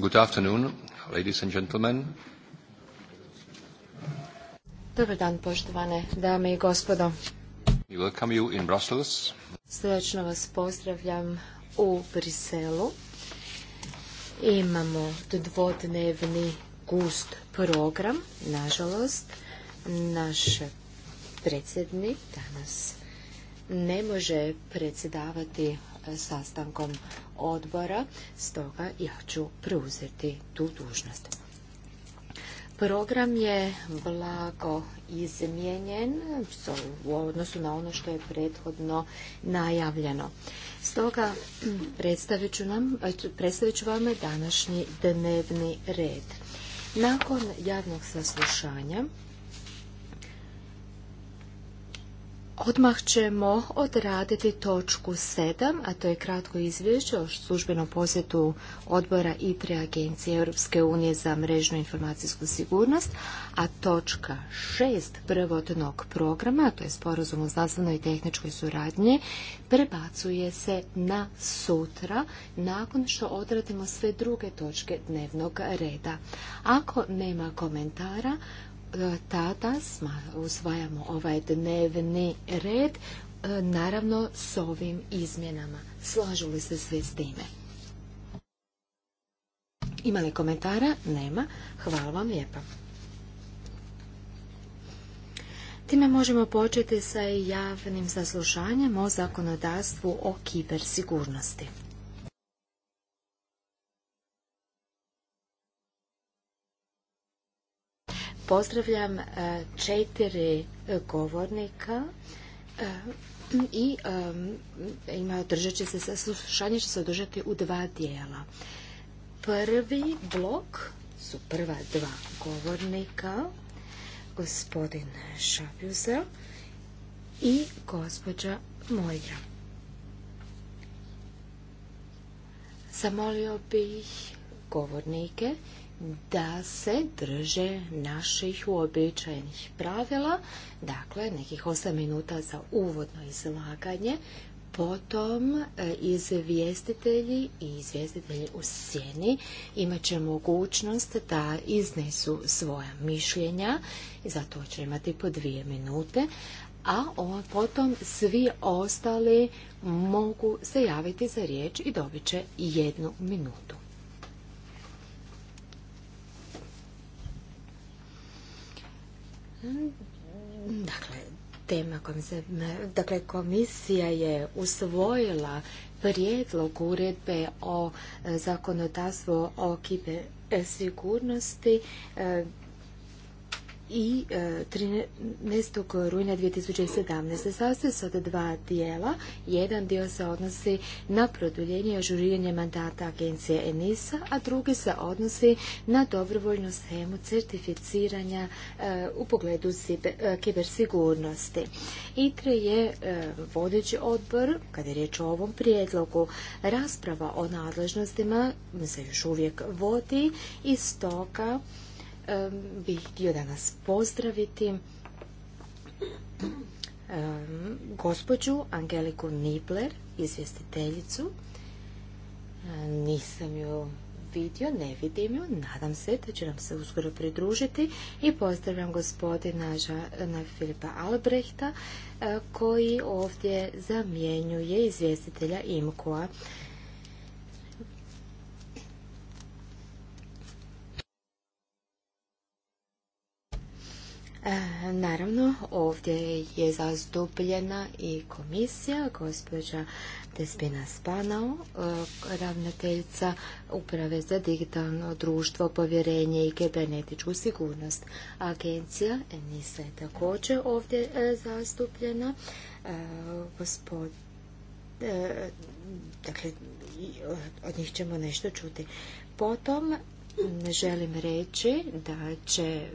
Good afternoon, ladies and gentlemen. Dobar dan, poštovane dame i gospodo. We welcome you in Brussels. Srdačno vas pozdravljam u Briselu. Imamo dvodnevni gust program, nažalost. Naš predsjednik danas ne može predsjedavati sastankom odbora, stoga ja ću preuzeti tu dužnost. Program je blago izmijenjen u odnosu na ono što je prethodno najavljeno. Stoga predstavit ću, nam, predstavit ću vam današnji dnevni red. Nakon javnog saslušanja Odmah ćemo odraditi točku 7, a to je kratko izvješće o službenom posjetu odbora i tre Agencije Europske unije za mrežnu informacijsku sigurnost, a točka 6 prvotnog programa, to je sporazum o znanstvenoj i tehničkoj suradnji, prebacuje se na sutra nakon što odradimo sve druge točke dnevnog reda. Ako nema komentara, E, tada usvajamo ovaj dnevni red, e, naravno s ovim izmjenama. Slažu li se svi s time? Ima li komentara? Nema. Hvala vam lijepa. Time možemo početi sa javnim zaslušanjem o zakonodavstvu o kibersigurnosti. Pozdravljam e, četiri govornika e, i e, ima održat će se, saslušanje će se održati u dva dijela. Prvi blok su prva dva govornika, gospodin Šabjuza i gospođa Moja. Zamolio bih govornike da se drže naših uobičajenih pravila, dakle nekih 8 minuta za uvodno izlaganje, potom e, izvjestitelji i izvjestitelji u sjeni imat će mogućnost da iznesu svoja mišljenja, Zato će imati po dvije minute, a potom svi ostali mogu se javiti za riječ i dobit će jednu minutu. Dakle, tema kojom se, dakle, komisija je usvojila prijedlog uredbe o e, zakonodavstvu o kibersigurnosti. E, sigurnosti e, i 13. E, rujna 2017. Sastoje se od dva dijela. Jedan dio se odnosi na produljenje i ažuriranje mandata agencije ENISA, a drugi se odnosi na dobrovoljnu schemu certificiranja e, u pogledu e, kibersigurnosti. ITRE je vodeći odbor, kada je riječ o ovom prijedlogu, rasprava o nadležnostima se još uvijek vodi i stoga bih htio danas pozdraviti gospođu Angeliku Nibler, izvjestiteljicu. Nisam ju vidio, ne vidim ju, nadam se da će nam se uskoro pridružiti i pozdravljam gospodina Filipa Albrehta koji ovdje zamjenjuje izvjestitelja Imkoa. E, naravno, ovdje je zastupljena i komisija, gospođa Despina Spanao, e, ravnateljica Uprave za digitalno društvo, povjerenje i kibernetičku sigurnost. Agencija NISA je također ovdje e, zastupljena. dakle, od njih ćemo nešto čuti. Potom želim reći da će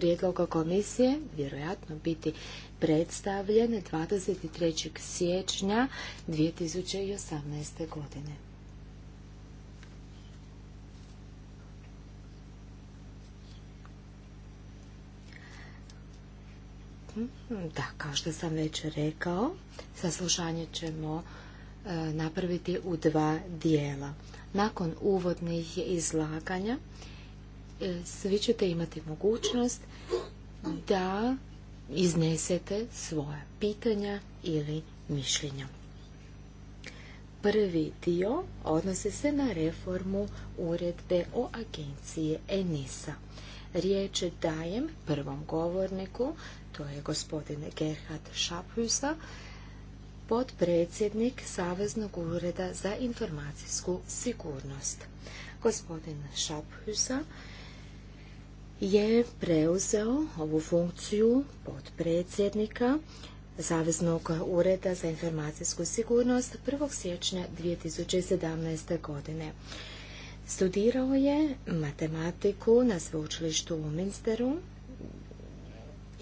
prijedloga komisije vjerojatno biti predstavljen 23. siječnja 2018. godine. Hmm, da, kao što sam već rekao, saslušanje ćemo e, napraviti u dva dijela. Nakon uvodnih izlaganja svi ćete imati mogućnost da iznesete svoja pitanja ili mišljenja. Prvi dio odnosi se na reformu uredbe o agencije ENISA. Riječ dajem prvom govorniku, to je gospodin Gerhard Šaphusa, potpredsjednik Saveznog ureda za informacijsku sigurnost. Gospodin Šaphusa je preuzeo ovu funkciju predsjednika Zaveznog ureda za informacijsku sigurnost 1. siječnja 2017. godine. Studirao je matematiku na sveučilištu u Minsteru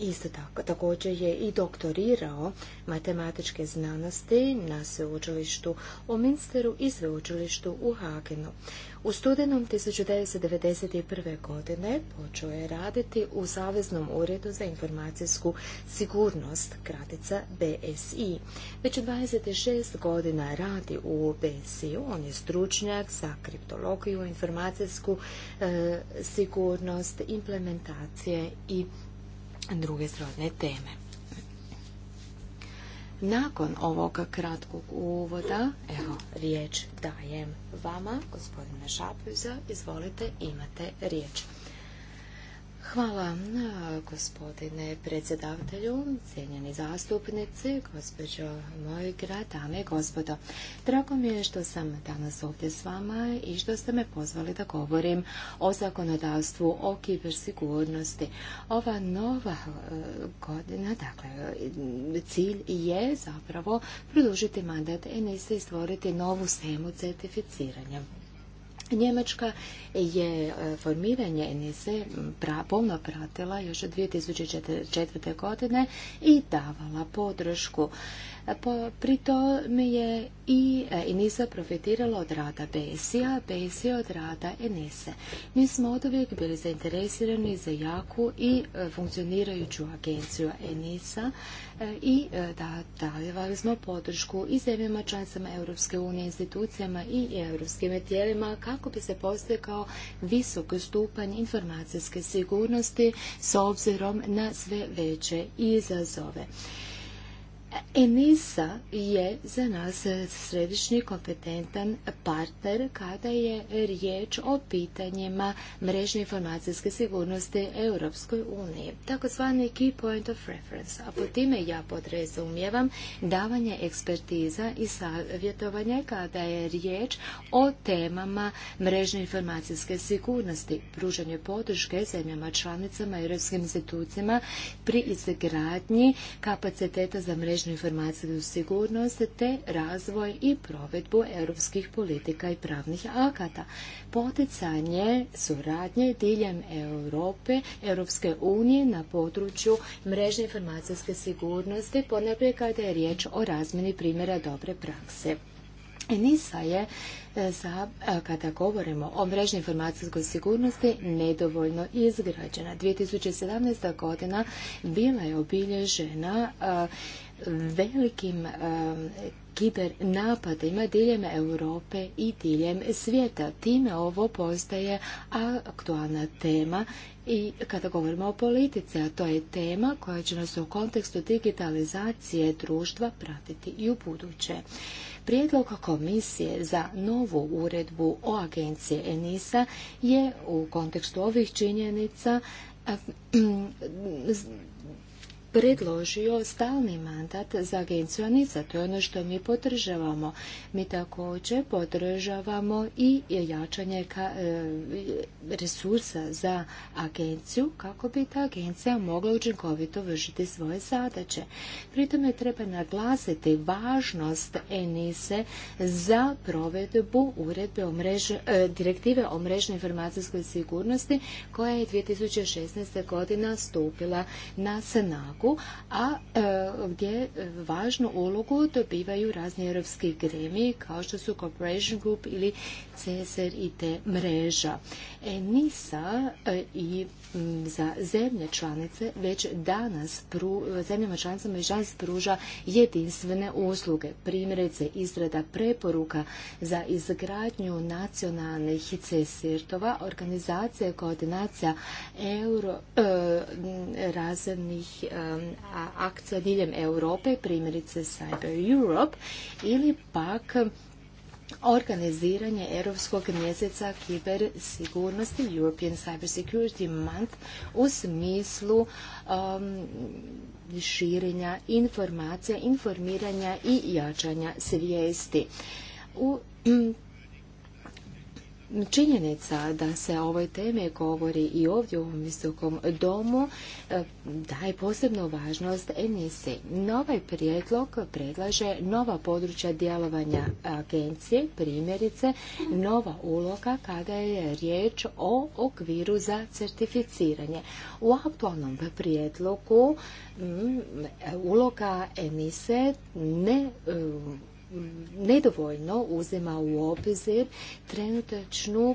Isto tako, također je i doktorirao matematičke znanosti na sveučilištu u Minsteru i sveučilištu u Hagenu. U studenom 1991. godine počeo je raditi u Saveznom uredu za informacijsku sigurnost, kratica BSI. Već 26 godina radi u bsi on je stručnjak za kriptologiju, informacijsku e, sigurnost, implementacije i druge srodne teme. Nakon ovog kratkog uvoda, evo, riječ dajem vama, gospodine Šapuza, izvolite, imate riječ. Hvala e, gospodine predsjedavatelju, cijenjeni zastupnici, gospođo moj grad, dame i gospodo. Drago mi je što sam danas ovdje s vama i što ste me pozvali da govorim o zakonodavstvu, o kibersigurnosti. Ova nova e, godina, dakle, cilj je zapravo produžiti mandat ENISA i stvoriti novu semu certificiranja. Njemačka je e, formiranje NSE pomno pratila još od 2004. godine i davala podršku. E, pri tome je i e, Enisa profitirala od rada Besija, Besija od rada Enise. Mi smo od uvijek bili zainteresirani za jaku i e, funkcionirajuću agenciju Enisa i da davali smo podršku i zemljama članicama Europske unije, institucijama i europskim tijelima kako bi se postekao visok stupanj informacijske sigurnosti s obzirom na sve veće izazove. Enisa je za nas središnji kompetentan partner kada je riječ o pitanjima mrežne informacijske sigurnosti Europskoj uniji, takozvani key point of reference, a po time ja podrezumijevam davanje ekspertiza i savjetovanja kada je riječ o temama mrežne informacijske sigurnosti, pružanje podrške zemljama članicama i europskim institucijama pri izgradnji kapaciteta za mrežne informacijske informacijsku sigurnost te razvoj i provedbu europskih politika i pravnih akata. Poticanje suradnje diljem Europe, Europske unije na području mrežne informacijske sigurnosti, ponajprije kada je riječ o razmjeni primjera dobre prakse. NISA je za, e, e, kada govorimo o mrežnoj informacijskoj sigurnosti nedovoljno izgrađena. 2017. godina bila je obilježena e, velikim kiber napadima diljem Europe i diljem svijeta. Time ovo postaje aktualna tema i kada govorimo o politici, a to je tema koja će nas u kontekstu digitalizacije društva pratiti i u buduće. Prijedlog komisije za novu uredbu o agenciji ENISA je u kontekstu ovih činjenica predložio stalni mandat za agenciju ANISA. To je ono što mi podržavamo. Mi također podržavamo i jačanje e, resursa za agenciju kako bi ta agencija mogla učinkovito vršiti svoje zadaće. tome treba naglasiti važnost ENISE za provedbu uredbe o e, direktive o mrežnoj informacijskoj sigurnosti koja je 2016. godina stupila na snagu a e, gdje važnu ulogu dobivaju razni europski gremi kao što su Cooperation Group ili te mreža. E, NISA e, i za zemlje članice već danas zemljama članicama i danas pruža jedinstvene usluge. Primjerice izrada preporuka za izgradnju nacionalnih i tova organizacija koordinacija euro razrednih Um, akcija diljem Europe, primjerice Cyber Europe, ili pak organiziranje Europskog mjeseca kibersigurnosti European Cyber Security Month u smislu um, širenja informacija, informiranja i jačanja svijesti. U Činjenica da se o ovoj temi govori i ovdje u ovom visokom domu e, daje posebnu važnost emisiji. Novaj prijedlog predlaže nova područja djelovanja agencije, primjerice nova uloga kada je riječ o okviru za certificiranje. U aktualnom prijedlogu mm, e, uloga ENISE ne e, nedovoljno uzima u obzir trenutačnu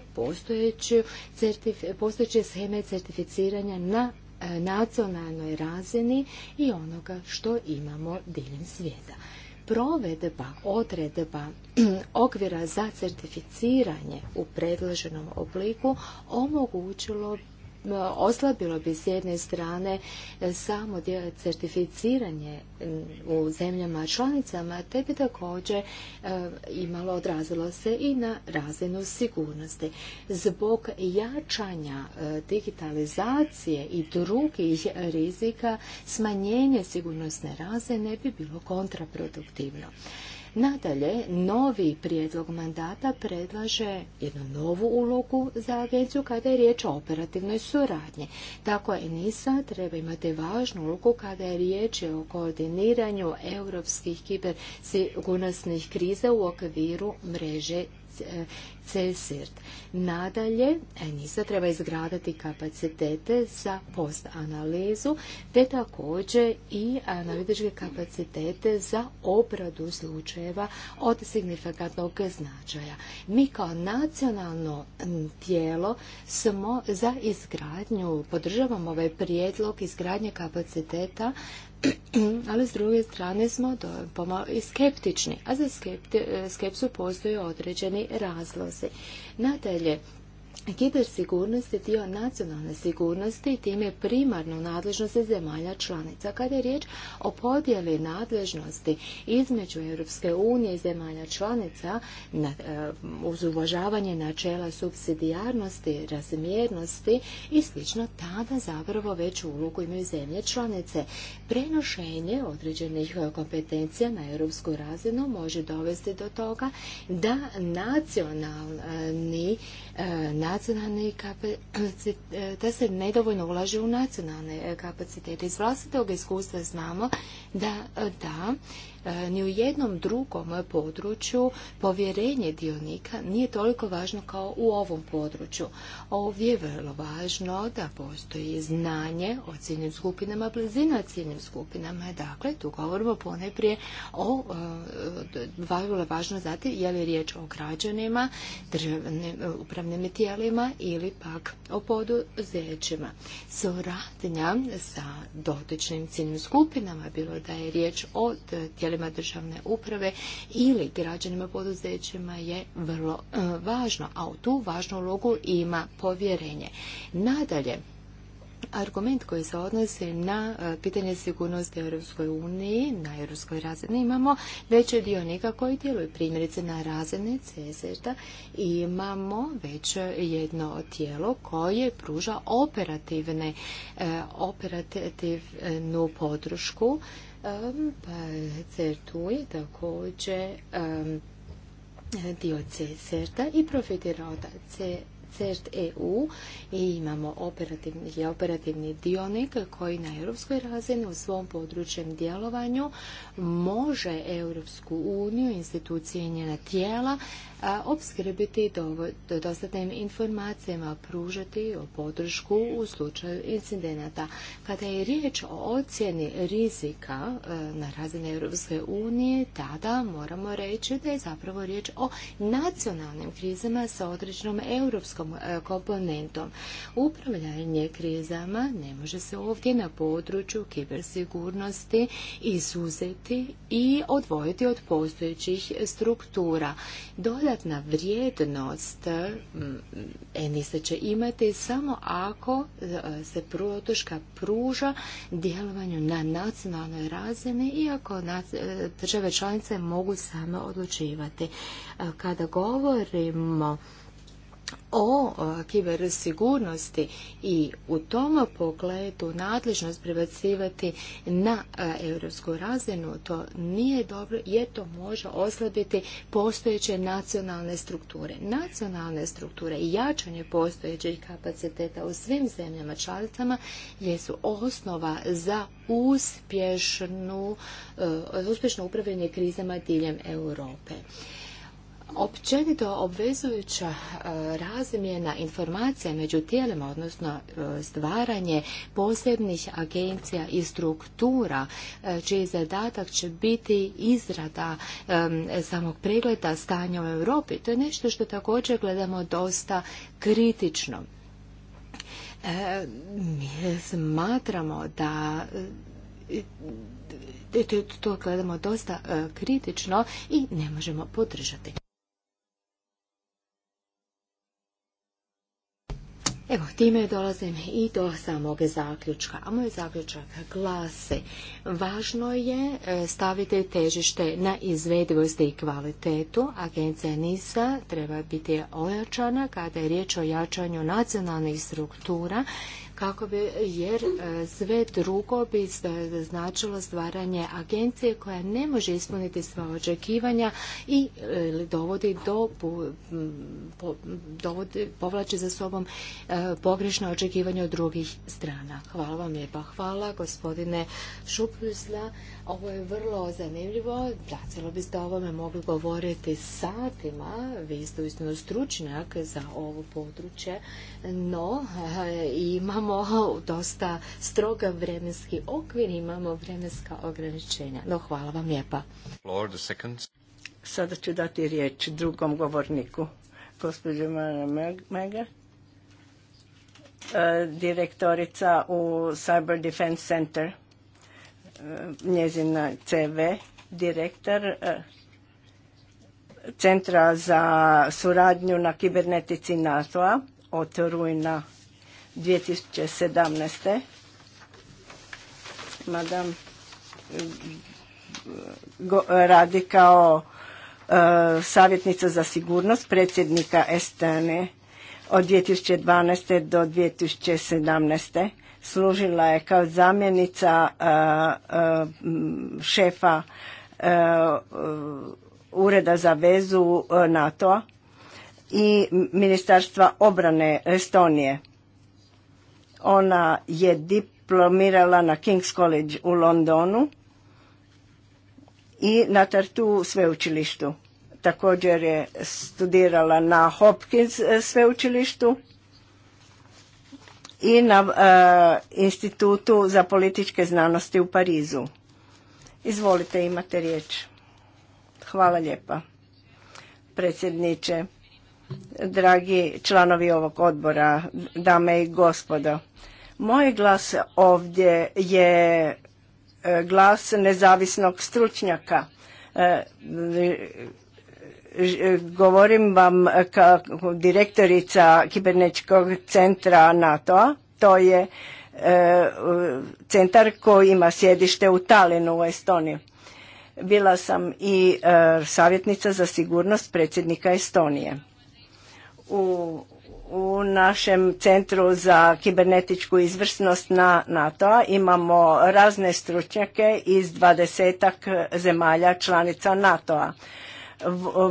postojeće sheme certificiranja na e, nacionalnoj razini i onoga što imamo diljem svijeta. Provedba odredba okvira za certificiranje u predloženom obliku omogućilo oslabilo bi s jedne strane e, samo certificiranje mm, u zemljama članicama, te bi također e, imalo, odrazilo se i na razinu sigurnosti. Zbog jačanja e, digitalizacije i drugih rizika, smanjenje sigurnosne razine bi bilo kontraproduktivno. Nadalje, novi prijedlog mandata predlaže jednu novu ulogu za agenciju kada je riječ o operativnoj suradnji. Tako nisa treba imati važnu ulogu kada je riječ o koordiniranju europskih kibersigurnosnih kriza u okviru mreže e, CESIRT. Nadalje, NISA treba izgraditi kapacitete za post-analizu, te također i analitičke kapacitete za obradu slučajeva od signifikatnog značaja. Mi kao nacionalno tijelo smo za izgradnju, podržavamo ovaj prijedlog izgradnje kapaciteta ali s druge strane smo pomalo i skeptični, a za skepsu postoje određeni razlozi se Nadalje, Kibersigurnost je dio nacionalne sigurnosti i time primarno nadležnosti zemalja članica. Kada je riječ o podjeli nadležnosti između Europske unije i zemalja članica e, uz uvažavanje načela subsidijarnosti, razmjernosti i sl. tada zapravo veću ulogu imaju zemlje članice. Prenošenje određenih kompetencija na europsku razinu može dovesti do toga da nacionalni E, nacionalni kapacitete. da se nedovoljno ulaže u nacionalne e, kapacitete. Iz vlastitog iskustva znamo da, da E, ni u jednom drugom području povjerenje dionika nije toliko važno kao u ovom području. Ovdje je vrlo važno da postoji znanje o ciljnim skupinama, blizina ciljnim skupinama. Dakle, tu govorimo poneprije o e, vrlo važno znati je li riječ o građanima, e, upravnim tijelima ili pak o poduzećima. Suradnja sa dotičnim ciljnim skupinama, bilo da je riječ o tijelima državne uprave ili građanima poduzećima je vrlo e, važno, a u tu važnu ulogu ima povjerenje. Nadalje, Argument koji se odnosi na e, pitanje sigurnosti u Europskoj uniji, na europskoj razini imamo veće dionika koji djeluju primjerice na razine csr a imamo već jedno tijelo koje pruža operativne, e, operativnu podršku Ehm, pa tu je također ehm, dio CERTA i profitira od CERT EU i imamo operativni, operativni dionik koji na europskoj razini u svom područjem djelovanju može Europsku uniju, institucije i njena tijela obskrbiti dostatnim informacijama, pružati podršku u slučaju incidenata. Kada je riječ o ocjeni rizika na razini Europske unije, tada moramo reći da je zapravo riječ o nacionalnim krizama sa određenom europskom komponentom. Upravljanje krizama ne može se ovdje na području kibersigurnosti izuzeti i odvojiti od postojećih struktura. Dodatna vrijednost mm, Enisa će imati samo ako e, se protoška pruža djelovanju na nacionalnoj razini i ako e, države članice mogu same odlučivati. E, kada govorimo o kibersigurnosti i u tom pogledu nadležnost prebacivati na europsku razinu, to nije dobro jer to može oslabiti postojeće nacionalne strukture. Nacionalne strukture i jačanje postojećih kapaciteta u svim zemljama članicama jesu osnova za uspješnu, e, uspješno upravljanje krizama diljem Europe. Općenito obvezujuća e, razmjena informacija među tijelima, odnosno e, stvaranje posebnih agencija i struktura, e, čiji zadatak će biti izrada samog pregleda stanja u Europi, to je nešto što također gledamo dosta kritično. Mi smatramo da to gledamo dosta kritično i ne možemo podržati. Evo, time dolazim i do samog zaključka. A moj zaključak glase. važno je e, staviti težište na izvedivost i kvalitetu. Agencija NISA treba biti ojačana kada je riječ o jačanju nacionalnih struktura kako bi, jer e, sve drugo bi značilo stvaranje agencije koja ne može ispuniti sva očekivanja i e, dovodi do povlači za sobom e, pogrešna očekivanja od drugih strana. Hvala vam lijepa. Hvala gospodine Šupljusla. Ovo je vrlo zanimljivo, cijelo biste o ovome mogli govoriti satima, vi ste uistinu stručnjak za ovo područje, no eh, imamo dosta stroga vremenski okvir, imamo vremenska ograničenja. No, hvala vam lijepa. Sada ću dati riječ drugom govorniku, gospođi Mara Mega, eh, direktorica u Cyber Defense Center njezina eh, CV, direktor eh, Centra za suradnju na kibernetici NATO-a od rujna 2017. Madam eh, go, radi kao savjetnica za sigurnost predsjednika estene od 2012. do 2017 služila je kao zamjenica e, e, šefa e, Ureda za vezu NATO-a i Ministarstva obrane Estonije. Ona je diplomirala na King's College u Londonu i na Tartu sveučilištu. Također je studirala na Hopkins sveučilištu i na e, Institutu za političke znanosti u Parizu. Izvolite, imate riječ. Hvala lijepa, predsjedniče, dragi članovi ovog odbora, dame i gospodo. Moj glas ovdje je e, glas nezavisnog stručnjaka e, E, govorim vam kao direktorica Kibernetičkog centra NATO-a, to je e, centar koji ima sjedište u Talinu u Estoniji. Bila sam i e, savjetnica za sigurnost predsjednika Estonije. U, u našem centru za kibernetičku izvrsnost na nato imamo razne stručnjake iz dvadesetak zemalja članica NATO-a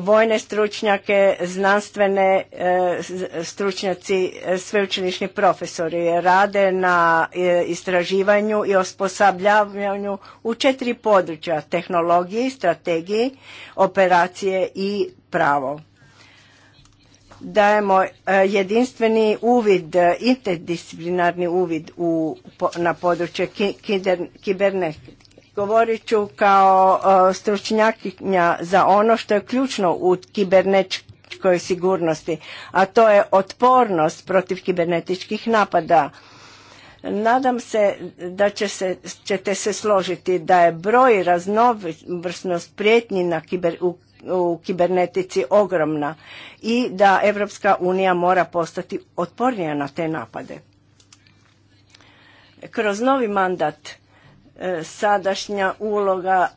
vojne stručnjake, znanstvene e, stručnjaci, e, sveučilišni profesori rade na e, istraživanju i osposabljavanju u četiri područja, tehnologiji, strategiji, operacije i pravo. Dajemo jedinstveni uvid, interdisciplinarni uvid na područje kibernetike Govorit ću kao e, stručnjakinja za ono što je ključno u kibernetičkoj sigurnosti, a to je otpornost protiv kibernetičkih napada. Nadam se da ćete se složiti da je broj raznovrsnost prijetnji na kiber, u, u kibernetici ogromna i da Evropska unija mora postati otpornija na te napade. Kroz novi mandat E, sadašnja uloga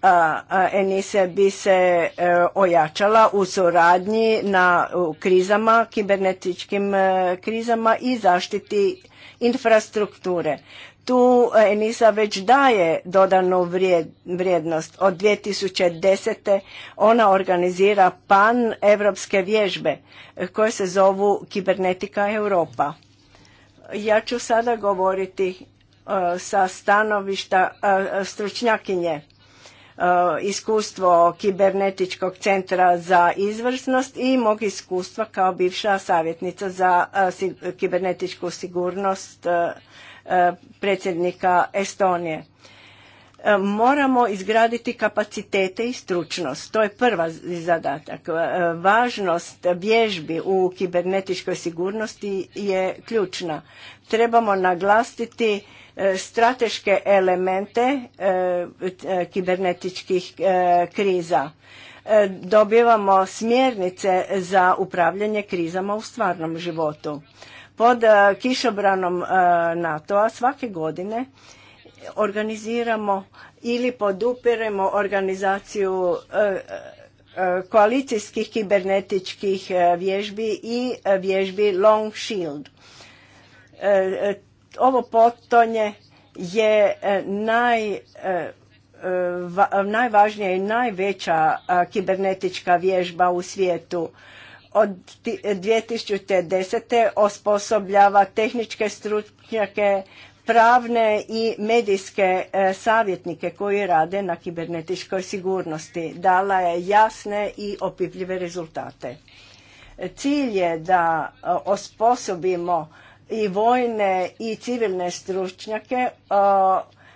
Enise bi se e, ojačala u suradnji na krizama, kibernetičkim e, krizama i zaštiti infrastrukture. Tu Enisa već daje dodanu vrijednost. Od 2010. ona organizira pan evropske vježbe koje se zovu Kibernetika Europa. Ja ću sada govoriti E, sa stanovišta e, stručnjakinje e, iskustvo kibernetičkog centra za izvrsnost i mog iskustva kao bivša savjetnica za kibernetičku sigurnost predsjednika Estonije. Moramo izgraditi kapacitete i stručnost. To je prva zadatak. Važnost vježbi u kibernetičkoj sigurnosti je ključna. Trebamo naglasiti E, strateške elemente e, e, kibernetičkih kriza. Dobivamo smjernice za upravljanje krizama u stvarnom životu. Pod kišobranom NATO-a svake godine organiziramo ili podupiremo organizaciju koalicijskih kibernetičkih vježbi i vježbi Long Shield. Ovo potonje je e, naj, e, e, najvažnija i najveća kibernetička vježba u svijetu. Od 2010. osposobljava tehničke stručnjake, pravne i medijske savjetnike koji rade na kibernetičkoj sigurnosti. Dala je jasne i opipljive rezultate. Cilj je da osposobimo i vojne i civilne stručnjake e,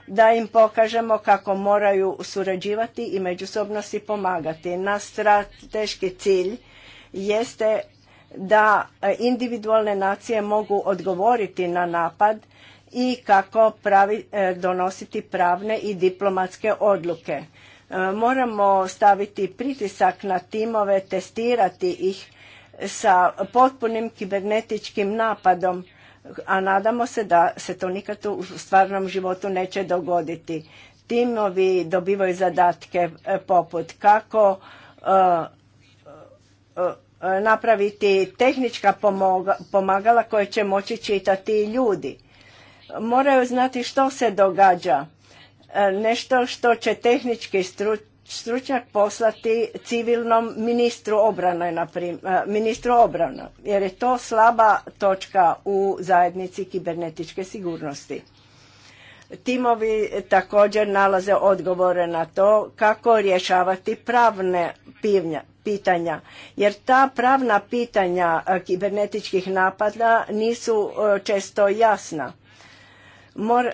da im pokažemo kako moraju surađivati i međusobno si pomagati. Naš strateški cilj jeste da e, individualne nacije mogu odgovoriti na napad i kako e, donositi pravne i diplomatske odluke. Moramo staviti pritisak na timove, testirati ih sa potpunim kibernetičkim napadom a nadamo se da se to nikad u stvarnom životu neće dogoditi. Timovi dobivaju zadatke e, poput kako e, e, napraviti tehnička pomagala koje će moći čitati i ljudi. Moraju znati što se događa. Nešto što će tehnički struč, stručnjak poslati civilnom ministru obrane, e, ministru obrane, jer je to slaba točka u zajednici kibernetičke sigurnosti. Timovi također nalaze odgovore na to kako rješavati pravne pitanja, jer ta pravna pitanja e, kibernetičkih napada nisu e, često jasna. Mor,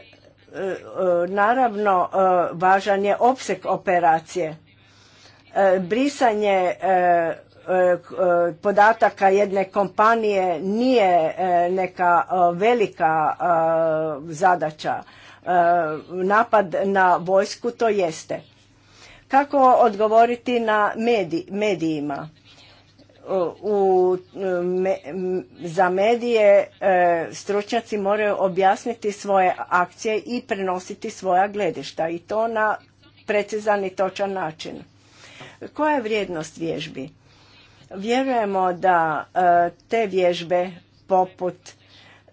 Naravno, e, važan je opseg operacije. E, brisanje e, podataka jedne kompanije nije neka velika zadaća. Napad na vojsku to jeste. Kako odgovoriti na medijima? u, za medije e, stručnjaci moraju objasniti svoje akcije i prenositi svoja gledišta i to na precizan i točan način. Koja je vrijednost vježbi? Vjerujemo da e, te vježbe poput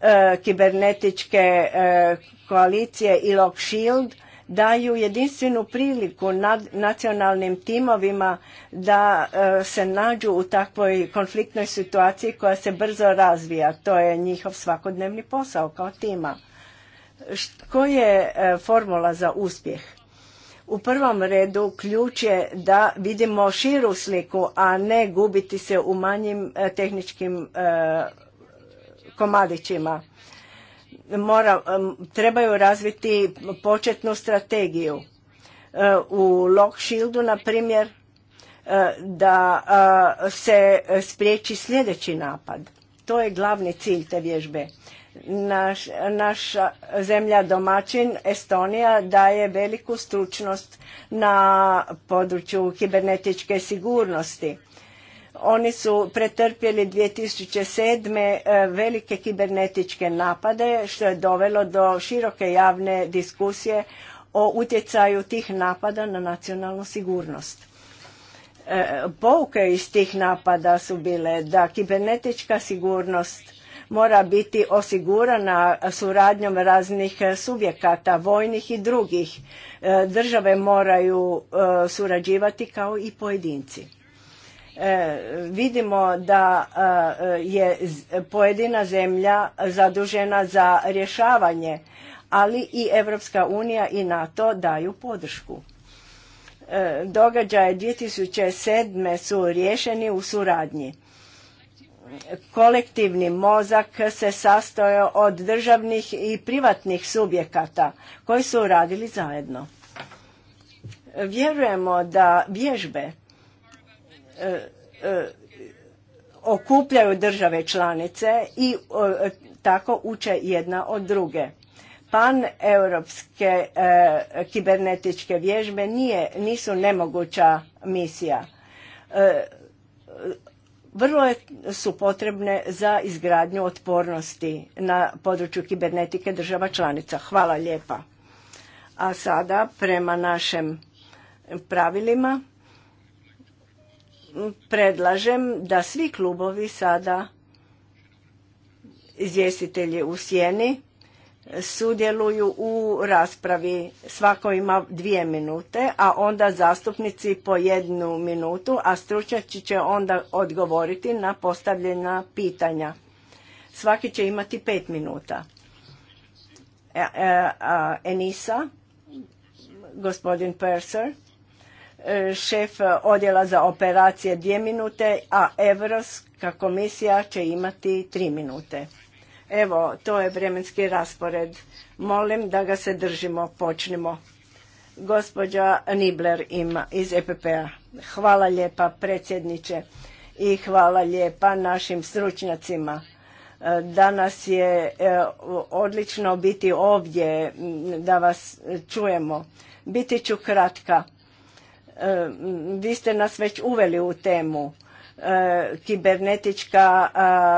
e, kibernetičke koalicije i Lock Shield daju jedinstvenu priliku nad nacionalnim timovima da e, se nađu u takvoj konfliktnoj situaciji koja se brzo razvija. To je njihov svakodnevni posao kao tima. Koja je e, formula za uspjeh? U prvom redu ključ je da vidimo širu sliku, a ne gubiti se u manjim e, tehničkim komadićima mora, trebaju razviti početnu strategiju. E, u Lock Shieldu, na primjer, e, da e, se spriječi sljedeći napad. To je glavni cilj te vježbe. naša zemlja domaćin Estonija daje veliku stručnost na području kibernetičke sigurnosti. Oni su pretrpjeli 2007. E, velike kibernetičke napade što je dovelo do široke javne diskusije o utjecaju tih napada na nacionalnu sigurnost. E, pouke iz tih napada su bile da kibernetička sigurnost mora biti osigurana suradnjom raznih subjekata, vojnih i drugih. E, države moraju surađivati kao i pojedinci. E, vidimo da e, je pojedina zemlja zadužena za rješavanje, ali i Europska unija i NATO daju podršku. E, događaje 2007. su rješeni u suradnji. Kolektivni mozak se sastoje od državnih i privatnih subjekata koji su radili zajedno. Vjerujemo da vježbe okupljaju države članice i e, tako uče jedna od druge. Pan-europske e, kibernetičke vježbe nije, nisu nemoguća misija. E, vrlo su potrebne za izgradnju otpornosti na području kibernetike država članica. Hvala lijepa. A sada prema našim pravilima predlažem da svi klubovi sada izvjestitelji u sjeni sudjeluju u raspravi. Svako ima dvije minute, a onda zastupnici po jednu minutu, a stručnjaci će onda odgovoriti na postavljena pitanja. Svaki će imati pet minuta. E, e, Enisa, gospodin Perser, šef odjela za operacije dvije minute, a Evropska komisija će imati tri minute. Evo, to je vremenski raspored. Molim da ga se držimo, počnimo. Gospođa Nibler ima iz EPP-a. Hvala lijepa predsjedniče i hvala lijepa našim stručnjacima. Danas je e, odlično biti ovdje da vas čujemo. Biti ću kratka vi ste nas već uveli u temu. E, kibernetička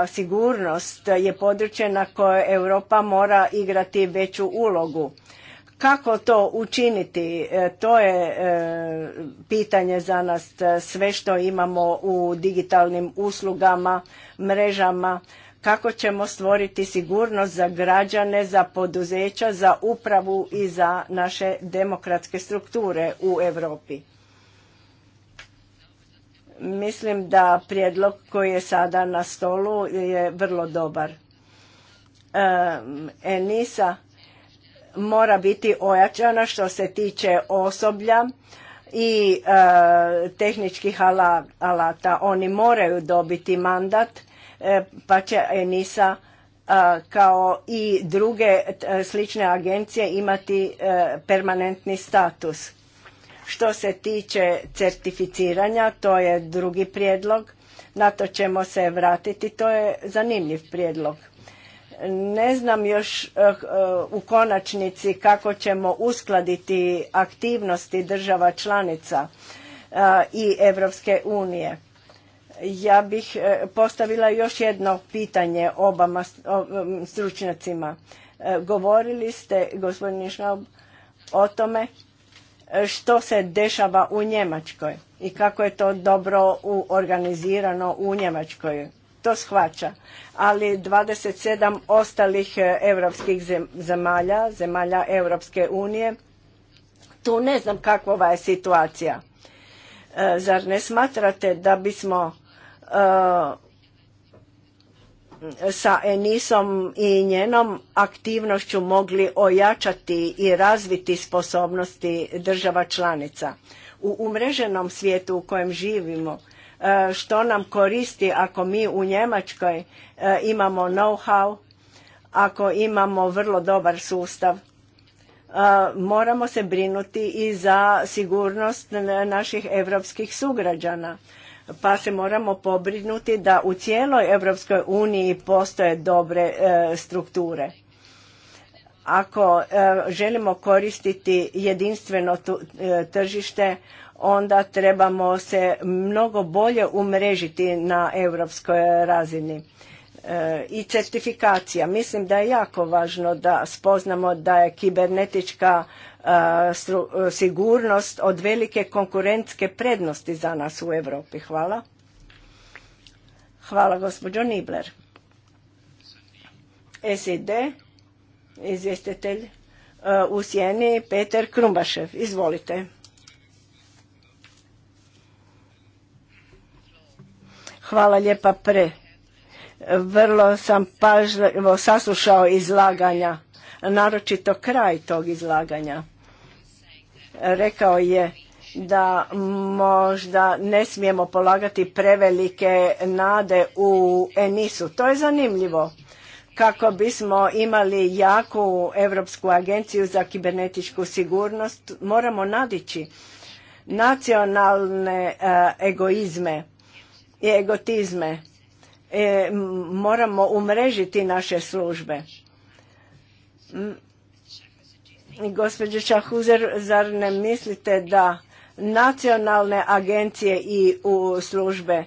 sigurnost je područje na koje Europa mora igrati veću ulogu. Kako to učiniti? E, to je e, pitanje za nas sve što imamo u digitalnim uslugama, mrežama, kako ćemo stvoriti sigurnost za građane, za poduzeća, za upravu i za naše demokratske strukture u Europi. Mislim da prijedlog koji je sada na stolu je vrlo dobar. Enisa mora biti ojačana što se tiče osoblja i e, tehničkih alata. Oni moraju dobiti mandat e, pa će Enisa e, kao i druge slične agencije imati permanentni status što se tiče certificiranja, to je drugi prijedlog. Na to ćemo se vratiti. To je zanimljiv prijedlog. Ne znam još eh, eh, u konačnici kako ćemo uskladiti aktivnosti država članica eh, i Europske unije. Ja bih postavila još jedno pitanje obama stručnjacima. Govorili ste, gospodin Šnaub, o tome što se dešava u Njemačkoj i kako je to dobro organizirano u Njemačkoj. To shvaća. Ali 27 ostalih europskih zemalja, zemalja Europske unije, tu ne znam kakva je situacija. E, zar ne smatrate da bismo e, sa Enisom i njenom aktivnošću mogli ojačati i razviti sposobnosti država članica. U umreženom svijetu u kojem živimo, e, što nam koristi ako mi u Njemačkoj e, imamo know-how, ako imamo vrlo dobar sustav, e, moramo se brinuti i za sigurnost naših europskih sugrađana pa se moramo pobrinuti da u cijeloj Europskoj uniji postoje dobre e, strukture. Ako e, želimo koristiti jedinstveno e, tržište, onda trebamo se mnogo bolje umrežiti na europskoj razini. I certifikacija. Mislim da je jako važno da spoznamo da je kibernetička sigurnost od velike konkurentske prednosti za nas u Europi. Hvala. Hvala gospođo Nibler. SID, izvjestitelj u sjeni Peter Krumbašev. Izvolite. Hvala lijepa pre. Vrlo sam pažljivo saslušao izlaganja, naročito kraj tog izlaganja. Rekao je da možda ne smijemo polagati prevelike nade u Enisu. To je zanimljivo kako bismo imali jaku Europsku agenciju za kibernetičku sigurnost moramo nadići nacionalne e, egoizme i egotizme. E, moramo umrežiti naše službe. Gospođo Čahuzer, zar ne mislite da nacionalne agencije i u službe e,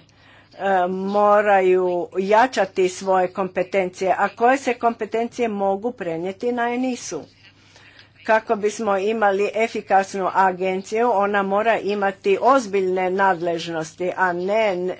moraju jačati svoje kompetencije, a koje se kompetencije mogu prenijeti na nisu. Kako bismo imali efikasnu agenciju, ona mora imati ozbiljne nadležnosti, a ne,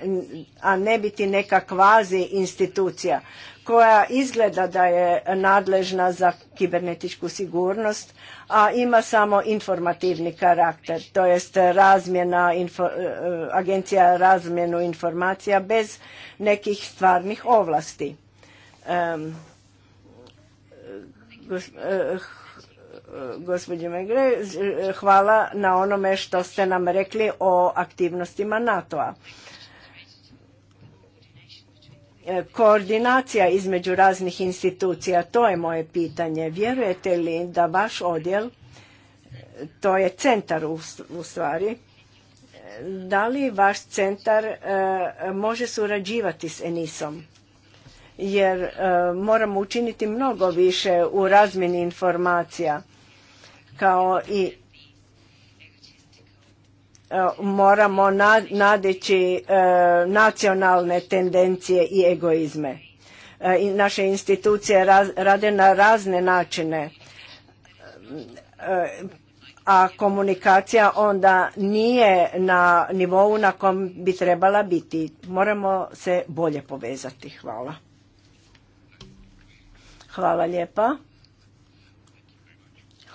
a ne biti neka kvazi institucija koja izgleda da je nadležna za kibernetičku sigurnost, a ima samo informativni karakter, to jest razmjena, info, e, agencija razmjenu informacija bez nekih stvarnih ovlasti. Um, hvala na onome što ste nam rekli o aktivnostima NATO-a. E, koordinacija između raznih institucija, to je moje pitanje. Vjerujete li da vaš odjel, to je centar u stvari, e, da li vaš centar e, može surađivati s Enisom? Jer moramo učiniti mnogo više u razmjeni informacija kao i E, moramo nadeći e, nacionalne tendencije i egoizme. E, naše institucije rade na razne načine, a komunikacija onda nije na nivou na kom bi trebala biti. Moramo se bolje povezati. Hvala. Hvala lijepa.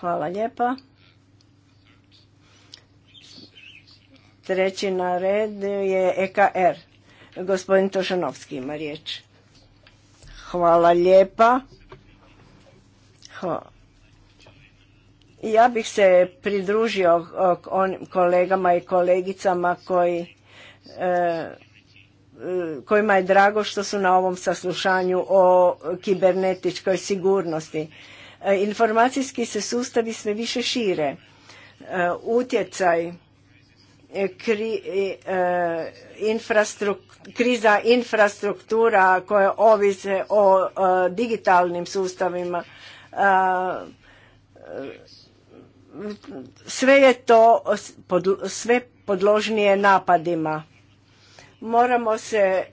Hvala lijepa. Treći na red je EKR. Gospodin Tošanovski ima riječ. Hvala lijepa. Ja bih se pridružio onim kolegama i kolegicama koji, e, e, kojima je drago što su na ovom saslušanju o kibernetičkoj sigurnosti. E, informacijski se sustavi sve više šire. Utjecaj E, kriza infrastruktura koje ovise o e, digitalnim sustavima. E, sve je to sve podložnije napadima. Moramo se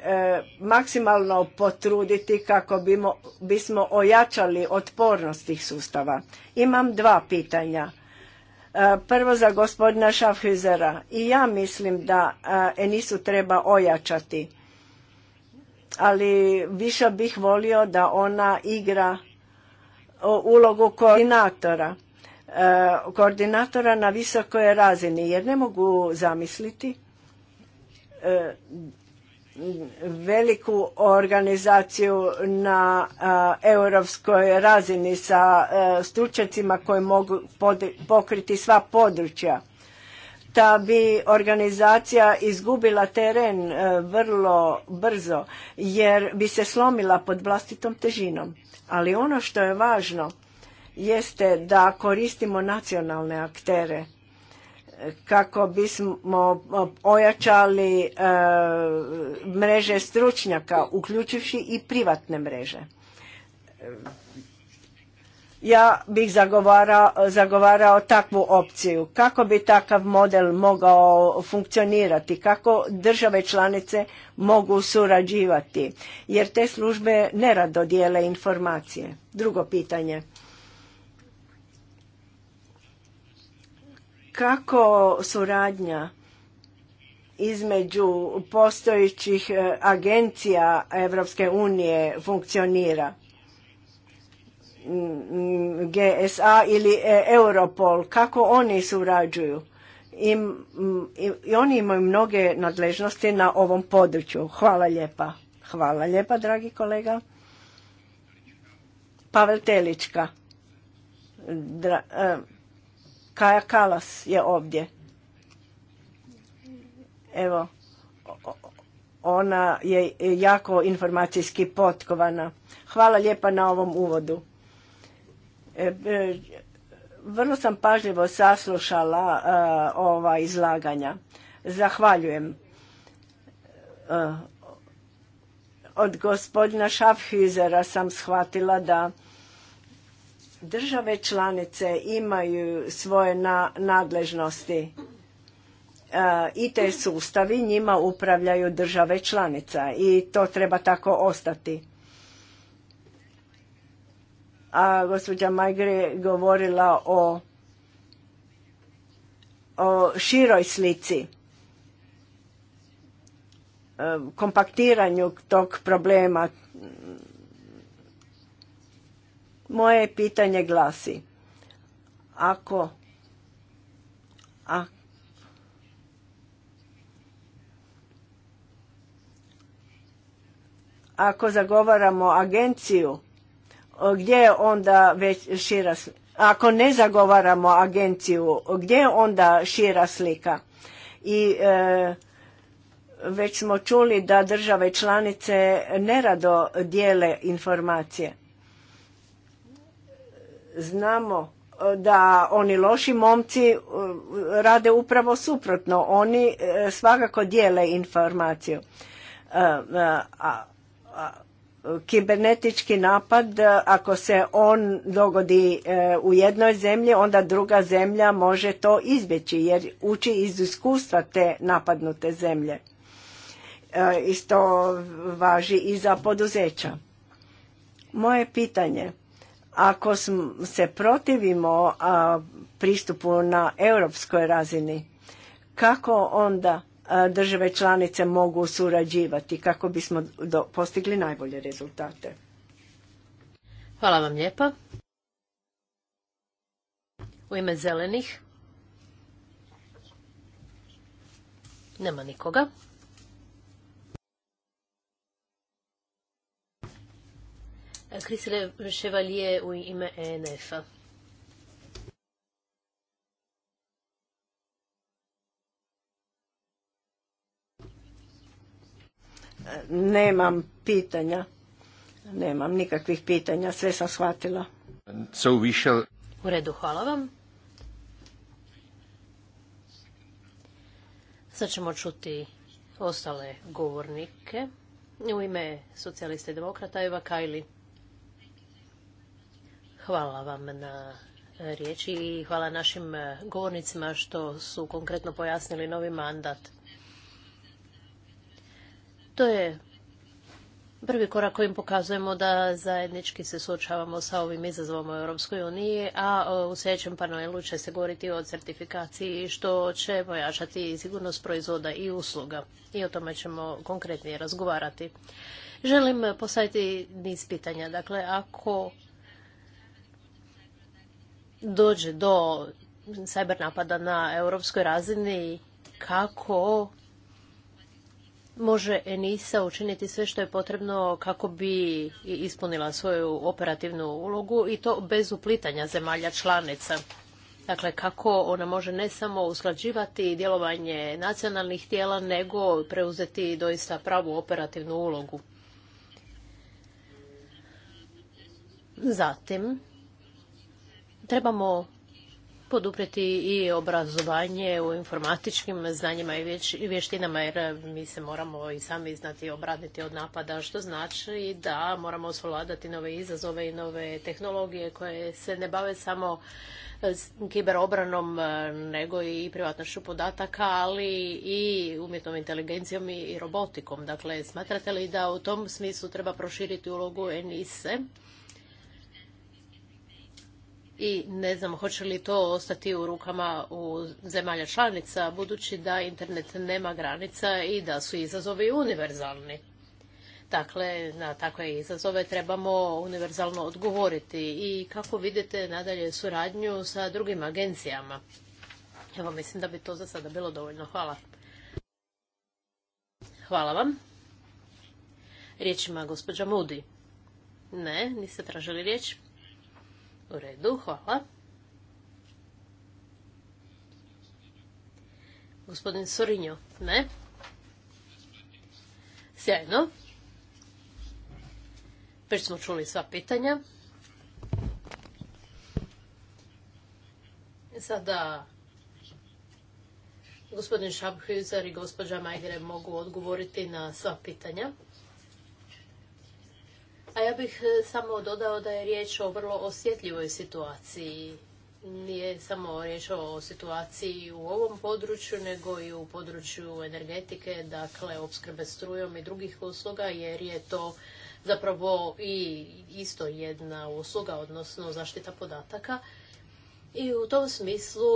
maksimalno potruditi kako bismo ojačali otpornost tih sustava. Imam dva pitanja E, prvo za gospodina Schaffhüzera. I ja mislim da e, Enisu treba ojačati. Ali više bih volio da ona igra e, ulogu koordinatora. Koordinatora na visokoj razini. Jer ne mogu zamisliti veliku organizaciju na europskoj razini sa stručnjacima koji mogu pokriti sva područja. Ta bi organizacija izgubila teren e, vrlo brzo jer bi se slomila pod vlastitom težinom. Ali ono što je važno jeste da koristimo nacionalne aktere kako bismo ojačali e, mreže stručnjaka, uključivši i privatne mreže. Ja bih zagovarao, zagovarao takvu opciju. Kako bi takav model mogao funkcionirati? Kako države članice mogu surađivati? Jer te službe nerado dijele informacije. Drugo pitanje. kako suradnja između postojećih e, agencija Europske unije funkcionira. Mm, GSA ili e, Europol, kako oni surađuju. Mm, I, oni imaju mnoge nadležnosti na ovom području. Hvala lijepa. Hvala lijepa, dragi kolega. Pavel Telička. E, Kaja Kalas je ovdje. Evo, ona je jako informacijski potkovana. Hvala lijepa na ovom uvodu. E, e, vrlo sam pažljivo saslušala e, ova izlaganja. Zahvaljujem od gospodina Schaffhüzera sam shvatila da Države članice imaju svoje na, nadležnosti. E, I te sustavi njima upravljaju države članica i to treba tako ostati. A gospođa Majgre govorila o, o široj slici e, kompaktiranju tog problema moje pitanje glasi, ako, ako zagovaramo agenciju, gdje je onda već šira slika? Ako ne zagovaramo agenciju, gdje je onda šira slika? I e, već smo čuli da države članice nerado dijele informacije. Znamo e, da oni loši momci e, rade upravo suprotno. Oni e, svakako dijele informaciju. Kibernetički napad, ako se on dogodi u jednoj zemlji, onda druga zemlja može to izbjeći jer uči iz iskustva te napadnute zemlje. Isto važi i za poduzeća. Moje pitanje ako se protivimo pristupu na europskoj razini, kako onda države članice mogu surađivati kako bismo postigli najbolje rezultate? Hvala vam lijepa. U ime zelenih. Nema nikoga. Krisile Chevalier u ime enf Nemam pitanja. Nemam nikakvih pitanja. Sve sam shvatila. U redu, hvala vam. Sad ćemo čuti ostale govornike. U ime socijaliste i demokrata Eva Kajli. Hvala vam na riječi i hvala našim govornicima što su konkretno pojasnili novi mandat. To je prvi korak kojim pokazujemo da zajednički se suočavamo sa ovim izazovom u Europskoj a u sljedećem panelu će se govoriti o certifikaciji što će pojačati sigurnost proizvoda i usluga. I o tome ćemo konkretnije razgovarati. Želim postaviti niz pitanja. Dakle, ako dođe do cyber napada na europskoj razini, kako može ENISA učiniti sve što je potrebno kako bi ispunila svoju operativnu ulogu i to bez uplitanja zemalja članica. Dakle, kako ona može ne samo usklađivati djelovanje nacionalnih tijela, nego preuzeti doista pravu operativnu ulogu. Zatim, Trebamo podupreti i obrazovanje u informatičkim znanjima i vještinama jer e, mi se moramo i sami znati obraditi od napada što znači da moramo osvoladati nove izazove i nove tehnologije koje se ne bave samo e, kiberobranom e, nego i privatnošću podataka, ali i umjetnom inteligencijom i robotikom. Dakle, smatrate li da u tom smislu treba proširiti ulogu ENISE i ne znam hoće li to ostati u rukama u zemalja članica budući da internet nema granica i da su izazovi univerzalni. Dakle, na takve izazove trebamo univerzalno odgovoriti i kako vidite nadalje suradnju sa drugim agencijama. Evo, mislim da bi to za sada bilo dovoljno. Hvala. Hvala vam. Riječ gospođa Moody. Ne, niste tražili riječ. U redu, hvala. Gospodin Sorinjo, ne? Sjajno. Već smo čuli sva pitanja. Sada gospodin Šabhuzer i gospođa Majgre mogu odgovoriti na sva pitanja. A ja bih e, samo dodao da je riječ o vrlo osjetljivoj situaciji. Nije samo riječ o situaciji u ovom području, nego i u području energetike, dakle opskrbe strujom i drugih usluga, jer je to zapravo i isto jedna usluga, odnosno zaštita podataka. I u tom smislu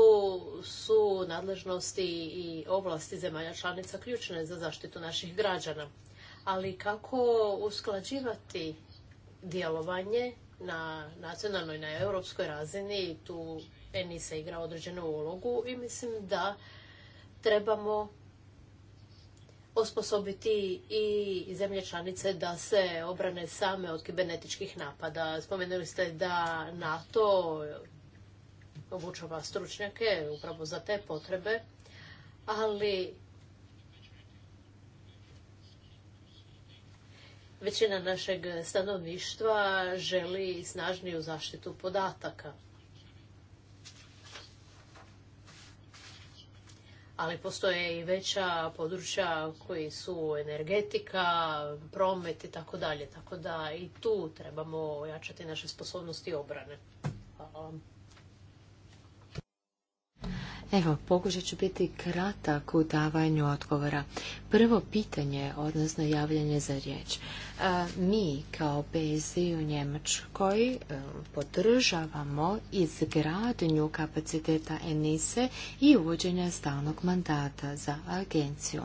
su nadležnosti i oblasti zemalja članica ključne za zaštitu naših građana ali kako usklađivati djelovanje na nacionalnoj i na europskoj razini, tu Enisa igra određenu ulogu i mislim da trebamo osposobiti i zemlje članice da se obrane same od kibernetičkih napada. Spomenuli ste da NATO obučava stručnjake upravo za te potrebe, ali većina našeg stanovništva želi snažniju zaštitu podataka. Ali postoje i veća područja koji su energetika, promet i tako dalje. Tako da i tu trebamo ojačati naše sposobnosti obrane. Hvala vam. Evo, pokušat ću biti kratak u davanju odgovora. Prvo pitanje, odnosno javljanje za riječ. E, mi kao BSI u Njemačkoj e, podržavamo izgradnju kapaciteta Enise i uvođenja stalnog mandata za agenciju.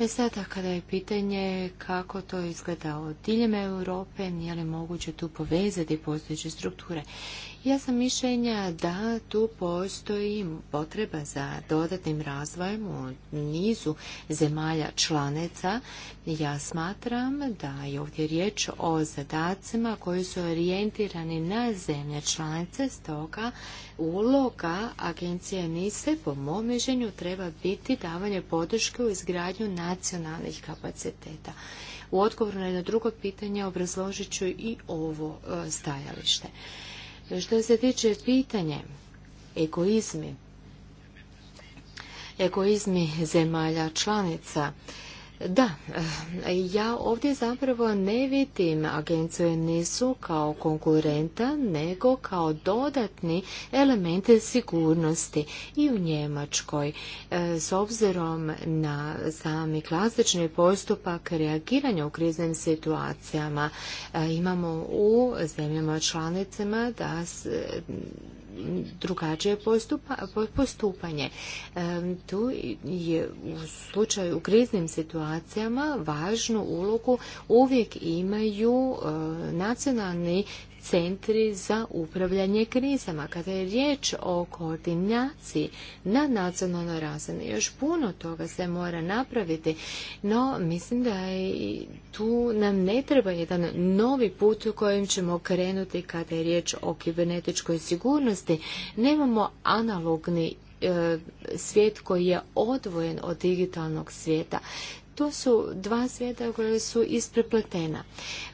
E sada kada je pitanje kako to izgleda od diljem Europe, nije li moguće tu povezati postojeće strukture. Ja sam mišljenja da tu postoji potreba za dodatnim razvojem u nizu zemalja članica. Ja smatram da je ovdje riječ o zadacima koji su orijentirani na zemlje članice, stoga uloga agencije NISE po mom mišljenju treba biti davanje podrške u izgradnju nacionalnih kapaciteta. U odgovoru na jedno drugo pitanje obrazložit ću i ovo e, stajalište. Što se tiče pitanje egoizmi, egoizmi zemalja članica, da, eh, ja ovdje zapravo ne vidim agenciju nisu kao konkurenta, nego kao dodatni element sigurnosti i u Njemačkoj. Eh, s obzirom na sami klasični postupak reagiranja u kriznim situacijama, eh, imamo u zemljama članicama da drugačije postupanje. Tu je u slučaju u kriznim situacijama važnu ulogu uvijek imaju e, nacionalni centri za upravljanje krizama. Kada je riječ o koordinaciji na nacionalnoj razini, još puno toga se mora napraviti, no mislim da je, tu nam ne treba jedan novi put u kojem ćemo krenuti kada je riječ o kibernetičkoj sigurnosti. Nemamo analogni e, svijet koji je odvojen od digitalnog svijeta to su dva svijeta koje su isprepletena.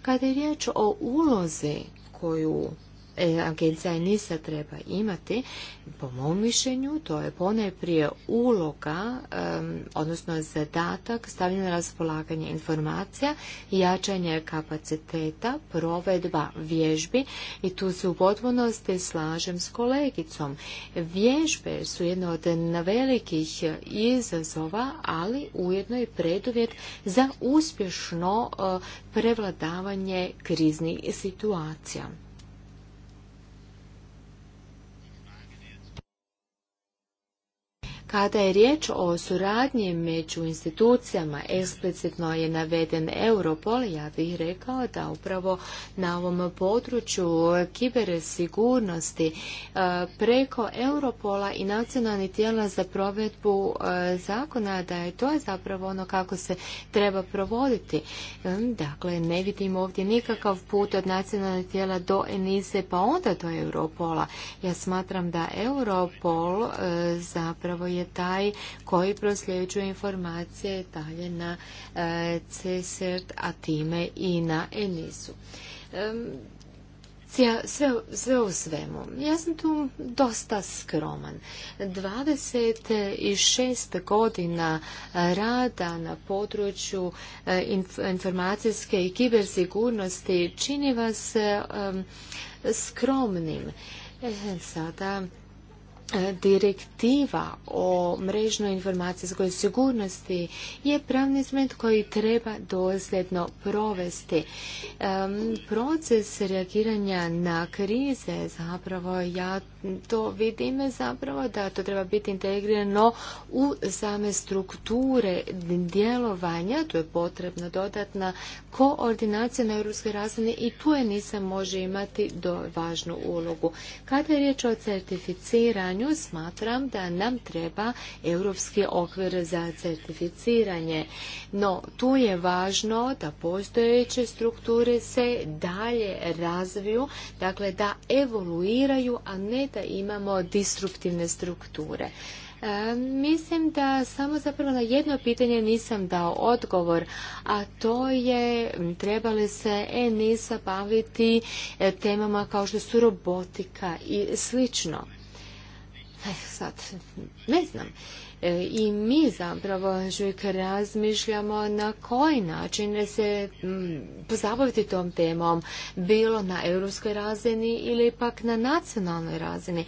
Kada je riječ o ulozi koju E, agencija NISA treba imati, po mom mišljenju, to je ponajprije uloga, odnosno zadatak stavljanja na raspolaganje informacija, jačanje kapaciteta, provedba vježbi i tu se u potpunosti slažem s kolegicom. Vježbe su jedno od velikih izazova, ali ujedno i preduvjet za uspješno eh, prevladavanje kriznih situacija. Kada je riječ o suradnji među institucijama, eksplicitno je naveden Europol, ja bih rekao da upravo na ovom području sigurnosti, e, preko Europola i nacionalnih tijela za provedbu e, zakona, da je to zapravo ono kako se treba provoditi. E, dakle, ne vidimo ovdje nikakav put od nacionalnih tijela do Enise pa onda do Europola. Ja smatram da Europol zapravo je taj koji prosljeđuje informacije dalje na e, CSERT, a time i na ENISU. Sve, sve u svemu. Ja sam tu dosta skroman. 26 godina e, rada na području e, informacijske i kibersigurnosti čini vas skromnim. Sada E, direktiva o mrežnoj informacijskoj sigurnosti je pravni smet koji treba dosljedno provesti. E, proces reagiranja na krize zapravo ja to vidim zapravo da to treba biti integrirano u same strukture djelovanja. Tu je potrebna dodatna koordinacija na europskoj razini i tu je nisam može imati do važnu ulogu. Kada je riječ o certificiranju pitanju smatram da nam treba europski okvir za certificiranje. No, tu je važno da postojeće strukture se dalje razviju, dakle da evoluiraju, a ne da imamo disruptivne strukture. E, mislim da samo zapravo na jedno pitanje nisam dao odgovor, a to je treba li se ENISA baviti e, temama kao što su robotika i slično. Eh, sad, ne znam. E, I mi zapravo uvijek razmišljamo na koji način se mm, pozabaviti tom temom, bilo na europskoj razini ili ipak na nacionalnoj razini.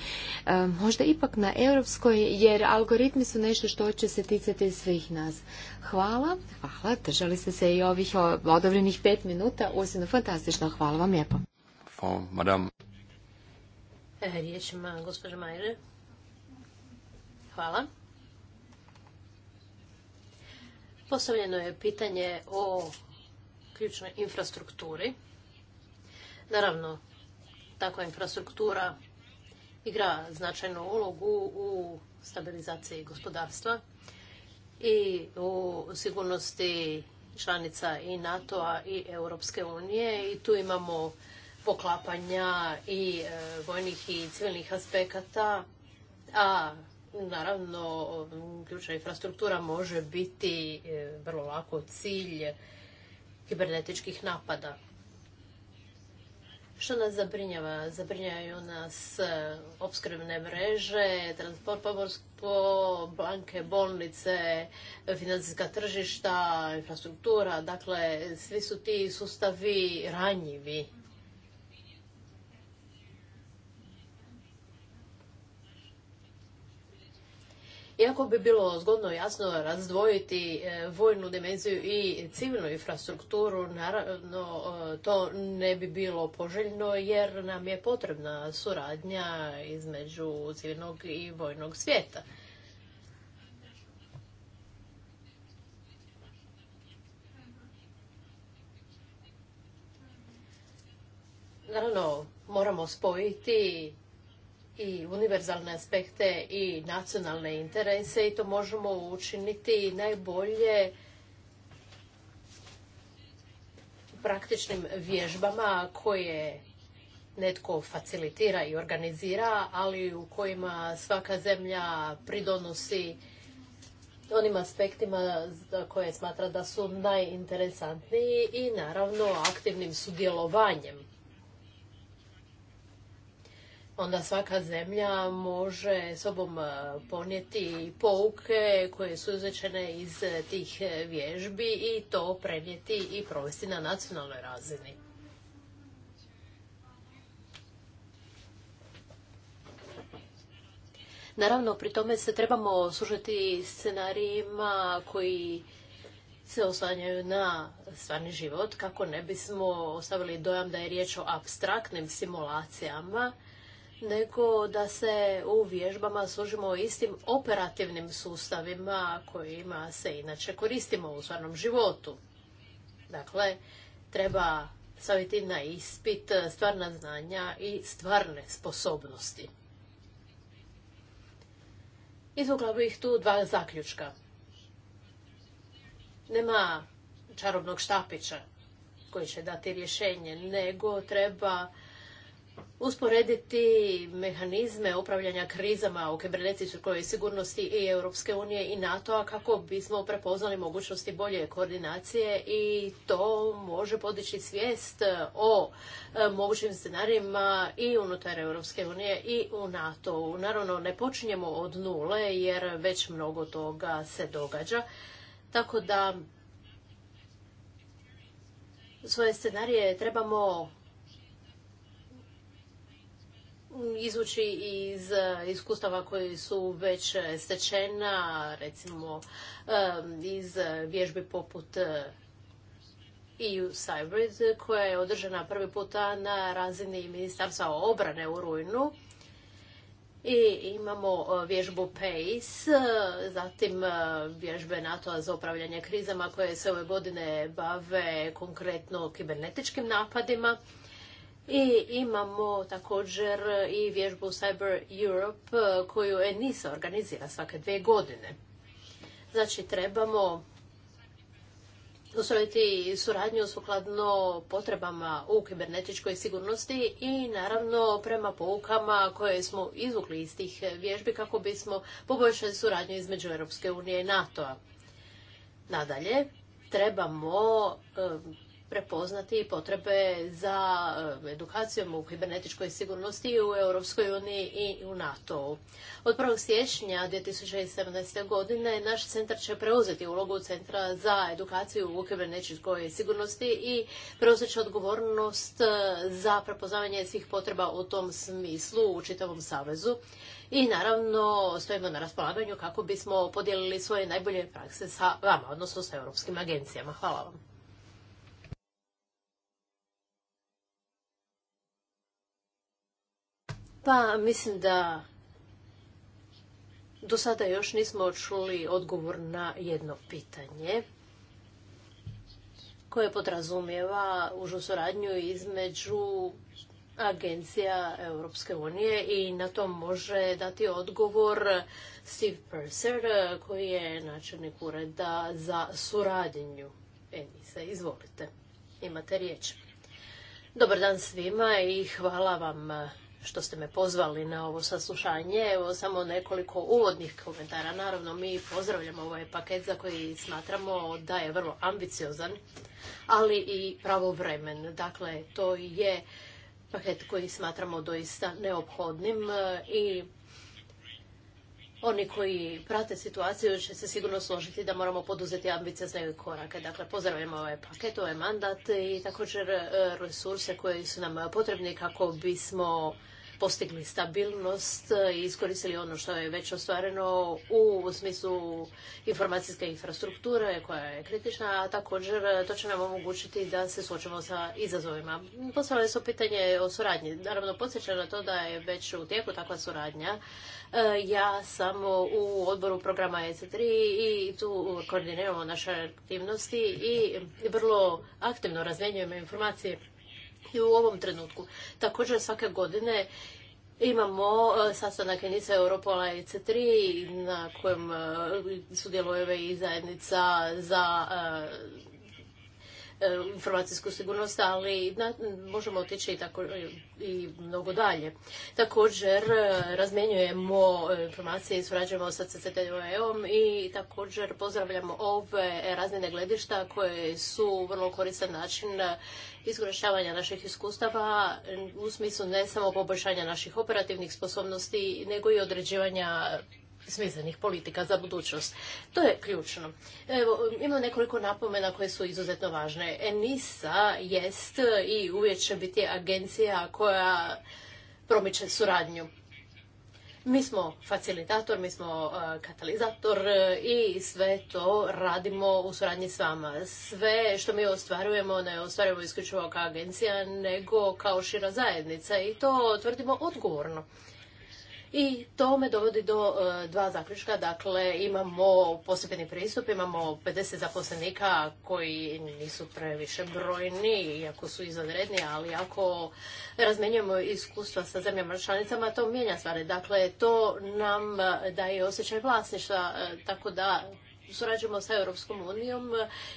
E, možda ipak na europskoj, jer algoritmi su nešto što će se ticati svih nas. Hvala, hvala, držali ste se i ovih odobrenih pet minuta, osim fantastično, hvala vam lijepo. E, riječ ima gospođa Hvala. Postavljeno je pitanje o ključnoj infrastrukturi. Naravno, takva infrastruktura igra značajnu ulogu u stabilizaciji gospodarstva i u sigurnosti članica i NATO-a i Europske unije i tu imamo poklapanja i e, vojnih i civilnih aspekata, a Naravno, ključna infrastruktura može biti e, vrlo lako cilj kibernetičkih napada. Što nas zabrinjava? Zabrinjaju nas e, opskrbne mreže, transport pomorstvo banke, bolnice, financijska tržišta, infrastruktura. Dakle, svi su ti sustavi ranjivi Iako bi bilo zgodno jasno razdvojiti e, vojnu dimenziju i civilnu infrastrukturu, naravno e, to ne bi bilo poželjno jer nam je potrebna suradnja između civilnog i vojnog svijeta. Naravno, moramo spojiti i univerzalne aspekte i nacionalne interese i to možemo učiniti najbolje praktičnim vježbama koje netko facilitira i organizira, ali u kojima svaka zemlja pridonosi onim aspektima koje smatra da su najinteresantniji i naravno aktivnim sudjelovanjem onda svaka zemlja može sobom e, ponijeti pouke koje su izrečene iz e, tih e, vježbi i to prenijeti i provesti na nacionalnoj razini. Naravno, pri tome se trebamo služiti scenarijima koji se oslanjaju na stvarni život, kako ne bismo ostavili dojam da je riječ o abstraktnim simulacijama, nego da se u vježbama služimo istim operativnim sustavima kojima se inače koristimo u stvarnom životu. Dakle, treba staviti na ispit stvarna znanja i stvarne sposobnosti. Izvukla bih tu dva zaključka. Nema čarobnog štapića koji će dati rješenje, nego treba usporediti mehanizme upravljanja krizama u kibernetičkoj sigurnosti i Europske unije i NATO-a kako bismo prepoznali mogućnosti bolje koordinacije i to može podići svijest o e, mogućim scenarijima i unutar Europske unije i u NATO-u. Naravno, ne počinjemo od nule jer već mnogo toga se događa. Tako da svoje scenarije trebamo izvući iz e, iskustava koji su već e, stečena, recimo e, iz vježbi poput EU Cybrid, koja je održana prvi puta na razini Ministarstva obrane u Rujnu. I imamo vježbu PACE, zatim vježbe nato za upravljanje krizama koje se ove godine bave konkretno kibernetičkim napadima. I imamo također i vježbu Cyber Europe e, koju ENISA organizira svake dve godine. Znači trebamo ustrojiti suradnju sukladno potrebama u kibernetičkoj sigurnosti i naravno prema poukama koje smo izvukli iz tih vježbi kako bismo poboljšali suradnju između Europske unije i NATO-a. Nadalje, trebamo e, prepoznati potrebe za eh, edukacijom u kibernetičkoj sigurnosti u Europskoj uniji i u NATO-u. Od 1. siječnja 2017. godine naš centar će preuzeti ulogu Centra za edukaciju u kibernetičkoj sigurnosti i preuzet će odgovornost eh, za prepoznavanje svih potreba u tom smislu u čitavom savezu. I naravno stojimo na raspolaganju kako bismo podijelili svoje najbolje prakse sa vama, odnosno sa europskim agencijama. Hvala vam. Pa mislim da do sada još nismo čuli odgovor na jedno pitanje koje podrazumijeva užu suradnju između agencija Europske unije i na to može dati odgovor Steve Purser koji je načelnik ureda za suradnju. Enisa, izvolite, imate riječ. Dobar dan svima i hvala vam što ste me pozvali na ovo saslušanje. Evo samo nekoliko uvodnih komentara. Naravno, mi pozdravljamo ovaj paket za koji smatramo da je vrlo ambiciozan, ali i pravovremen. Dakle, to je paket koji smatramo doista neophodnim e, i oni koji prate situaciju će se sigurno složiti da moramo poduzeti ambiciozne korake. Dakle, pozdravljamo ovaj paket, ovaj mandat i također e, resurse koji su nam potrebni kako bismo postigli stabilnost e, i iskoristili ono što je već ostvareno u smislu informacijske infrastrukture koja je kritična, a također e, to će nam omogućiti da se suočimo sa izazovima. Postavljali su pitanje o suradnji. Naravno, podsjećam na to da je već u tijeku takva suradnja. E, ja sam u odboru programa EC3 i tu koordiniramo naše aktivnosti i vrlo aktivno razmjenjujemo informacije i u ovom trenutku. Također svake godine Imamo e, sastanak jedinica Europola i C3 na kojem e, sudjeluje i zajednica za e, E, informacijsku sigurnost, ali možemo otići i, tako, e, i mnogo dalje. Također e, razmjenjujemo informacije i surađujemo sa CCTV-om i također pozdravljamo ove razmjene gledišta koje su vrlo koristan način iskorištavanja naših iskustava u smislu ne samo poboljšanja naših operativnih sposobnosti, nego i određivanja smislenih politika za budućnost. To je ključno. Evo, imamo nekoliko napomena koje su izuzetno važne. ENISA jest i uvijek će biti agencija koja promiče suradnju. Mi smo facilitator, mi smo e, katalizator e, i sve to radimo u suradnji s vama. Sve što mi ostvarujemo ne ostvarujemo isključivo kao agencija, nego kao šira zajednica i to tvrdimo odgovorno. I to me dovodi do e, dva zaključka. Dakle, imamo posebeni pristup, imamo 50 zaposlenika koji nisu previše brojni, iako su izvanredni, ali ako razmenjujemo iskustva sa zemljama članicama, to mijenja stvari. Dakle, to nam daje osjećaj vlasništva, e, tako da surađujemo sa Europskom unijom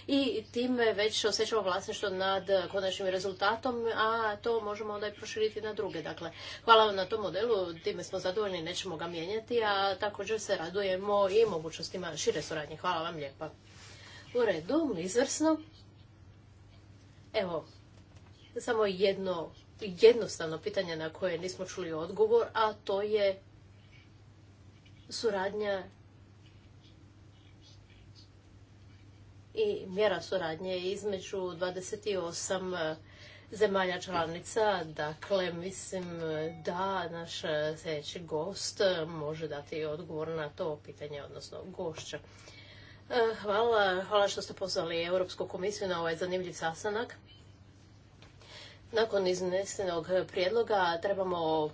i time već osjećamo vlasništvo nad konačnim rezultatom, a to možemo onda i proširiti na druge. Dakle, hvala vam na tom modelu, time smo zadovoljni, nećemo ga mijenjati, a također se radujemo i mogućnostima šire suradnje. Hvala vam lijepa. U redu, izvrsno. Evo, samo jedno jednostavno pitanje na koje nismo čuli odgovor, a to je suradnja i mjera suradnje između 28 e, zemalja članica. Dakle, mislim e, da naš e, sljedeći gost može dati odgovor na to pitanje, odnosno gošća. Hvala, hvala što ste pozvali Europsku komisiju na ovaj zanimljiv sastanak. Nakon iznesenog prijedloga trebamo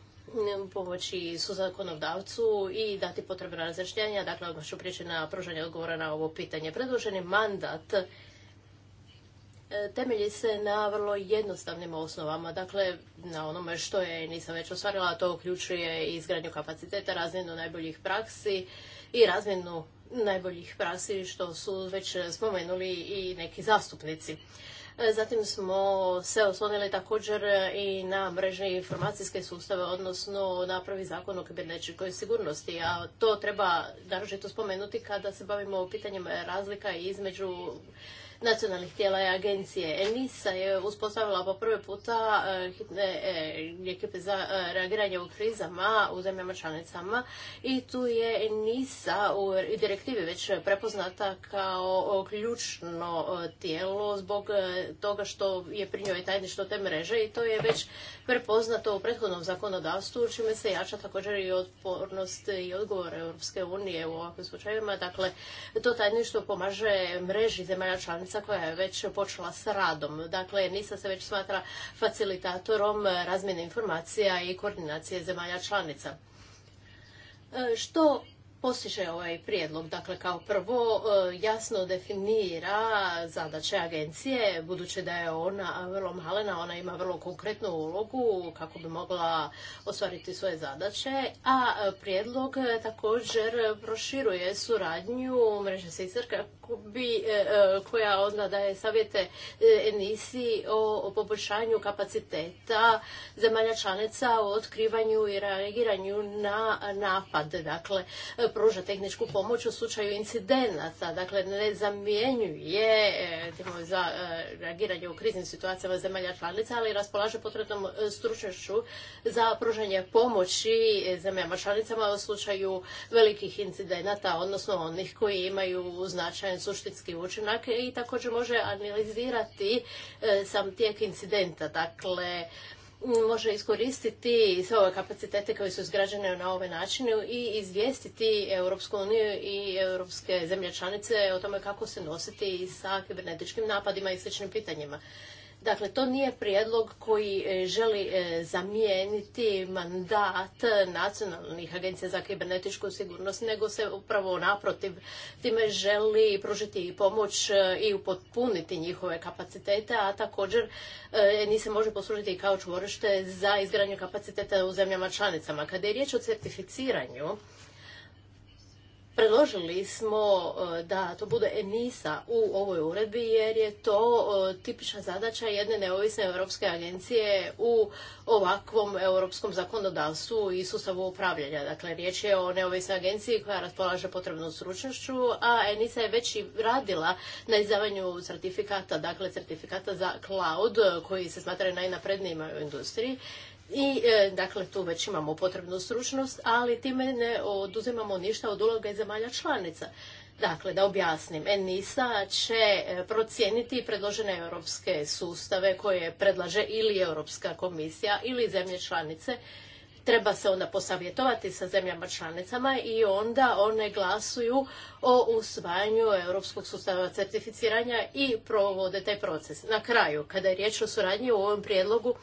pomoći su zakonodavcu i dati potrebna razjašnjenja. Dakle, odmah ću prijeći na pružanje odgovora na ovo pitanje. Predloženi mandat e, temelji se na vrlo jednostavnim osnovama. Dakle, na onome što je nisam već ostvarila, to uključuje izgradnju kapaciteta, razmjenu najboljih praksi i razmjenu najboljih praksi što su već spomenuli i neki zastupnici. E, zatim smo se oslonili također i na mrežne informacijske sustave, odnosno na prvi zakon o kibernetičkoj sigurnosti. A to treba naročito spomenuti kada se bavimo pitanjem razlika između nacionalnih tijela i agencije. ENISA je uspostavila po prvi puta e, hitne e, ekipe za e, reagiranje u krizama u zemljama članicama i tu je ENISA u direktivi već prepoznata kao ključno tijelo zbog toga što je pri njoj tajništvo te mreže i to je već prepoznato u prethodnom zakonodavstvu, čime se jača također i otpornost i odgovor Europske unije u ovakvim slučajevima. Dakle, to tajništvo pomaže mreži zemalja članica koja je već počela s radom. Dakle, NISA se već smatra facilitatorom razmjene informacija i koordinacije zemalja članica. E, što postiže ovaj prijedlog? Dakle, kao prvo e, jasno definira zadaće agencije, budući da je ona vrlo malena, ona ima vrlo konkretnu ulogu kako bi mogla ostvariti svoje zadaće, a prijedlog također proširuje suradnju mreže se kako bi, e, e, koja onda daje savjete emisiji o, o poboljšanju kapaciteta zemalja članica u otkrivanju i reagiranju na napad. Dakle, pruža tehničku pomoć u slučaju incidenata. Dakle, ne zamjenjuje e, timo, za e, reagiranje u kriznim situacijama zemalja članica, ali raspolaže potrebnom e, stručnošću za pružanje pomoći zemljama članicama u slučaju velikih incidenata, odnosno onih koji imaju značajan suštinski učinak i također može analizirati sam tijek incidenta. Dakle, može iskoristiti sve ove kapacitete koji su izgrađene na ovaj način i izvijestiti Europsku uniju i europske zemlje članice o tome kako se nositi sa kibernetičkim napadima i sličnim pitanjima. Dakle, to nije prijedlog koji e, želi e, zamijeniti mandat nacionalnih agencija za kibernetičku sigurnost, nego se upravo naprotiv time želi pružiti pomoć e, i upotpuniti njihove kapacitete, a također ni se može poslužiti kao čvorište za izgradnju kapaciteta u zemljama članicama. Kada je riječ o certificiranju, Predložili smo e, da to bude ENISA u ovoj uredbi jer je to e, tipična zadaća jedne neovisne europske agencije u ovakvom europskom zakonodavstvu i sustavu upravljanja. Dakle, riječ je o neovisnoj agenciji koja raspolaže potrebnom stručnošću, a ENISA je već i radila na izdavanju certifikata, dakle certifikata za cloud e, koji se smatraju najnaprednijima u industriji. I, e, dakle, tu već imamo potrebnu stručnost, ali time ne oduzimamo ništa od uloga i zemalja članica. Dakle, da objasnim, ENISA će e, procijeniti predložene europske sustave koje predlaže ili Europska komisija ili zemlje članice. Treba se onda posavjetovati sa zemljama članicama i onda one glasuju o usvajanju europskog sustava certificiranja i provode taj proces. Na kraju, kada je riječ o suradnji u ovom prijedlogu,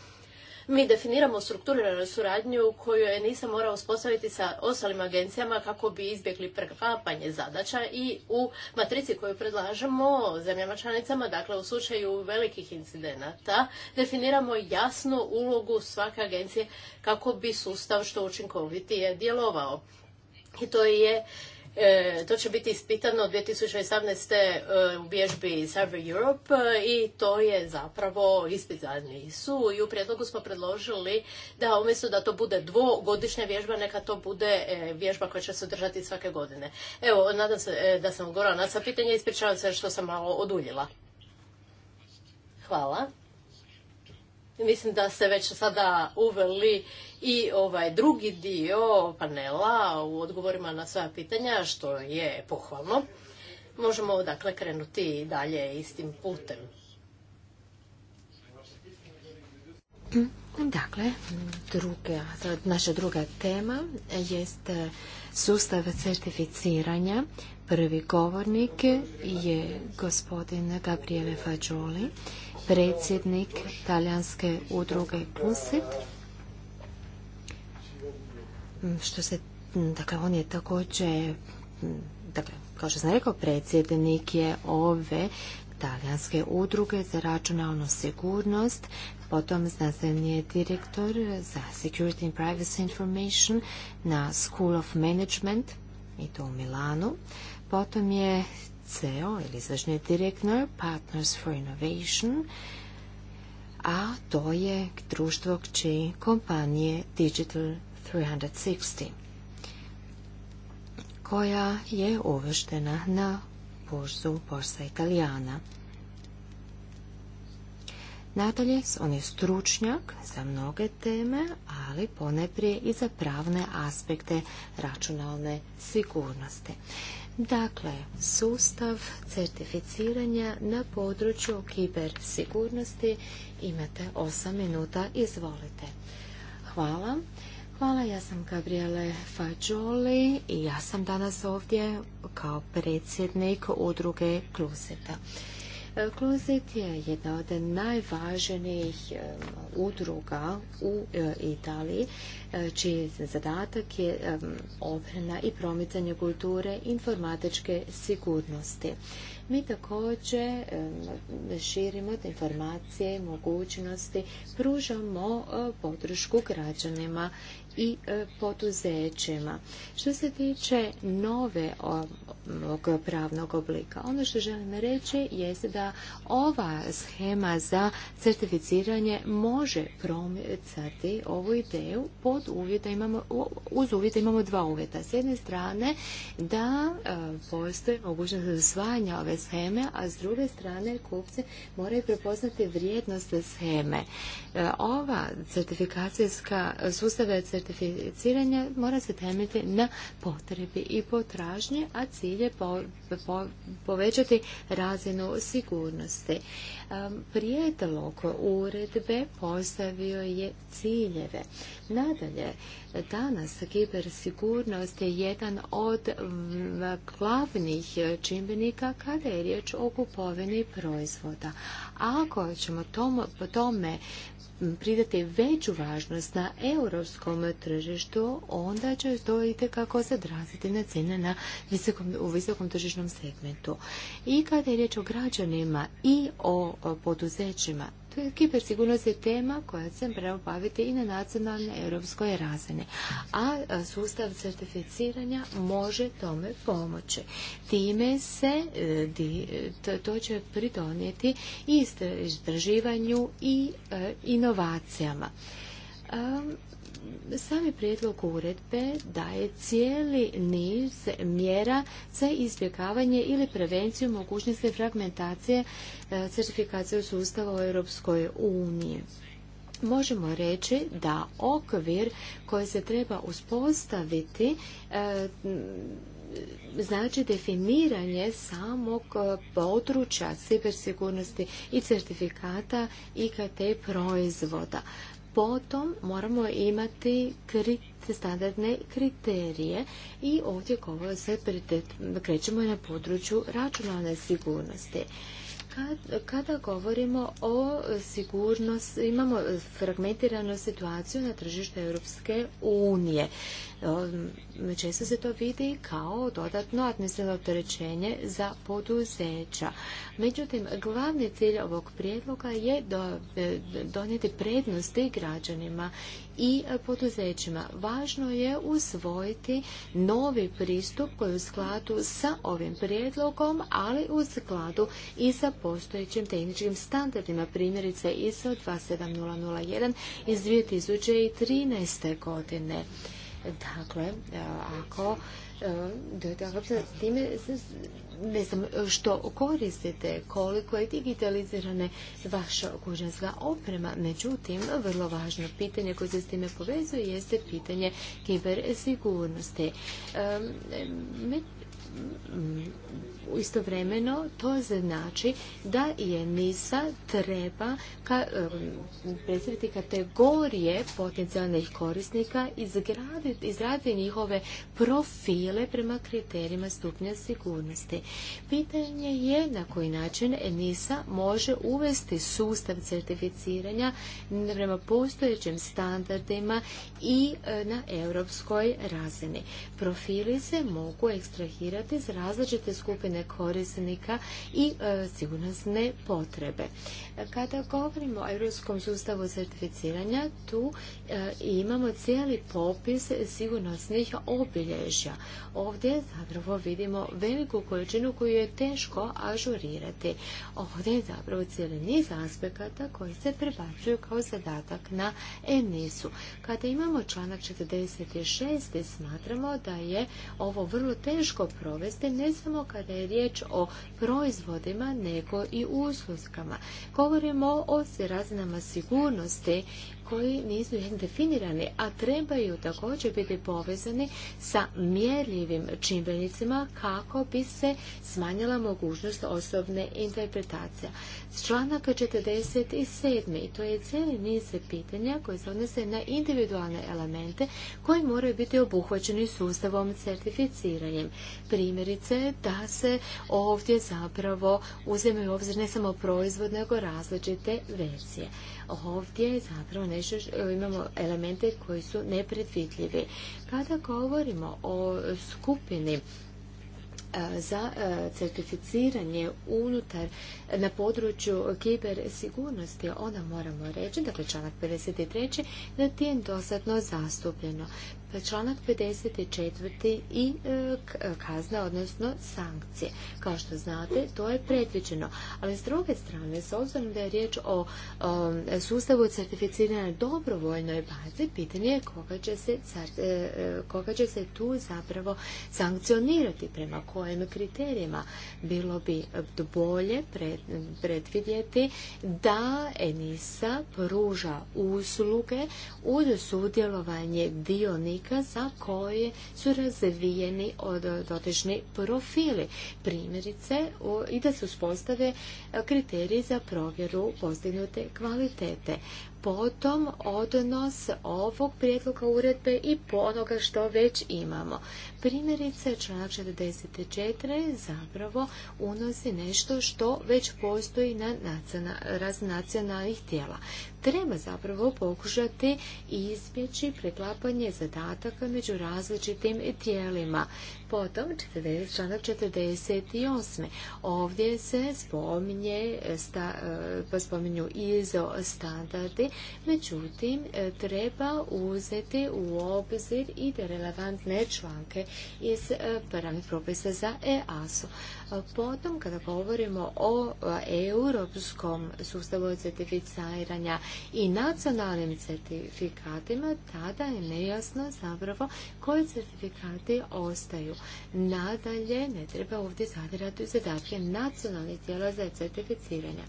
mi definiramo strukturiranu suradnju koju je nisam morao uspostaviti sa ostalim agencijama kako bi izbjegli preklapanje zadaća i u matrici koju predlažemo zemljama članicama, dakle u slučaju velikih incidenata, definiramo jasnu ulogu svake agencije kako bi sustav što učinkovitije djelovao. I to je E, to će biti ispitano 2018. E, u vježbi Cyber Europe e, i to je zapravo ispit su i u prijedlogu smo predložili da umjesto da to bude dvogodišnja vježba, neka to bude vježba koja će se održati svake godine. Evo, nadam se da sam govorila na sva pitanja, ispričavam se što sam malo oduljila. Hvala. Mislim da ste već sada uveli i ovaj drugi dio panela u odgovorima na sva pitanja, što je pohvalno. Možemo dakle krenuti dalje istim putem. Dakle, druga, naša druga tema jest sustav certificiranja Prvi govornik je gospodin Gabriele Fagioli, predsjednik talijanske udruge Klusit. Mm, što se, mm, dakle, on je također, mm, dakle, kao što sam rekao, predsjednik je ove talijanske udruge za računalnu sigurnost, potom znanstveni je direktor za Security and Privacy Information na School of Management i to u Milanu. Potom je CEO ili izvršni direktor Partners for Innovation, a to je društvo kći kompanije Digital 360 koja je uvrštena na burzu Borsa Italijana. Nadalje, on je stručnjak za mnoge teme, ali poneprije i za pravne aspekte računalne sigurnosti. Dakle, sustav certificiranja na području kibersigurnosti imate 8 minuta, izvolite. Hvala. Hvala, ja sam Gabriele Fagioli i ja sam danas ovdje kao predsjednik udruge Kluseta. Klozet je jedna od najvažnijih um, udruga u e, Italiji, e, čiji zadatak je um, obrana i promicanje kulture informatičke sigurnosti. Mi također um, širimo informacije, mogućnosti, pružamo e, podršku građanima i e, poduzećima. Što se tiče nove pravnog oblika, ono što želim reći je da ova schema za certificiranje može promicati ovu ideju pod uvjeta, imamo, uz uvjet imamo dva uvjeta. S jedne strane da e, postoji mogućnost usvajanja ove scheme, a s druge strane kupci moraju prepoznati vrijednost scheme. E, ova certifikacijska sustava je certificiranja mora se temeljiti na potrebi i potražnje, a cilj je povećati razinu sigurnosti. Prijedlog uredbe postavio je ciljeve. Nadalje, Danas kibersigurnost je jedan od glavnih čimbenika kada je riječ o kupovini proizvoda. Ako ćemo tom, tome pridati veću važnost na europskom tržištu, onda će to i zadraziti na cijene na u visokom tržišnom segmentu. I kada je riječ o građanima i o poduzećima, to je kibersigurnost je tema koja se treba baviti i na nacionalnoj europskoj razini. A sustav certificiranja može tome pomoći. Time se e, to će pridonijeti i istraživanju i e, inovacijama. Sami prijedlog uredbe daje cijeli niz mjera za izbjegavanje ili prevenciju mogućnosti fragmentacije e, certifikaciju sustava u Europskoj uniji možemo reći da okvir koji se treba uspostaviti e, znači definiranje samog e, područja cibersigurnosti i certifikata IKT proizvoda. Potom moramo imati standardne kriterije i ovdje se krećemo na području računalne sigurnosti kada govorimo o sigurnosti, imamo fragmentiranu situaciju na tržištu Europske unije. Ehm, često se to vidi kao dodatno administrativno opterećenje za poduzeća. Međutim, glavni cilj ovog prijedloga je e, donijeti prednosti građanima i e, poduzećima. Važno je usvojiti novi pristup koji je u skladu sa ovim prijedlogom, ali u skladu i sa postojećim tehničkim standardima, primjerice ISO 27001 iz 2013. godine. Dakle, e, ako E, da, s time ne znam što koristite, koliko je digitalizirane vaša kućanska oprema. Međutim, vrlo važno pitanje koje se s time povezuje jeste pitanje kibersigurnosti. Um, e, istovremeno to znači da je misa treba ka, um, predstaviti kategorije potencijalnih korisnika, izgraditi, izraditi njihove profile prema kriterijima stupnja sigurnosti. Pitanje je na koji način ENISA može uvesti sustav certificiranja prema postojećim standardima i e, na europskoj razini. Profili se mogu ekstrahirati iz različite skupine korisnika i e, sigurnosne potrebe. Kada govorimo o europskom sustavu certificiranja, tu e, imamo cijeli popis sigurnosnih obilježja. Ovdje zapravo vidimo veliku količinu koju je teško ažurirati. Ovdje je zapravo cijeli niz aspekata koji se prebacuju kao zadatak na enis Kada imamo članak 46. smatramo da je ovo vrlo teško provesti ne samo kada je riječ o proizvodima nego i uslugama. Govorimo o razinama sigurnosti koji nisu definirani, a trebaju također biti povezani sa mjerljivim čimbenicima kako bi se smanjila mogućnost osobne interpretacije. Članak 47. To je cijeli niz pitanja koje se odnose na individualne elemente koji moraju biti obuhvaćeni sustavom certificiranjem. Primjerice da se ovdje zapravo uzimaju u obzir ne samo proizvod, nego različite verzije ovdje zapravo nešto e, imamo elemente koji su nepredvidljivi. Kada govorimo o skupini e, za e, certificiranje unutar na području sigurnosti, onda moramo reći, dakle članak 53. da je dosadno zastupljeno. Dakle, članak 54. i e, e, kazna, odnosno sankcije. Kao što znate, to je predviđeno. Ali s druge strane, s obzirom da je riječ o, sustavu certificiranja dobrovoljnoj bazi, pitanje je e, koga će se, tu zapravo sankcionirati, prema kojim kriterijima. Bilo bi bolje predvidjeti da ENISA pruža usluge uz sudjelovanje dionika za koje su razvijeni od dotični profili. Primjerice, i da se uspostave e, kriteriji za provjeru postignute kvalitete potom odnos ovog prijedloga uredbe i po onoga što već imamo. Primjerice, članak 44 zapravo unosi nešto što već postoji na nacionalnih tijela. Treba zapravo pokušati izbjeći preklapanje zadataka među različitim tijelima. Potom, članak 48. Ovdje se spominje, pa spominju ISO standardi, međutim, e, treba uzeti u obzir i relevantne članke iz e, pravnih propisa za EASO. Potom, kada govorimo o europskom sustavu certificiranja i nacionalnim certifikatima, tada je nejasno zapravo koji certifikati ostaju. Nadalje, ne treba ovdje zadirati u zadatke nacionalnih tijela za certificiranje.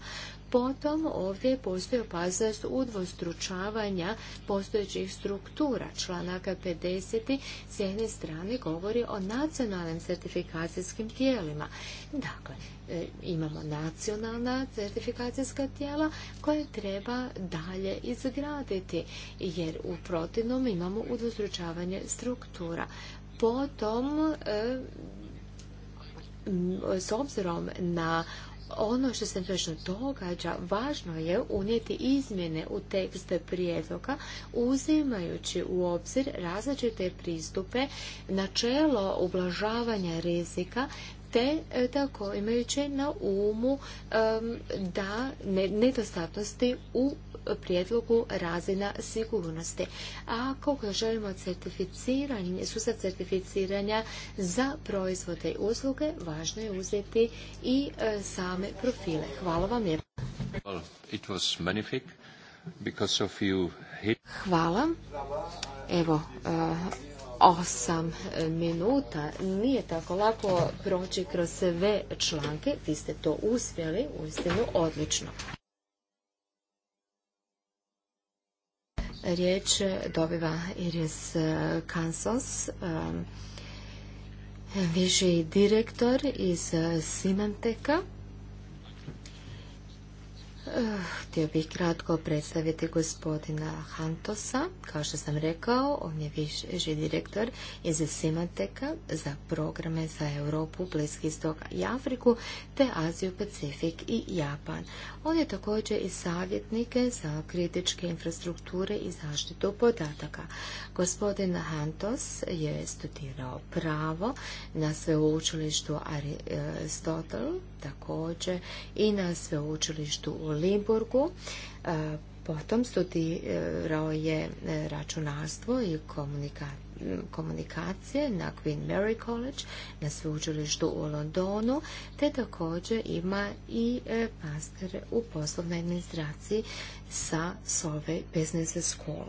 Potom ovdje postoji opasnost udvostručavanja postojećih struktura. Članaka 50. s jedne strane govori o nacionalnim certifikacijskim tijelima. Dakle, e, imamo nacionalna certifikacijska tijela koje treba dalje izgraditi, jer u protivnom imamo udvostručavanje struktura. Potom, e, s obzirom na ono što se točno događa, važno je unijeti izmjene u tekst prijedloga uzimajući u obzir različite pristupe, načelo ublažavanja rizika te e, tako imajući na umu da nedostatnosti u prijedlogu razina sigurnosti. A ako želimo certificiranje, sustav certificiranja za proizvode i usluge, važno je uzeti i e, same profile. Hvala vam lijepo. Hvala. Evo, e, osam e, minuta. Nije tako lako proći kroz sve članke. Vi ste to uspjeli, uistinu odlično. Riječ dobiva Iris e, Kansos, e, viši direktor iz Simanteka. Htio bih kratko predstaviti gospodina Hantosa. Kao što sam rekao, on je viši direktor iz Simateka za programe za Europu, Bliski istok i Afriku, te Aziju, Pacifik i Japan. On je također i savjetnike za kritičke infrastrukture i zaštitu podataka. Gospodin Hantos je studirao pravo na sveučilištu Aristotle, također i na sveučilištu u Limburgu, e, Potom studirao je e, računarstvo i komunikacije na Queen Mary College na sveučilištu u Londonu, te također ima i e, master u poslovnoj administraciji sa Solvay Business School.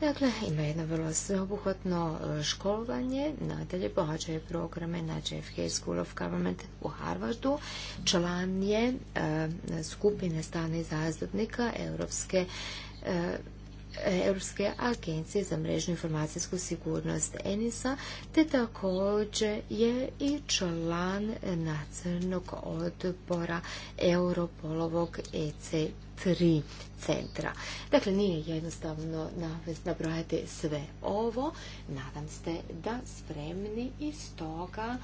Dakle, ima jedno vrlo sveobuhvatno e, školovanje, nadalje pohađaju programe na JFK School of Government u Harvardu. Član je e, skupine stalnih zastupnika Europske e, Europske agencije za mrežnu informacijsku sigurnost ENISA, te također je i član nacionalnog odbora Europolovog EC3 centra. Dakle, nije jednostavno nabrojati sve ovo. Nadam se da spremni i stoga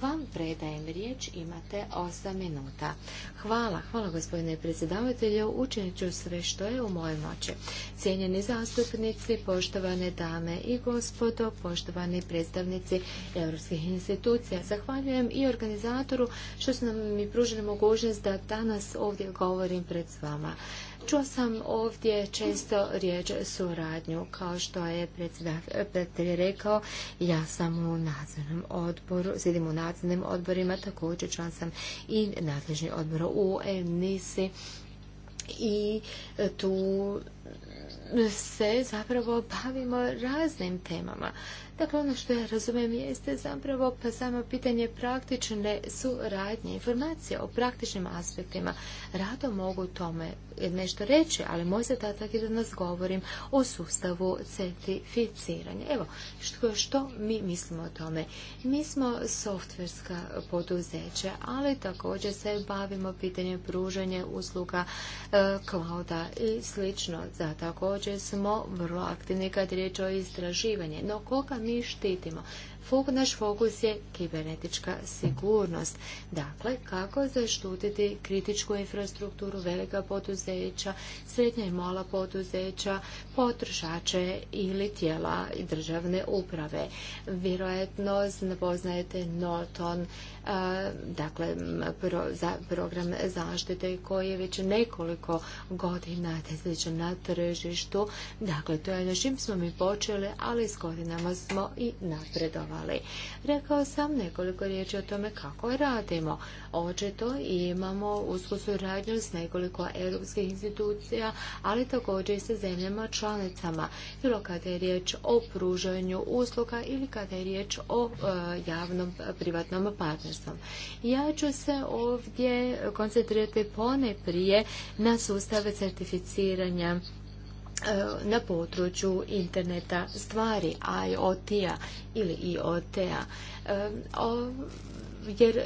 vam predajem riječ, imate 8 minuta. Hvala, hvala gospodine predsjedavatelju, učinit ću sve što je u moje moći. Cijenjeni zastupnici, poštovane dame i gospodo, poštovani predstavnici europskih institucija, zahvaljujem i organizatoru što su nam mi pružili mogućnost da danas ovdje govorim pred s vama. Čuo sam ovdje često riječ suradnju. Kao što je predsjedatelj rekao, ja sam u nadzornom odboru, sjedim u nadzornim odborima, također član sam i nadležni odbor u NISI. i tu se zapravo bavimo raznim temama. Dakle, ono što ja razumijem jeste zapravo pa samo pitanje praktične suradnje, informacije o praktičnim aspektima rado mogu tome nešto reći, ali moj zadatak je da nas govorim o sustavu certificiranja. Evo, što, mi mislimo o tome? Mi smo softverska poduzeća, ali također se bavimo pitanjem pružanja usluga klauda e, i slično. Za također smo vrlo aktivni kad je riječ o istraživanju. No, koga mi štitimo? naš fokus je kibernetička sigurnost. Dakle, kako zaštutiti kritičku infrastrukturu velika poduzeća, srednja i mala poduzeća, potrošače ili tijela državne uprave. Vjerojatno poznajete Norton dakle pro, za program zaštite koji je već nekoliko godina desetljeća na tržištu. Dakle, to je na čim smo mi počeli, ali s godinama smo i napredovali. Rekao sam nekoliko riječi o tome kako radimo. Očito imamo usku suradnju s nekoliko europskih institucija, ali također i sa zemljama članicama, bilo kada je riječ o pružanju usluga ili kada je riječ o e, javnom privatnom partnerstvom. Ja ću se ovdje koncentrirati pone prije na sustave certificiranja e, na području interneta stvari, IoT-a ili IoT-a. E, jer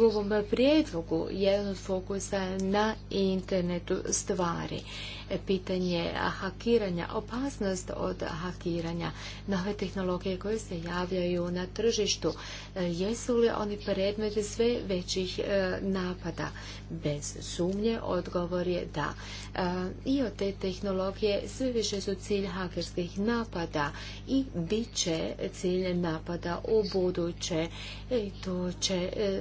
ovom prijedlogu jedan od fokusa na internetu stvari. E, pitanje hakiranja, opasnost od hakiranja, nove tehnologije koje se javljaju na tržištu, e, jesu li oni predmeti sve većih e, napada? Bez sumnje odgovor je da. I od te tehnologije sve više su cilj hakerskih napada i bit će cilj napada u buduće. I to će E,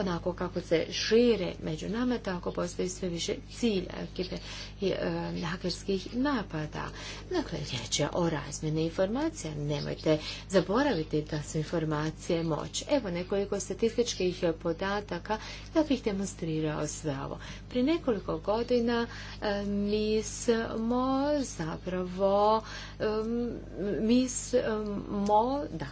onako kako se šire među nama, tako postoji sve više cilj kibe e, napada. Dakle, riječ je o razmjeni informacija. Nemojte zaboraviti da su informacije moć. Evo nekoliko statističkih podataka da bih demonstrirao sve ovo. Pri nekoliko godina e, mi smo zapravo mi smo da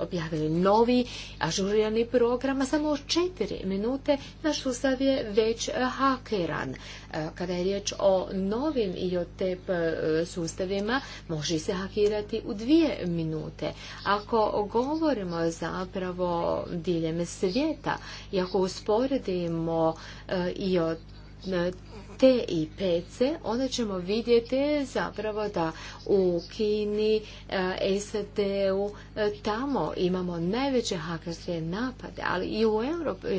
objavili novi ažurni ažurirani program, samo četiri minute naš sustav je već hakeran. E, kada je riječ o novim IOTEP e, sustavima, može se hakirati u dvije minute. Ako govorimo zapravo diljem svijeta i ako usporedimo e, IOTEP T i PC, onda ćemo vidjeti zapravo da u Kini, e, SAD-u, e, tamo imamo najveće hakarske napade, ali i u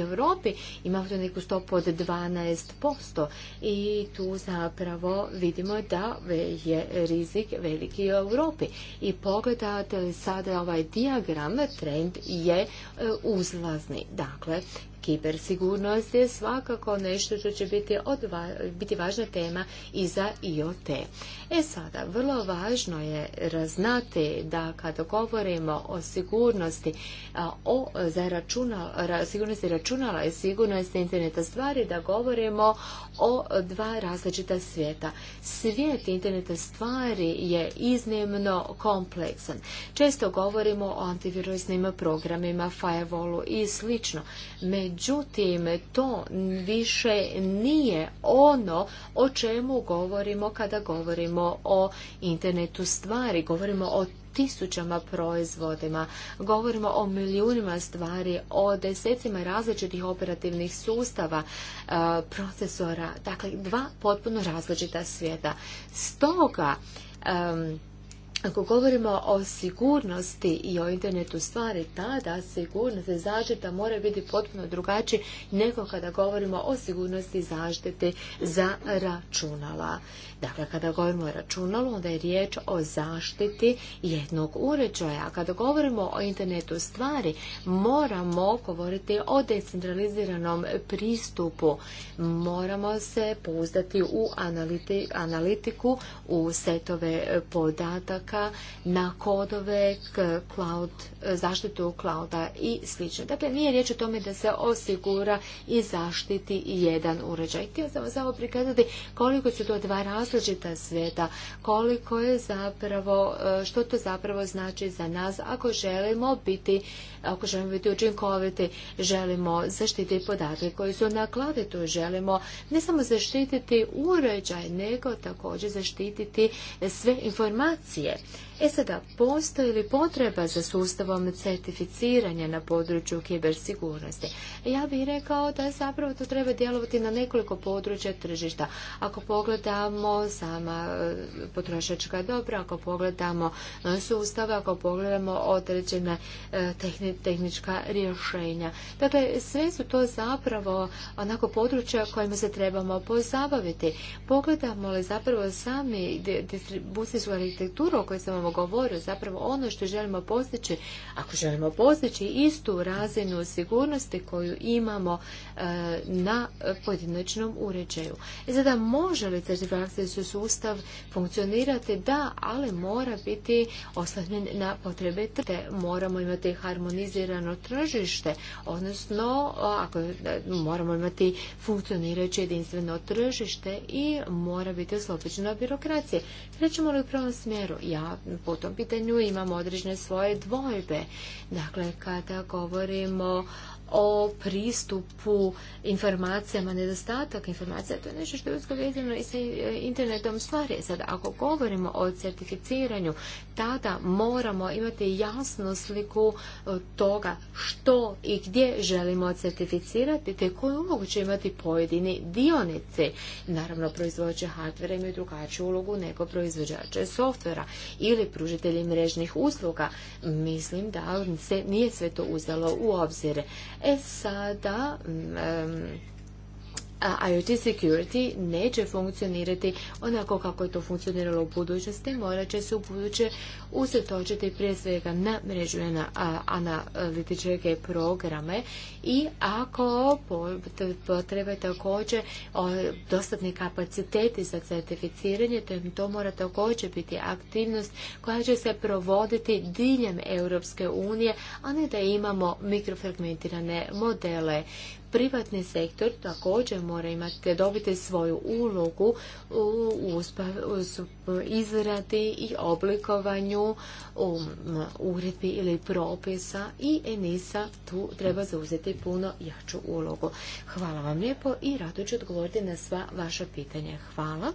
Europi imamo neku stopu od 12% i tu zapravo vidimo da je rizik veliki u Europi. I pogledate li sada ovaj diagram, trend je e, uzlazni. Dakle, Kibersigurnost je svakako nešto što će biti, biti važna tema i za IoT. E sada, vrlo važno je raznati da kada govorimo o sigurnosti o za računala, sigurnosti računala i sigurnosti interneta stvari, da govorimo o dva različita svijeta. Svijet interneta stvari je iznimno kompleksan. Često govorimo o antivirusnim programima, firewallu i slično. Međutim, to više nije ono o čemu govorimo kada govorimo o internetu stvari. Govorimo o tisućama proizvodima, govorimo o milijunima stvari, o desecima različitih operativnih sustava, e, procesora, dakle dva potpuno različita svijeta. Stoga, ako govorimo o sigurnosti i o internetu stvari, tada sigurnost i zaštita mora biti potpuno drugačiji nego kada govorimo o sigurnosti i zaštiti za računala. Dakle, kada govorimo o računalu, onda je riječ o zaštiti jednog uređaja. kada govorimo o internetu stvari, moramo govoriti o decentraliziranom pristupu. Moramo se pouzdati u analitiku, u setove podataka, na kodove, cloud E, zaštitu klauda i slično. Dakle, nije riječ o tome da se osigura i zaštiti jedan uređaj. Htio sam samo prikazati koliko su to dva različita svijeta, koliko je zapravo, e, što to zapravo znači za nas ako želimo biti, ako želimo biti učinkoviti, želimo zaštititi podatke koji su na cloudu, želimo ne samo zaštititi uređaj, nego također zaštititi sve informacije. E sada, postoji li potreba za sustavom certificiranja na području kibersigurnosti? Ja bih rekao da zapravo to treba djelovati na nekoliko područja tržišta. Ako pogledamo sama e, potrošačka dobra, ako pogledamo e, sustav, ako pogledamo određene tehnička rješenja. Dakle, sve su to zapravo onako područja kojima se trebamo pozabaviti. Pogledamo li zapravo sami distribucijsku arhitekturu o kojoj sam vam govorio, zapravo ono što želimo postići, ako želimo postići istu razinu sigurnosti koju imamo e, na pojedinačnom uređaju. Zada, e sada može li certifikacijski sustav funkcionirati? Da, ali mora biti oslonjen na potrebe moramo imati harmonizirano tržište, odnosno ako e, moramo imati funkcionirajuće jedinstveno tržište i mora biti oslobođeno birokracije. Krećemo li u pravom smjeru? Ja po tom pitanju imamo određene svoje dvojbe. Dakle, kada govorimo o pristupu informacijama, nedostatak informacija, to je nešto što je usko i sa e, internetom stvari. Sad, ako govorimo o certificiranju, tada moramo imati jasnu sliku e, toga što i gdje želimo certificirati te koju ulogu će imati pojedini dionici. Naravno, proizvođači hardvera imaju drugačiju ulogu nego proizvođače softvera ili pružitelji mrežnih usluga. Mislim da se nije sve to uzelo u obzir. E sada... IoT security neće funkcionirati onako kako je to funkcioniralo u budućnosti, morat će se u buduće usjetočiti prije svega na mrežu na analitičke programe i ako potrebe također dostatni kapaciteti za certificiranje, to, to mora također biti aktivnost koja će se provoditi diljem Europske unije, a ne da imamo mikrofragmentirane modele. Privatni sektor također mora imati, dobiti svoju ulogu u, izradi i oblikovanju um, uredbi ili propisa i ENISA tu treba zauzeti puno jaču ulogu. Hvala vam lijepo i rado ću odgovoriti na sva vaša pitanja. Hvala.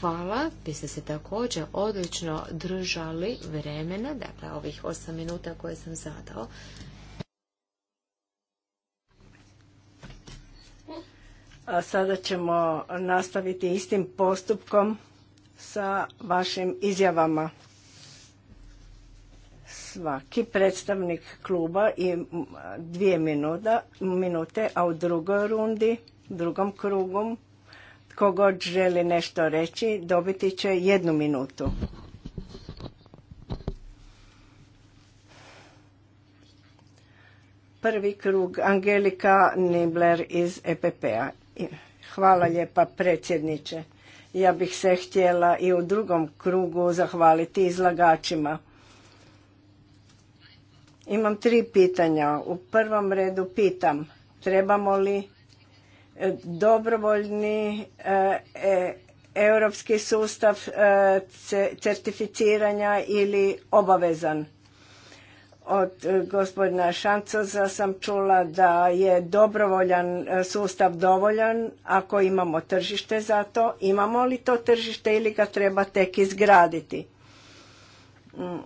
Hvala, vi ste se također odlično držali vremena, dakle ovih 8 minuta koje sam zadao. A sada ćemo nastaviti istim postupkom sa vašim izjavama. Svaki predstavnik kluba i dvije minuta, minute, a u drugoj rundi, drugom krugu, tko god želi nešto reći, dobiti će jednu minutu. Prvi krug Angelika Nibler iz EPP-a. Hvala lijepa predsjedniče. Ja bih se htjela i u drugom krugu zahvaliti izlagačima. Imam tri pitanja. U prvom redu pitam trebamo li e, dobrovoljni e, e, europski sustav certificiranja ili obavezan? Od e, gospodina Šancoza sam čula da je dobrovoljan e, sustav dovoljan ako imamo tržište za to. Imamo li to tržište ili ga treba tek izgraditi? Mm,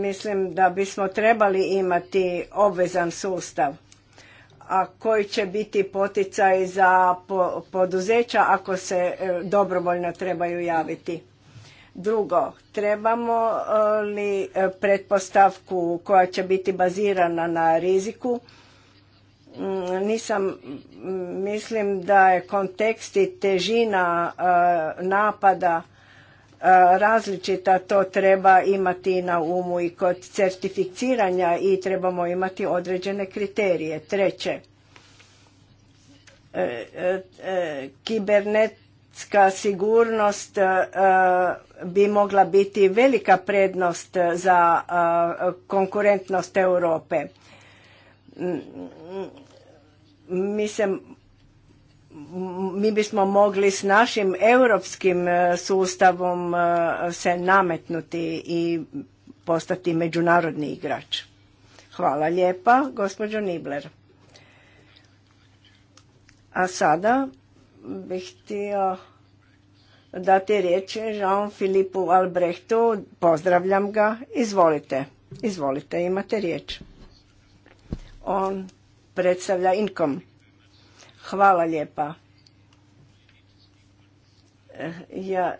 mislim da bismo trebali imati obvezan sustav a koji će biti poticaj za poduzeća ako se e, dobrovoljno trebaju javiti. Drugo, trebamo eh, li eh, pretpostavku koja će biti bazirana na riziku? Mm, nisam, mm, mislim da je kontekst i težina eh, napada različita, to treba imati na umu i kod certificiranja i trebamo imati određene kriterije. Treće, kibernet energetska sigurnost e, bi mogla biti velika prednost za e, konkurentnost Europe. Mi mi bismo mogli s našim europskim e, sustavom se nametnuti i postati međunarodni igrač. Hvala lijepa, gospođo Nibler. A sada bih htio dati riječ Jean-Philippe Albrechtu. Pozdravljam ga. Izvolite. Izvolite, imate riječ. On predstavlja Inkom. Hvala lijepa. Eh, ja,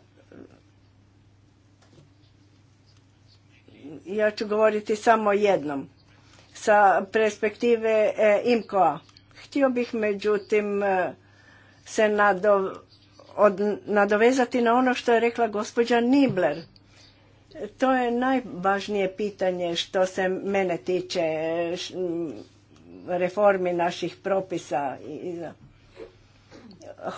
ja ću govoriti samo jednom. Sa perspektive eh, Imkoa. Htio bih međutim eh, se nado, nadovezati na ono što je rekla gospođa Nibler. To je najvažnije pitanje što se mene tiče reformi naših propisa.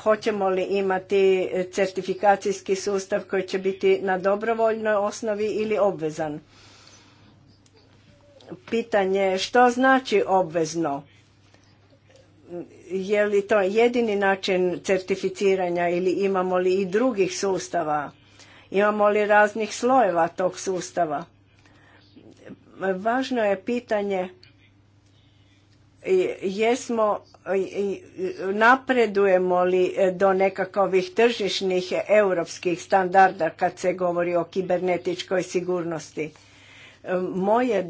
Hoćemo li imati certifikacijski sustav koji će biti na dobrovoljnoj osnovi ili obvezan? Pitanje što znači obvezno? je li to jedini način certificiranja ili imamo li i drugih sustava? Imamo li raznih slojeva tog sustava? Važno je pitanje jesmo napredujemo li do nekakvih tržišnih europskih standarda kad se govori o kibernetičkoj sigurnosti moje je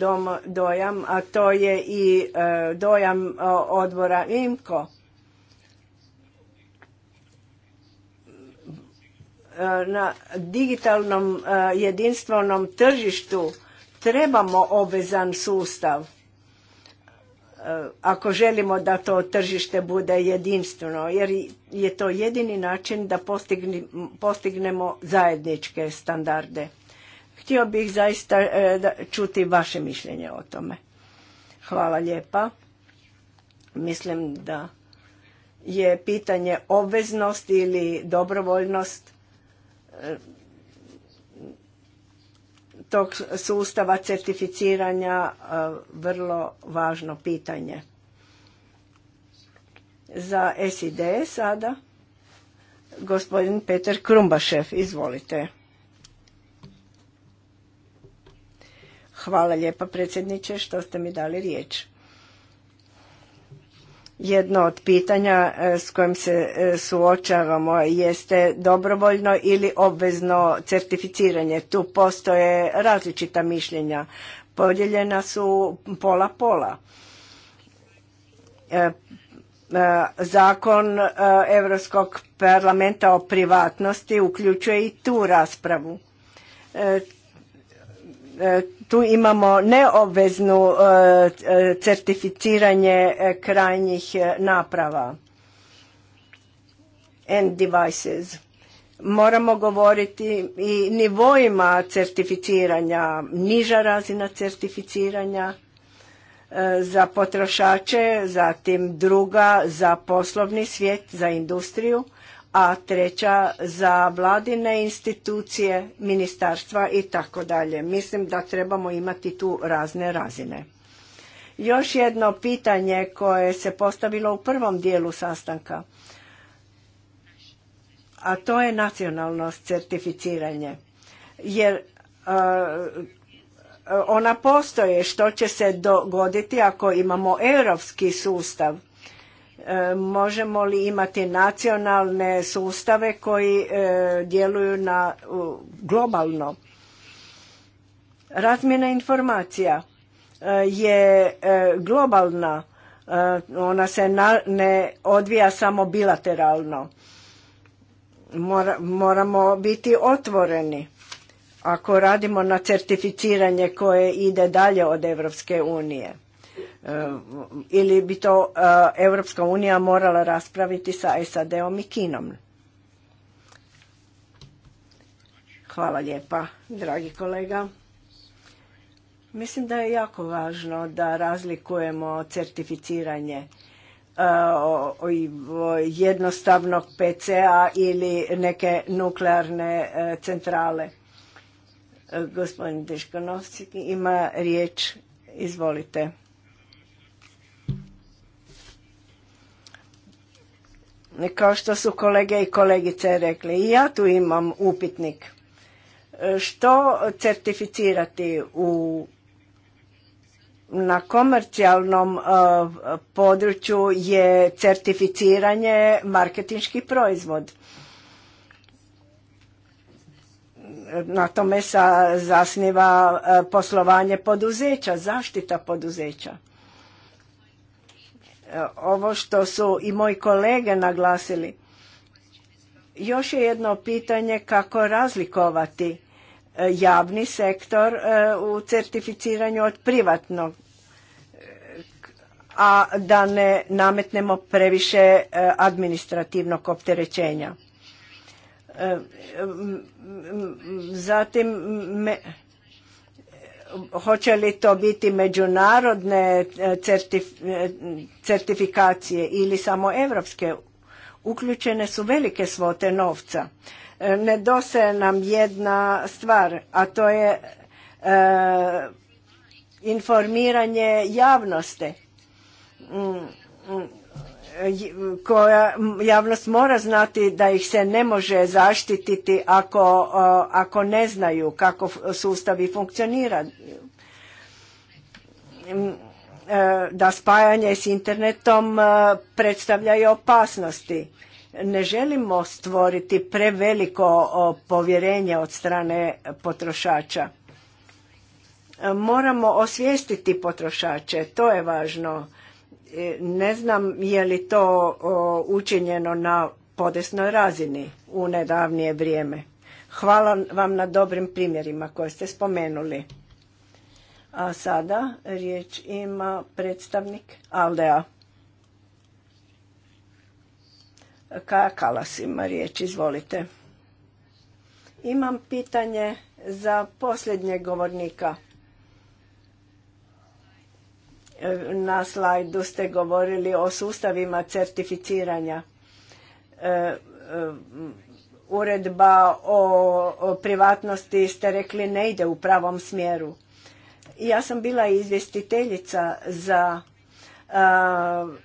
dojam, a to je i e, dojam odbora IMKO, e, na digitalnom e, jedinstvenom tržištu trebamo obezan sustav ako želimo da to tržište bude jedinstveno jer je to jedini način da postignemo zajedničke standarde htio bih zaista e, čuti vaše mišljenje o tome. Hvala lijepa. Mislim da je pitanje obveznost ili dobrovoljnost e, tog sustava certificiranja e, vrlo važno pitanje. Za SID sada gospodin Peter Krumbašev, izvolite. Hvala lijepa predsjedniče što ste mi dali riječ. Jedno od pitanja e, s kojim se e, suočavamo jeste dobrovoljno ili obvezno certificiranje. Tu postoje različita mišljenja. Podijeljena su pola-pola. E, zakon Europskog parlamenta o privatnosti uključuje i tu raspravu. E, tu imamo neobveznu e, e, certificiranje krajnjih naprava end devices. Moramo govoriti i nivoima certificiranja, niža razina certificiranja za potrošače, zatim druga za poslovni svijet, za industriju a treća za vladine institucije, ministarstva i tako dalje. Mislim da trebamo imati tu razne razine. Još jedno pitanje koje se postavilo u prvom dijelu sastanka, a to je nacionalno certificiranje. Jer ona postoje što će se dogoditi ako imamo europski sustav E, možemo li imati nacionalne sustave koji e, djeluju na globalno razmjena informacija e, je globalna ona se ne odvija samo bilateralno moramo biti otvoreni ako radimo na certificiranje koje ide dalje od Europske unije Eh, ili bi to Europska eh, unija morala raspraviti sa SAD-om i Kinom. Hvala lijepa, dragi kolega. Mislim da je jako važno da razlikujemo certificiranje eh, jednostavnog PCA ili neke nuklearne centrale. Gospodin Deškanovski ima riječ. Izvolite. kao što su kolege i kolegice rekli. I ja tu imam upitnik. E, što certificirati u na komercijalnom e, području je certificiranje marketinški proizvod. Na tome se zasniva e, poslovanje poduzeća, zaštita poduzeća ovo što su i moji kolege naglasili. Još je jedno pitanje kako razlikovati e, javni sektor e, u certificiranju od privatnog, e, a da ne nametnemo previše administrativnog opterećenja. Zatim, me, hoće li to biti međunarodne e, e, certifikacije ili samo evropske, uključene su velike svote novca. E, nedostaje nam jedna stvar, a to je informiranje javnosti. Mm, mm koja javnost mora znati da ih se ne može zaštititi ako, ako ne znaju kako sustavi funkcionira. E, da spajanje s internetom e, predstavlja i opasnosti. Ne želimo stvoriti preveliko povjerenje od strane potrošača. E, moramo osvijestiti potrošače, to je važno. E, ne znam je li to učinjeno na podesnoj razini u nedavnije vrijeme. Hvala vam na dobrim primjerima koje ste spomenuli. A sada riječ ima predstavnik Aldea. Kaja Kalas ima riječ, izvolite. Imam pitanje za posljednjeg govornika. Na slajdu ste govorili o sustavima certificiranja. E, e, uredba o privatnosti ste rekli ne ide u pravom smjeru. Ja sam bila izvjestiteljica za e,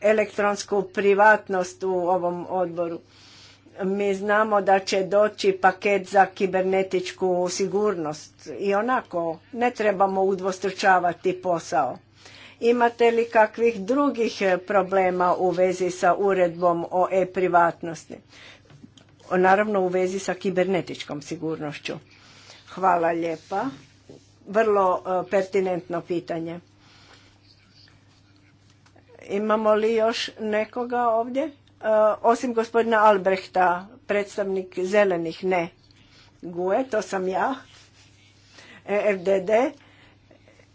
elektronsku privatnost u ovom odboru. Mi znamo da će doći paket za kibernetičku sigurnost i onako ne trebamo udvostručavati posao. Imate li kakvih drugih e, problema u vezi sa uredbom o e-privatnosti? Naravno u vezi sa kibernetičkom sigurnošću. Hvala lijepa. Vrlo e, pertinentno pitanje. Imamo li još nekoga ovdje? E, osim gospodina Albrehta, predstavnik zelenih, ne. GUE, to sam ja, FDD,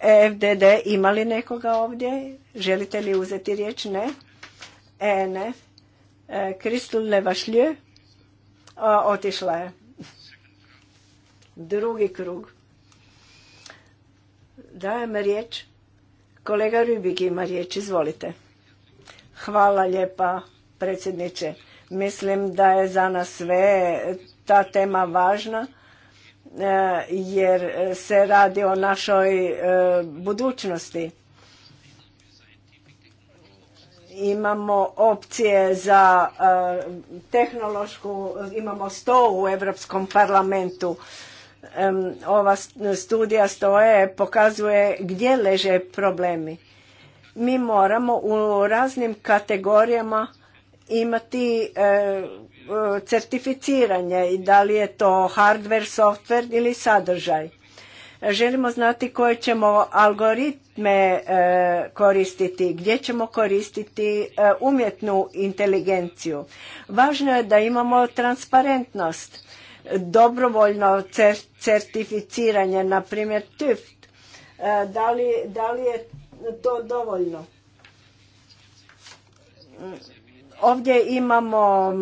FDD, ima li nekoga ovdje? Želite li uzeti riječ? Ne. E, ne. Kristul e, Levašlje, otišla je. Drugi krug. Dajem riječ. Kolega Rubik ima riječ, izvolite. Hvala lijepa, predsjedniče. Mislim da je za nas sve ta tema važna E, jer se radi o našoj e, budućnosti. Imamo opcije za e, tehnološku, imamo sto u Europskom parlamentu. Ova studija stoje pokazuje gdje leže problemi. Mi moramo u raznim kategorijama imati certificiranje i da li je to hardware, software ili sadržaj. Želimo znati koje ćemo algoritme e, koristiti, gdje ćemo koristiti e, umjetnu inteligenciju. Važno je da imamo transparentnost, dobrovoljno certificiranje, na primjer TÜFT. E, da li, da li je to dovoljno? Ovdje imamo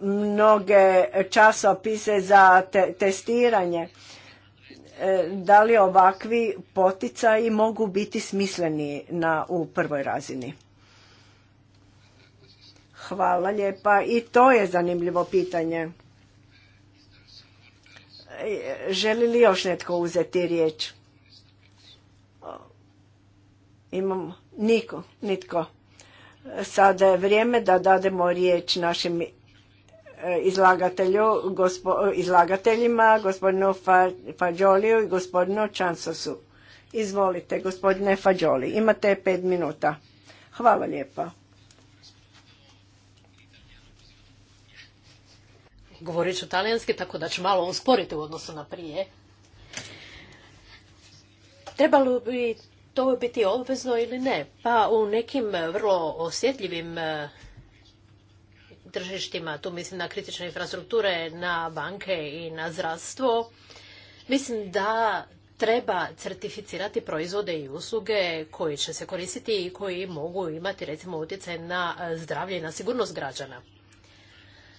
mnoge časopise za testiranje. E, da li ovakvi poticaji mogu biti smisleni na, u prvoj razini? Hvala lijepa. I to je zanimljivo pitanje. E, želi li još netko uzeti riječ? Imamo. niko, nitko. Sada je vrijeme da dademo riječ našim e, izlagatelju, izlagateljima, gospodinu Fađoliju i gospodinu Čansosu. Izvolite, gospodine Fađoli, imate pet minuta. Hvala lijepa. Govorit ću talijanski, tako da ću malo usporiti u odnosu na prije. Trebalo bi to biti obvezno ili ne? Pa u nekim eh, vrlo osjetljivim eh, tržištima, tu mislim na kritične infrastrukture, na banke i na zdravstvo, mislim da treba certificirati proizvode i usluge koji će se koristiti i koji mogu imati recimo utjecaj na eh, zdravlje i na sigurnost građana.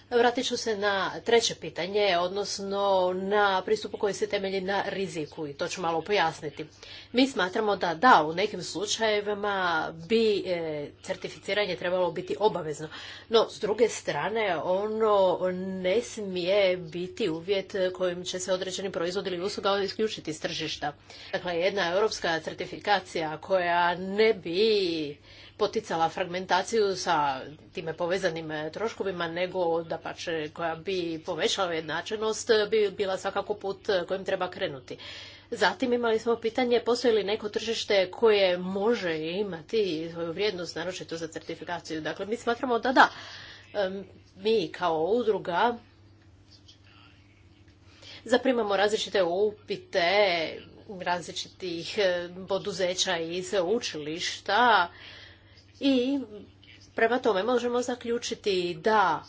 Vratit ću se na treće pitanje, odnosno na pristupu koji se temelji na riziku i to ću malo pojasniti. Mi smatramo da da, u nekim slučajevima bi e, certificiranje trebalo biti obavezno, no s druge strane ono ne smije biti uvjet kojim će se određeni proizvod ili usluga isključiti s tržišta. Dakle, jedna europska certifikacija koja ne bi poticala fragmentaciju sa time povezanim e, troškovima, nego da pače koja bi povećala jednačenost e, bi bila svakako put e, kojim treba krenuti. Zatim imali smo pitanje postoji li neko tržište koje može imati svoju vrijednost, naročito za certifikaciju. Dakle, mi smatramo da da. Mi kao udruga zaprimamo različite upite različitih poduzeća i sveučilišta i prema tome možemo zaključiti da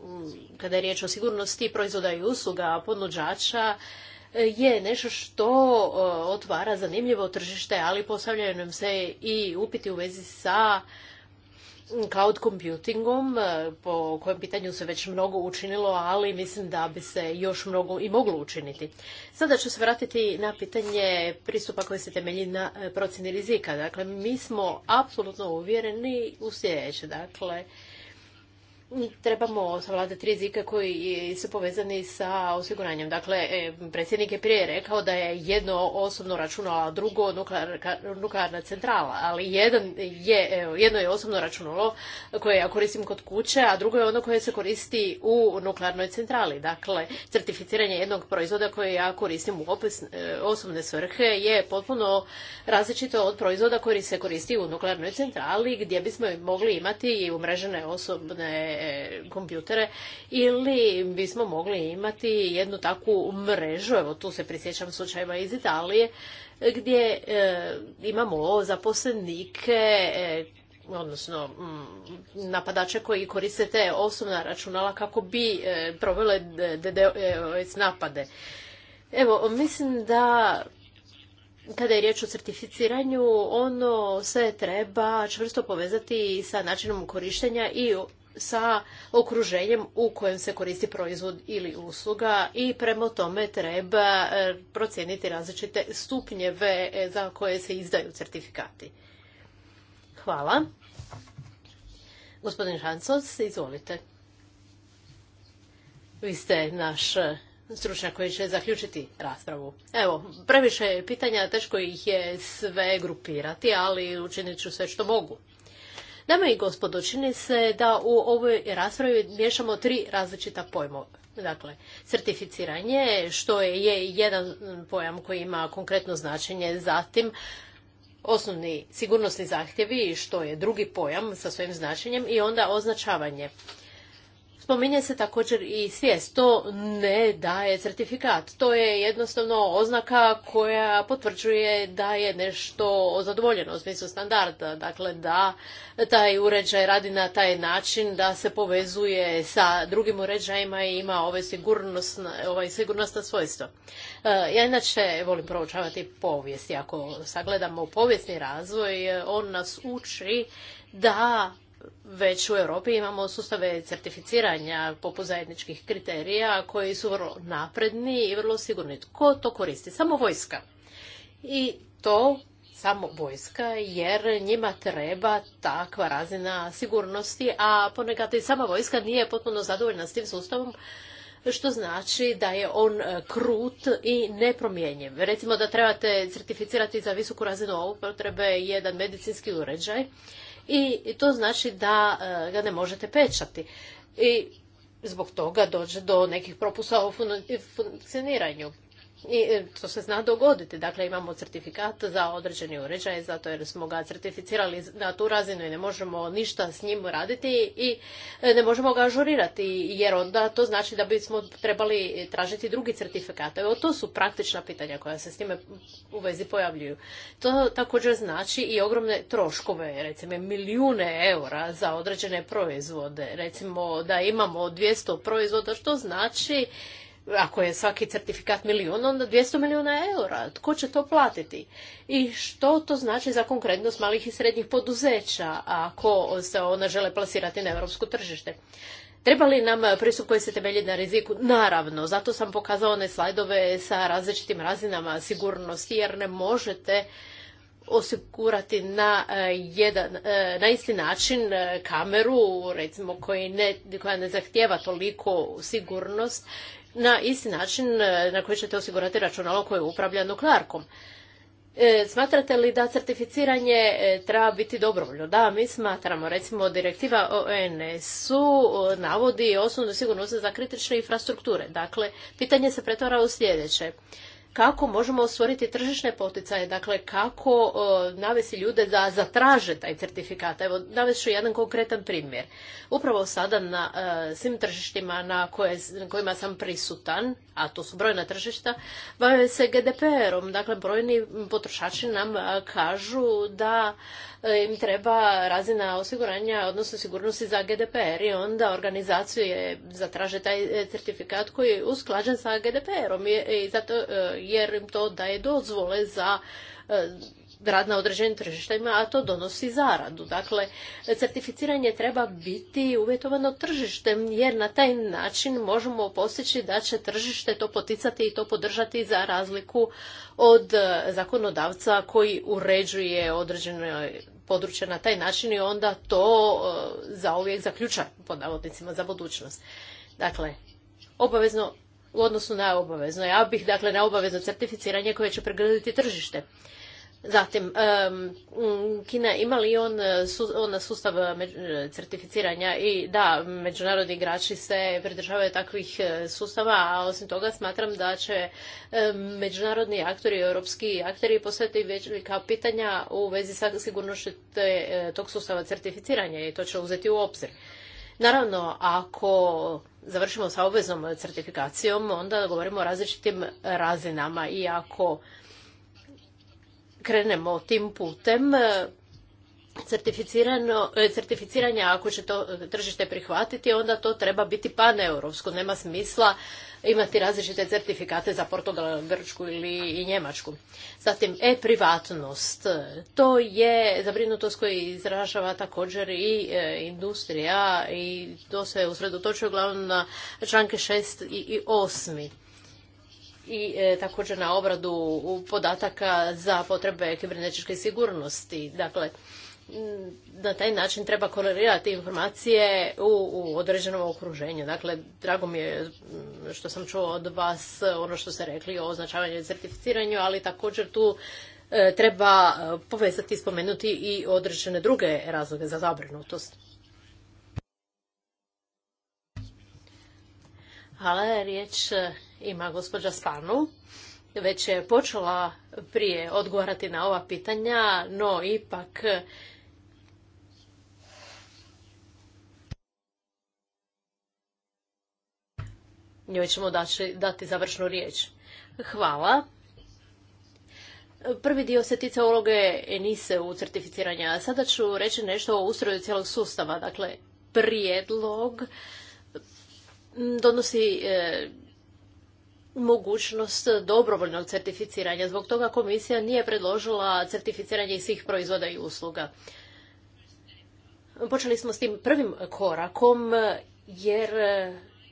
mm, kada je riječ o sigurnosti proizvoda i usluga ponuđača je nešto što e, otvara zanimljivo tržište, ali postavljaju nam se i upiti u vezi sa cloud computingom, e, po kojem pitanju se već mnogo učinilo, ali mislim da bi se još mnogo i moglo učiniti. Sada ću se vratiti na pitanje pristupa koji se temelji na e, procjeni rizika. Dakle, mi smo apsolutno uvjereni u sljedeće. Dakle, trebamo savladati rizike koji su povezani sa osiguranjem. Dakle, e, predsjednik je prije rekao da je jedno osobno računalo, a drugo nuklearna centrala, ali jedan je, e, jedno je osobno računalo koje ja koristim kod kuće, a drugo je ono koje se koristi u nuklearnoj centrali. Dakle, certificiranje jednog proizvoda koje ja koristim u e, osobne svrhe je potpuno različito od proizvoda koji se koristi u nuklearnoj centrali gdje bismo mogli imati i umrežene osobne E, kompjutere ili bismo mogli imati jednu takvu mrežu, evo tu se prisjećam slučajeva iz Italije, gdje e, imamo zaposlenike e, odnosno mm, napadače koji koriste te osobna računala kako bi provele DDoS ovaj, napade. Evo, mislim da kada je riječ o certificiranju, ono se treba čvrsto povezati sa načinom korištenja i sa okruženjem u kojem se koristi proizvod ili usluga i prema tome treba e, procijeniti različite stupnjeve e, za koje se izdaju certifikati. Hvala. Gospodin Žancos, izvolite. Vi ste naš stručnjak koji će zaključiti raspravu. Evo, previše pitanja, teško ih je sve grupirati, ali učinit ću sve što mogu. Dame i gospodo, čini se da u ovoj raspravi miješamo tri različita pojmova. Dakle, certificiranje, što je jedan pojam koji ima konkretno značenje, zatim osnovni sigurnosni zahtjevi, što je drugi pojam sa svojim značenjem i onda označavanje. Spominje se također i svijest. To ne daje certifikat. To je jednostavno oznaka koja potvrđuje da je nešto zadovoljeno u smislu standarda. Dakle, da taj uređaj radi na taj način da se povezuje sa drugim uređajima i ima ove sigurnosne, ovaj sigurnosna svojstva. E, ja inače volim proučavati povijest. Ako sagledamo povijesni razvoj, e, on nas uči da već u Europi imamo sustave certificiranja poput zajedničkih kriterija koji su vrlo napredni i vrlo sigurni. Tko to koristi? Samo vojska. I to samo vojska jer njima treba takva razina sigurnosti, a ponekad i sama vojska nije potpuno zadovoljna s tim sustavom što znači da je on e, krut i nepromjenjiv. Recimo da trebate certificirati za visoku razinu upotrebe jedan medicinski uređaj i to znači da e, ga ne možete pečati. I zbog toga dođe do nekih propusa u funkcioniranju. I e, to se zna dogoditi. Dakle, imamo certifikat za određeni uređaj, zato jer smo ga certificirali na tu razinu i ne možemo ništa s njim raditi i e, ne možemo ga ažurirati, jer onda to znači da bismo trebali tražiti drugi certifikat. Evo, to su praktična pitanja koja se s njime u vezi pojavljuju. To također znači i ogromne troškove, recimo milijune eura za određene proizvode. Recimo da imamo 200 proizvoda, što znači ako je svaki certifikat milijun, onda 200 milijuna eura. Tko će to platiti? I što to znači za konkretnost malih i srednjih poduzeća ako se ona žele plasirati na europsko tržište? Treba li nam pristup koji se temelji na riziku? Naravno, zato sam pokazao one slajdove sa različitim razinama sigurnosti, jer ne možete osigurati na, e, jedan, e, na isti način e, kameru recimo koji ne, koja ne zahtjeva toliko sigurnost na isti način e, na koji ćete osigurati računalo koje upravlja nuklearkom. E, smatrate li da certificiranje e, treba biti dobrovoljno? Da, mi smatramo, recimo, direktiva o u navodi osnovnu sigurnost za kritične infrastrukture. Dakle, pitanje se pretvara u sljedeće kako možemo ostvoriti tržišne poticaje, dakle kako e, navesti ljude da zatraže taj certifikat. Evo, navest ću jedan konkretan primjer. Upravo sada na e, svim tržištima na, kojima sam prisutan, a to su brojna tržišta, bave se GDPR-om. Dakle, brojni potrošači nam e, kažu da im treba razina osiguranja, odnosno sigurnosti za GDPR i onda organizacije zatraže taj e, certifikat koji je usklađen sa GDPR-om i zato e, jer im to daje dozvole za e, rad na određenim tržištima, a to donosi zaradu. Dakle, certificiranje treba biti uvjetovano tržištem, jer na taj način možemo postići da će tržište to poticati i to podržati za razliku od zakonodavca koji uređuje određene područja na taj način i onda to e, zauvijek zaključa pod navodnicima za budućnost. Dakle, obavezno u odnosu na obavezno. Ja bih dakle na obavezno certificiranje koje će pregledati tržište. Zatim, Kina ima li on, e, sustav e, e, certificiranja i da, međunarodni igrači se pridržavaju takvih sustava, a osim toga smatram da će međunarodni aktori, europski aktori postaviti velika pitanja u vezi sa sigurnošću tog sustava certificiranja i to će uzeti u obzir. Naravno, ako završimo sa obveznom certifikacijom, onda govorimo o različitim razinama i ako krenemo tim putem e, certificiranja, ako će to tržište prihvatiti, onda to treba biti paneuropsko. Nema smisla imati različite certifikate za Portugal, Grčku ili Njemačku. Zatim, e-privatnost. To je zabrinutost koju izražava također i e, industrija i to se usredotočuje uglavnom na članke 6 i 8 i e, također na obradu podataka za potrebe kibernetičke sigurnosti. Dakle, na taj način treba kolorirati informacije u, određenom okruženju. Dakle, drago mi je što sam čuo od vas ono što ste rekli o označavanju i certificiranju, ali također tu e, treba e, povezati i spomenuti i određene druge razloge za zabrinutost. Hvala, riječ ima gospođa Spanu. Već je počela prije odgovarati na ova pitanja, no ipak njoj ćemo dati završnu riječ. Hvala. Prvi dio se tice uloge Enise u certificiranja. Sada ću reći nešto o ustroju cijelog sustava. Dakle, prijedlog donosi e, mogućnost dobrovoljnog certificiranja. Zbog toga komisija nije predložila certificiranje svih proizvoda i usluga. Počeli smo s tim prvim korakom jer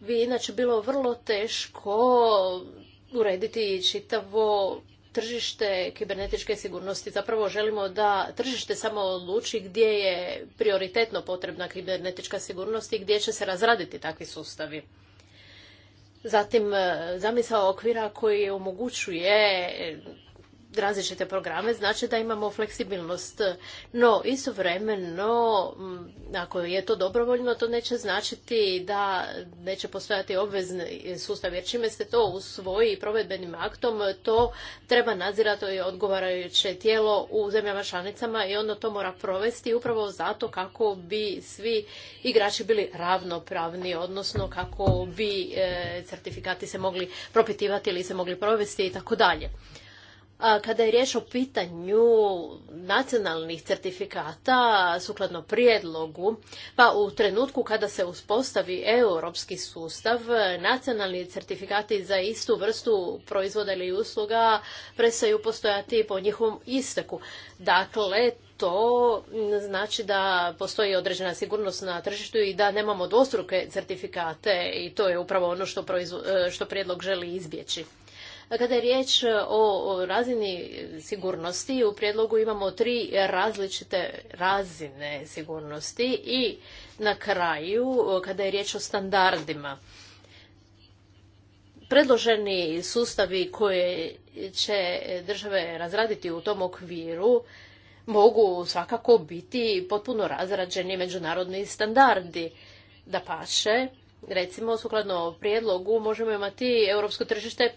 bi inače bilo vrlo teško urediti čitavo tržište kibernetičke sigurnosti. Zapravo želimo da tržište samo odluči gdje je prioritetno potrebna kibernetička sigurnost i gdje će se razraditi takvi sustavi zatim e, zamisao okvira koji omogućuje različite programe, znači da imamo fleksibilnost. No, istovremeno, ako je to dobrovoljno, to neće značiti da neće postojati obvezni sustav, jer čime se to usvoji provedbenim aktom, to treba nadzirati odgovarajuće tijelo u zemljama članicama i ono to mora provesti upravo zato kako bi svi igrači bili ravnopravni, odnosno kako bi e, certifikati se mogli propitivati ili se mogli provesti i tako dalje kada je riječ o pitanju nacionalnih certifikata sukladno prijedlogu, pa u trenutku kada se uspostavi europski sustav, nacionalni certifikati za istu vrstu proizvoda ili usluga prestaju postojati po njihovom isteku. Dakle, to znači da postoji određena sigurnost na tržištu i da nemamo dvostruke certifikate i to je upravo ono što, što prijedlog želi izbjeći. Kada je riječ e, o razini sigurnosti, u prijedlogu imamo tri različite razine sigurnosti i na kraju, e, kada je riječ o standardima, predloženi sustavi koje će države razraditi u tom okviru mogu svakako biti potpuno razrađeni međunarodni standardi. Da paše, recimo sukladno prijedlogu možemo imati europsko tržište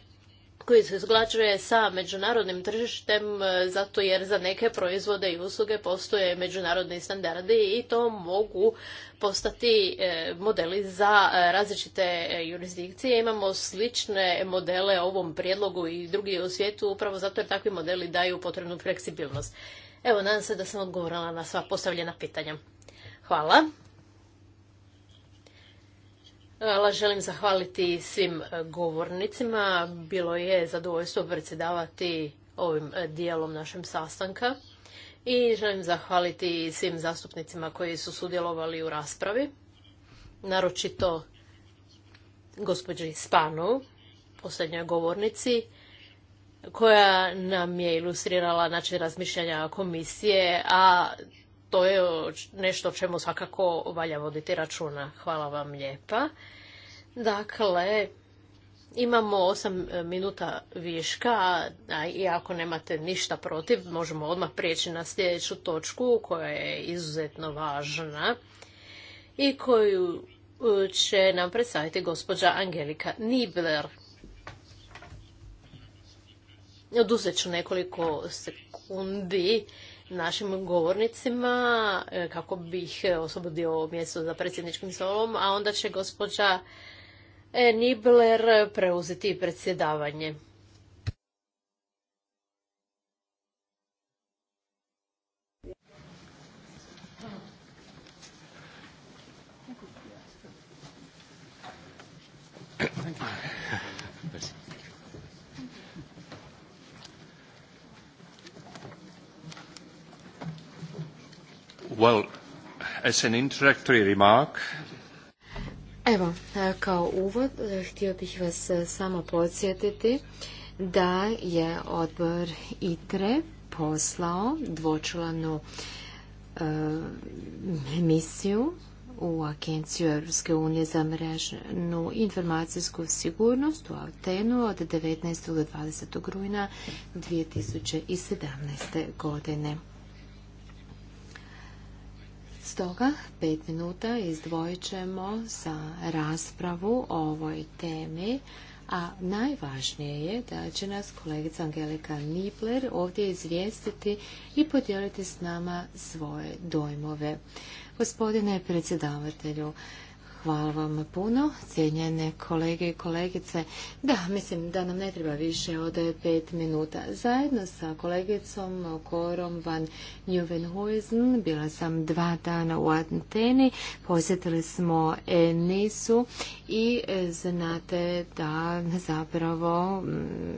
koji se usklađuje sa međunarodnim tržištem e, zato jer za neke proizvode i usluge postoje međunarodni standardi i to mogu postati e, modeli za e, različite jurisdikcije. Imamo slične modele ovom prijedlogu i drugi u svijetu upravo zato jer takvi modeli daju potrebnu fleksibilnost. Evo, nadam se da sam odgovorila na sva postavljena pitanja. Hvala. Hvala, želim zahvaliti svim e, govornicima. Bilo je zadovoljstvo predsjedavati ovim e, dijelom našem sastanka i želim zahvaliti svim zastupnicima koji su sudjelovali u raspravi, naročito gospođi Spanu, posljednjoj govornici, koja nam je ilustrirala način razmišljanja komisije, a to je nešto o čemu svakako valja voditi računa. Hvala vam lijepa. Dakle, imamo 8 e, minuta viška i ako nemate ništa protiv, možemo odmah prijeći na sljedeću točku koja je izuzetno važna i koju e, će nam predstaviti gospođa Angelika Nibler. Oduzet ću nekoliko sekundi našim govornicima e, kako bih oslobodio mjesto za predsjedničkim stolom, a onda će gospođa Nibler preuzeti predsjedavanje. Well, Evo, e, kao uvod e, htio bih vas e, samo podsjetiti da je odbor ITRE poslao dvočlanu emisiju misiju u Agenciju Europske unije za mrežnu informacijsku sigurnost u Atenu od 19. do 20. rujna 2017. godine. Stoga, pet minuta izdvojit ćemo za raspravu o ovoj temi, a najvažnije je da će nas kolegica Angelika Nibler ovdje izvijestiti i podijeliti s nama svoje dojmove. Gospodine predsjedavatelju, Hvala vam puno, cijenjene kolege i kolegice. Da, mislim da nam ne treba više od pet minuta. Zajedno sa kolegicom Korom van Njuvenhuizen bila sam dva dana u Anteni, posjetili smo Nisu i znate da zapravo mm,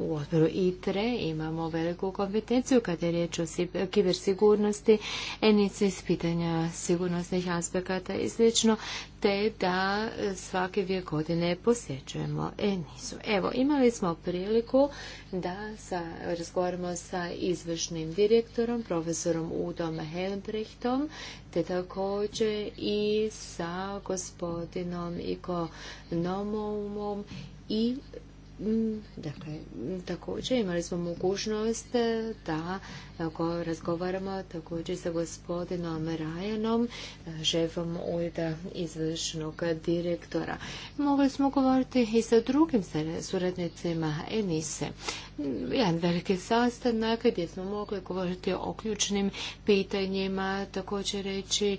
u odboru ITRE imamo veliku kompetenciju kad je riječ o kibersigurnosti, Enisu iz pitanja sigurnosnih aspekata i slično te da svake dvije godine posjećujemo Enisu. Evo, imali smo priliku da sa, razgovaramo sa izvršnim direktorom, profesorom Udom Helmbrechtom, te također i sa gospodinom Iko Nomoumom i mm, Dakle, također imali smo mogućnost da tako, razgovaramo također sa gospodinom Rajanom, šefom ureda izvršnog direktora. Mogli smo govoriti i sa drugim suradnicima Enise. Jedan veliki sastanak gdje smo mogli govoriti o ključnim pitanjima, također reći,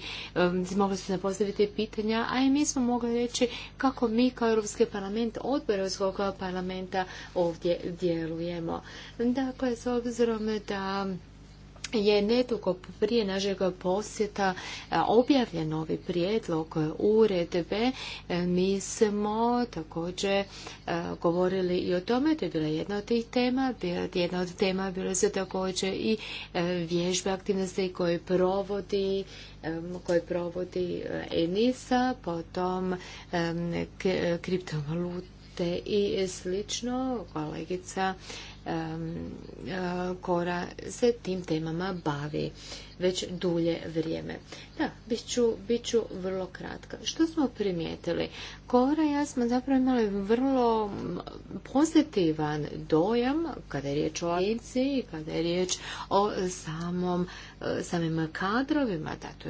mogli smo postaviti pitanja, a i mi smo mogli reći kako mi kao Europski parlament, od Europskog parlamenta ovdje djelujemo. Dakle, s obzirom da je nedugo prije našeg posjeta e, objavljen novi prijedlog uredbe. E, mi smo također e, govorili i o tome, to je bila jedna od tih tema. Jedna od tema bila se također i vježbe aktivnosti koje provodi koje provodi ENISA, potom kriptovalute i slično. Kolegica koja se tim temama bavi već dulje vrijeme. Da, bit ću, vrlo kratka. Što smo primijetili? Kora i ja smo zapravo imali vrlo pozitivan dojam kada je riječ o agenciji, kada je riječ o samom, e, samim kadrovima, da to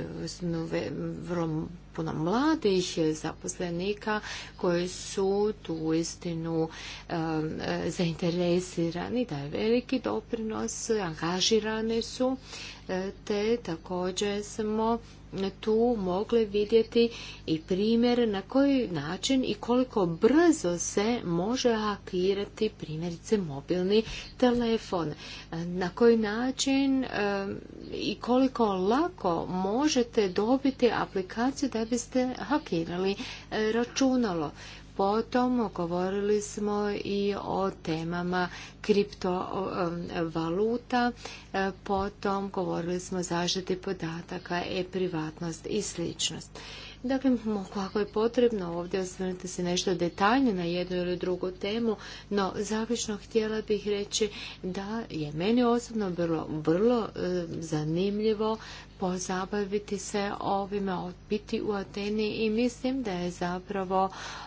je vrlo puno mladih zaposlenika koji su tu istinu e, zainteresirani, da je veliki doprinos, angažirani su te također smo tu mogli vidjeti i primjer na koji način i koliko brzo se može hakirati primjerice mobilni telefon. Na koji način i koliko lako možete dobiti aplikaciju da biste hakirali e, računalo. Potom govorili smo i o temama kriptovaluta, e, e, potom govorili smo o zaštiti podataka, e-privatnost i sličnost. Dakle, ako je potrebno ovdje osvrnuti se nešto detaljnije na jednu ili drugu temu, no zaključno htjela bih reći da je meni osobno bilo vrlo e, zanimljivo pozabaviti se ovime, biti u Ateni i mislim da je zapravo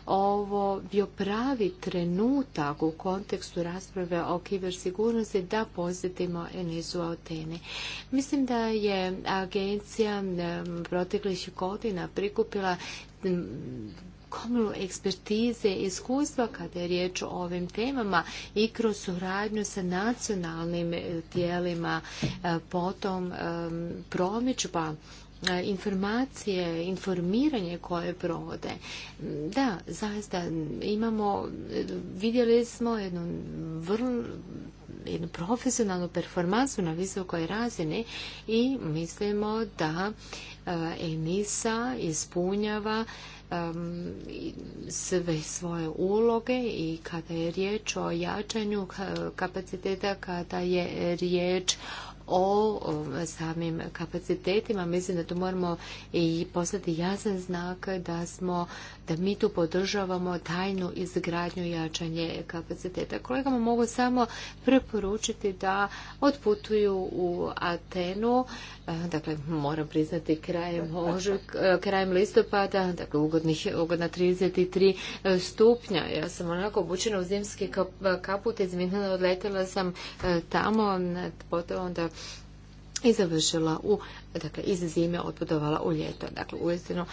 ovo bio pravi trenutak u kontekstu rasprave o kibersigurnosti da posjetimo Enizu Ateni. Mislim da je agencija proteklih godina prikupila komilu ekspertize i iskustva kada je riječ o ovim temama i kroz suradnju sa nacionalnim e, tijelima, e, potom e, promičba informacije, informiranje koje provode. Da, zaista imamo, vidjeli smo jednu vrlo jednu profesionalnu performansu na visokoj razini i mislimo da ENISA ispunjava sve svoje uloge i kada je riječ o jačanju kapaciteta, kada je riječ o samim kapacitetima. Mislim da tu moramo i poslati jasan znak da smo da mi tu podržavamo tajnu izgradnju i jačanje kapaciteta. Kolegama mogu samo preporučiti da otputuju u Atenu, dakle moram priznati krajem, ožuk, krajem listopada, dakle ugodnih, ugodna 33 stupnja. Ja sam onako obučena u zimski kaput, izvinjena odletela sam e, tamo, potom onda i završila u, dakle, iz zime otputovala u ljeto. Dakle, uistinu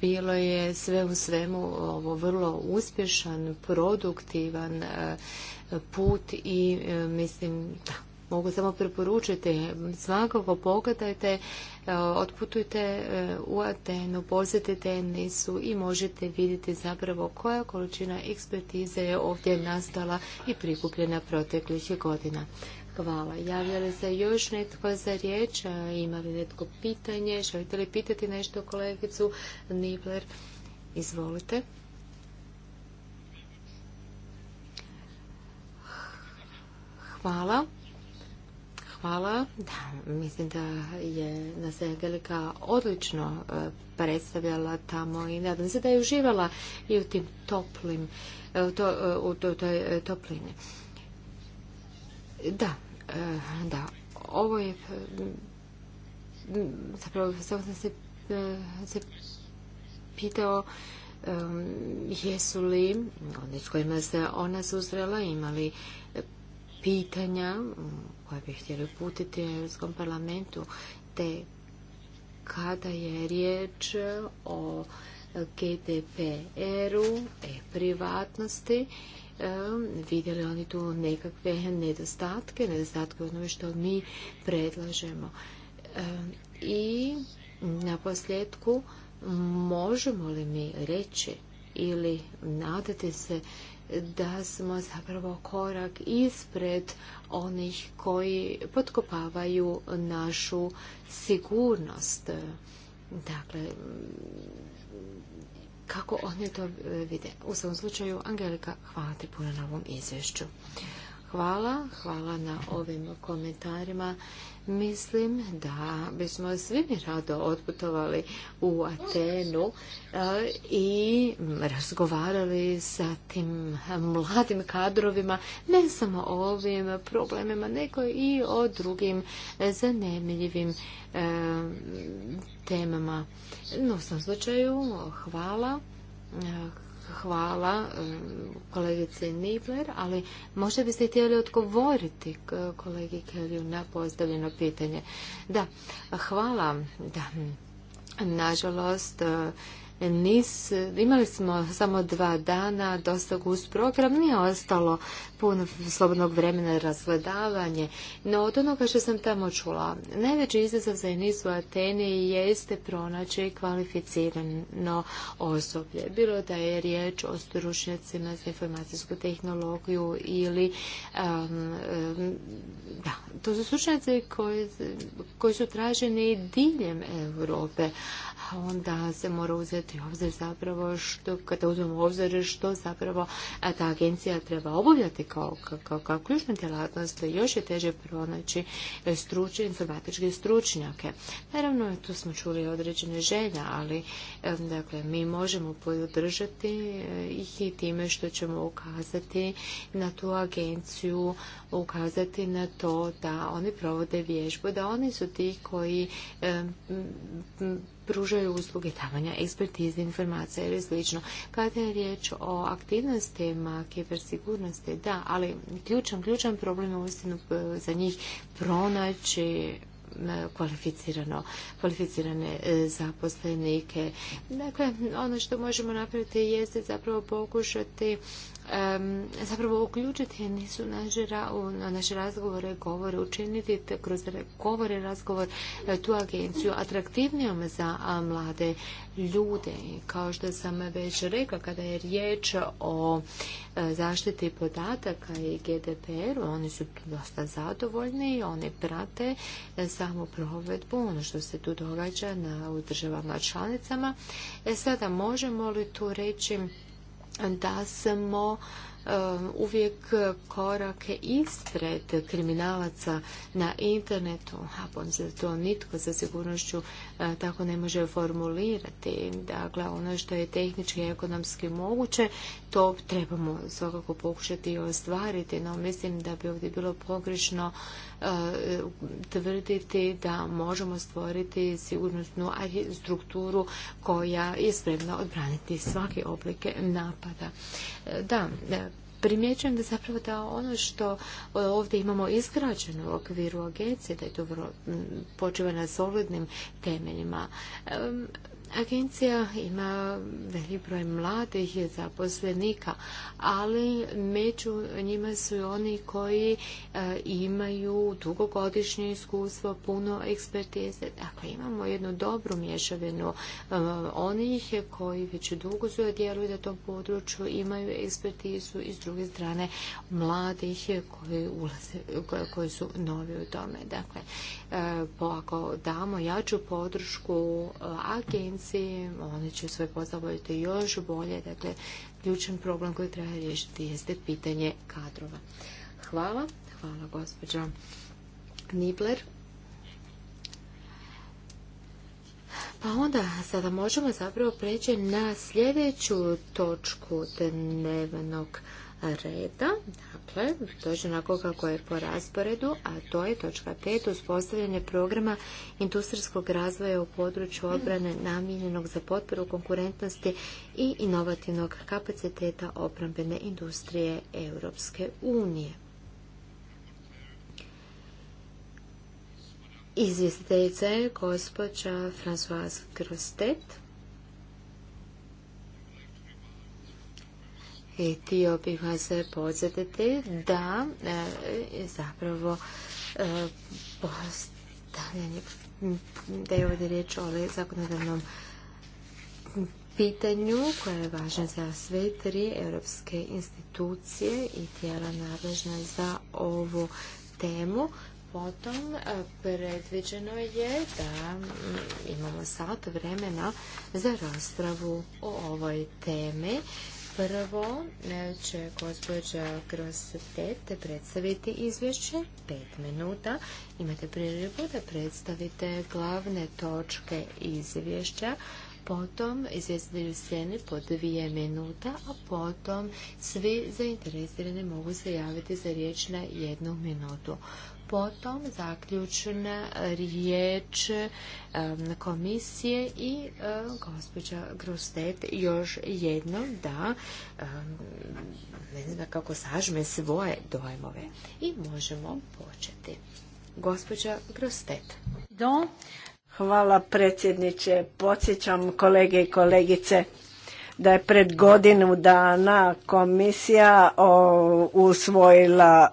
bilo je sve u svemu ovo vrlo uspješan, produktivan put i e, mislim da mogu samo preporučiti, svakako pogledajte, otputujte e, u Atenu, posjetite Nisu i možete vidjeti zapravo koja količina ekspertize je ovdje nastala i prikupljena proteklih godina. Hvala. Javlja li se još netko za riječ? Ima li netko pitanje? Želite li pitati nešto kolegicu Nibler? Izvolite. Hvala. Hvala. Da, mislim da je nas odlično e, predstavljala tamo i nadam se da je uživala i u tim toplim, e, u, to, e, toj toplini. Da, Eh, da, ovo je eh, zapravo sam se, eh, se pitao jesu li oni s kojima se ona suzrela imali pitanja mm, koje bi htjeli uputiti Europskom parlamentu te kada je riječ o GDPR-u, e-privatnosti, vidjeli oni tu nekakve nedostatke, nedostatke onome što mi predlažemo. I na posljedku možemo li mi reći ili nadati se da smo zapravo korak ispred onih koji potkopavaju našu sigurnost. Dakle, kako oni to e, vide. U svom slučaju, Angelika, hvala ti puno na ovom izvješću. Hvala, hvala na ovim komentarima Mislim da bismo svi mi rado odputovali u Atenu e, i razgovarali sa tim mladim kadrovima, ne samo o ovim problemima, nego i o drugim zanemljivim e, temama. No, u slučaju, hvala. E, hvala eh, kolegici Nibler, ali možda biste htjeli odgovoriti kolegi Kelju na postavljeno pitanje. Da, hvala. Da, nažalost, eh, Nis, imali smo samo dva dana, dosta gust program, nije ostalo puno slobodnog vremena razgledavanje. No, od onoga što sam tamo čula, najveći izazov za Niz u Ateni jeste pronaći kvalificirano osoblje. Bilo da je riječ o stručnjacima za informacijsku tehnologiju ili um, um, da, to su stručnjaci koji, koji su traženi diljem Europe onda se mora uzeti obzir zapravo što, kada uzmemo obzir što zapravo e, ta agencija treba obavljati kao, kao, kao djelatnost, još je teže pronaći e, stručne, informatičke stručnjake. Naravno, tu smo čuli određene želje, ali e, dakle, mi možemo podržati ih i time što ćemo ukazati na tu agenciju, ukazati na to da oni provode vježbu, da oni su ti koji pružaju usluge davanja ekspertize, informacija ili slično. Kada je riječ o aktivnostima kibersigurnosti, da, ali ključan, ključan problem je uistinu e, za njih pronaći e, kvalificirano, kvalificirane e, zaposlenike. Dakle, ono što možemo napraviti jeste zapravo pokušati zapravo uključiti nisu naše, na naše razgovore, govore, učiniti kroz govore, razgovor e, tu agenciju atraktivnijom za mlade ljude. Kao što sam već rekla, kada je riječ o e, zaštiti podataka i GDPR-u, oni su tu dosta zadovoljni, oni prate e, samo provedbu, ono što se tu događa na, u državama članicama. E sada, možemo li tu reći da smo e, uvijek korake ispred kriminalaca na internetu, a bom to nitko sa sigurnošću e, tako ne može formulirati. Dakle, ono što je tehnički i ekonomski moguće, to trebamo svakako pokušati i ostvariti, no mislim da bi ovdje bilo pogrešno E, tvrditi da možemo stvoriti sigurnosnu strukturu koja je spremna odbraniti svake oblike napada. E, da, e, primjećujem da zapravo da ono što ovdje imamo izgrađeno u okviru agencije, da je to vrlo počiva na solidnim temeljima. Agencija ima veliki broj mladih zaposlenika, ali među njima su i oni koji e, imaju dugogodišnje iskustvo, puno ekspertize. Dakle, imamo jednu dobru mješavinu e, onih koji već dugo su djeluju na tom području, imaju ekspertizu i s druge strane mladih koji, ulaze, koji su novi u tome. Dakle, E, ako damo jaču podršku e, agenciji, oni će svoj posao još bolje. Dakle, ključan problem koji treba riješiti jeste pitanje kadrova. Hvala. Hvala gospođo Nibler. Pa onda sada možemo zapravo preći na sljedeću točku dnevnog reda, dakle, točno onako kako je po rasporedu, a to je točka 5, uspostavljanje programa industrijskog razvoja u području obrane namijenjenog za potporu konkurentnosti i inovativnog kapaciteta obrambene industrije Europske unije. Izvjestiteljica je gospođa Françoise Grostet. I htio bih vas podsjetiti da e, zapravo e, postavljanje, da je ovdje riječ o zakonodavnom pitanju koje je važno za sve tri europske institucije i tijela nadležna za ovu temu. Potom e, predviđeno je da imamo sat vremena za raspravu o ovoj temi. Prvo e, će gospođa pet predstaviti izvješće, pet minuta. Imate priliku da predstavite glavne točke izvješća, potom izvjestitelju sjeni po dvije minuta, a potom svi zainteresirani mogu se javiti za riječ na jednu minutu potom zaključna riječ komisije i gospođa Grostet još jednom da ne znam kako sažme svoje dojmove i možemo početi. Gospođa Grostet. Hvala predsjedniče. Podsjećam kolege i kolegice da je pred godinu dana komisija usvojila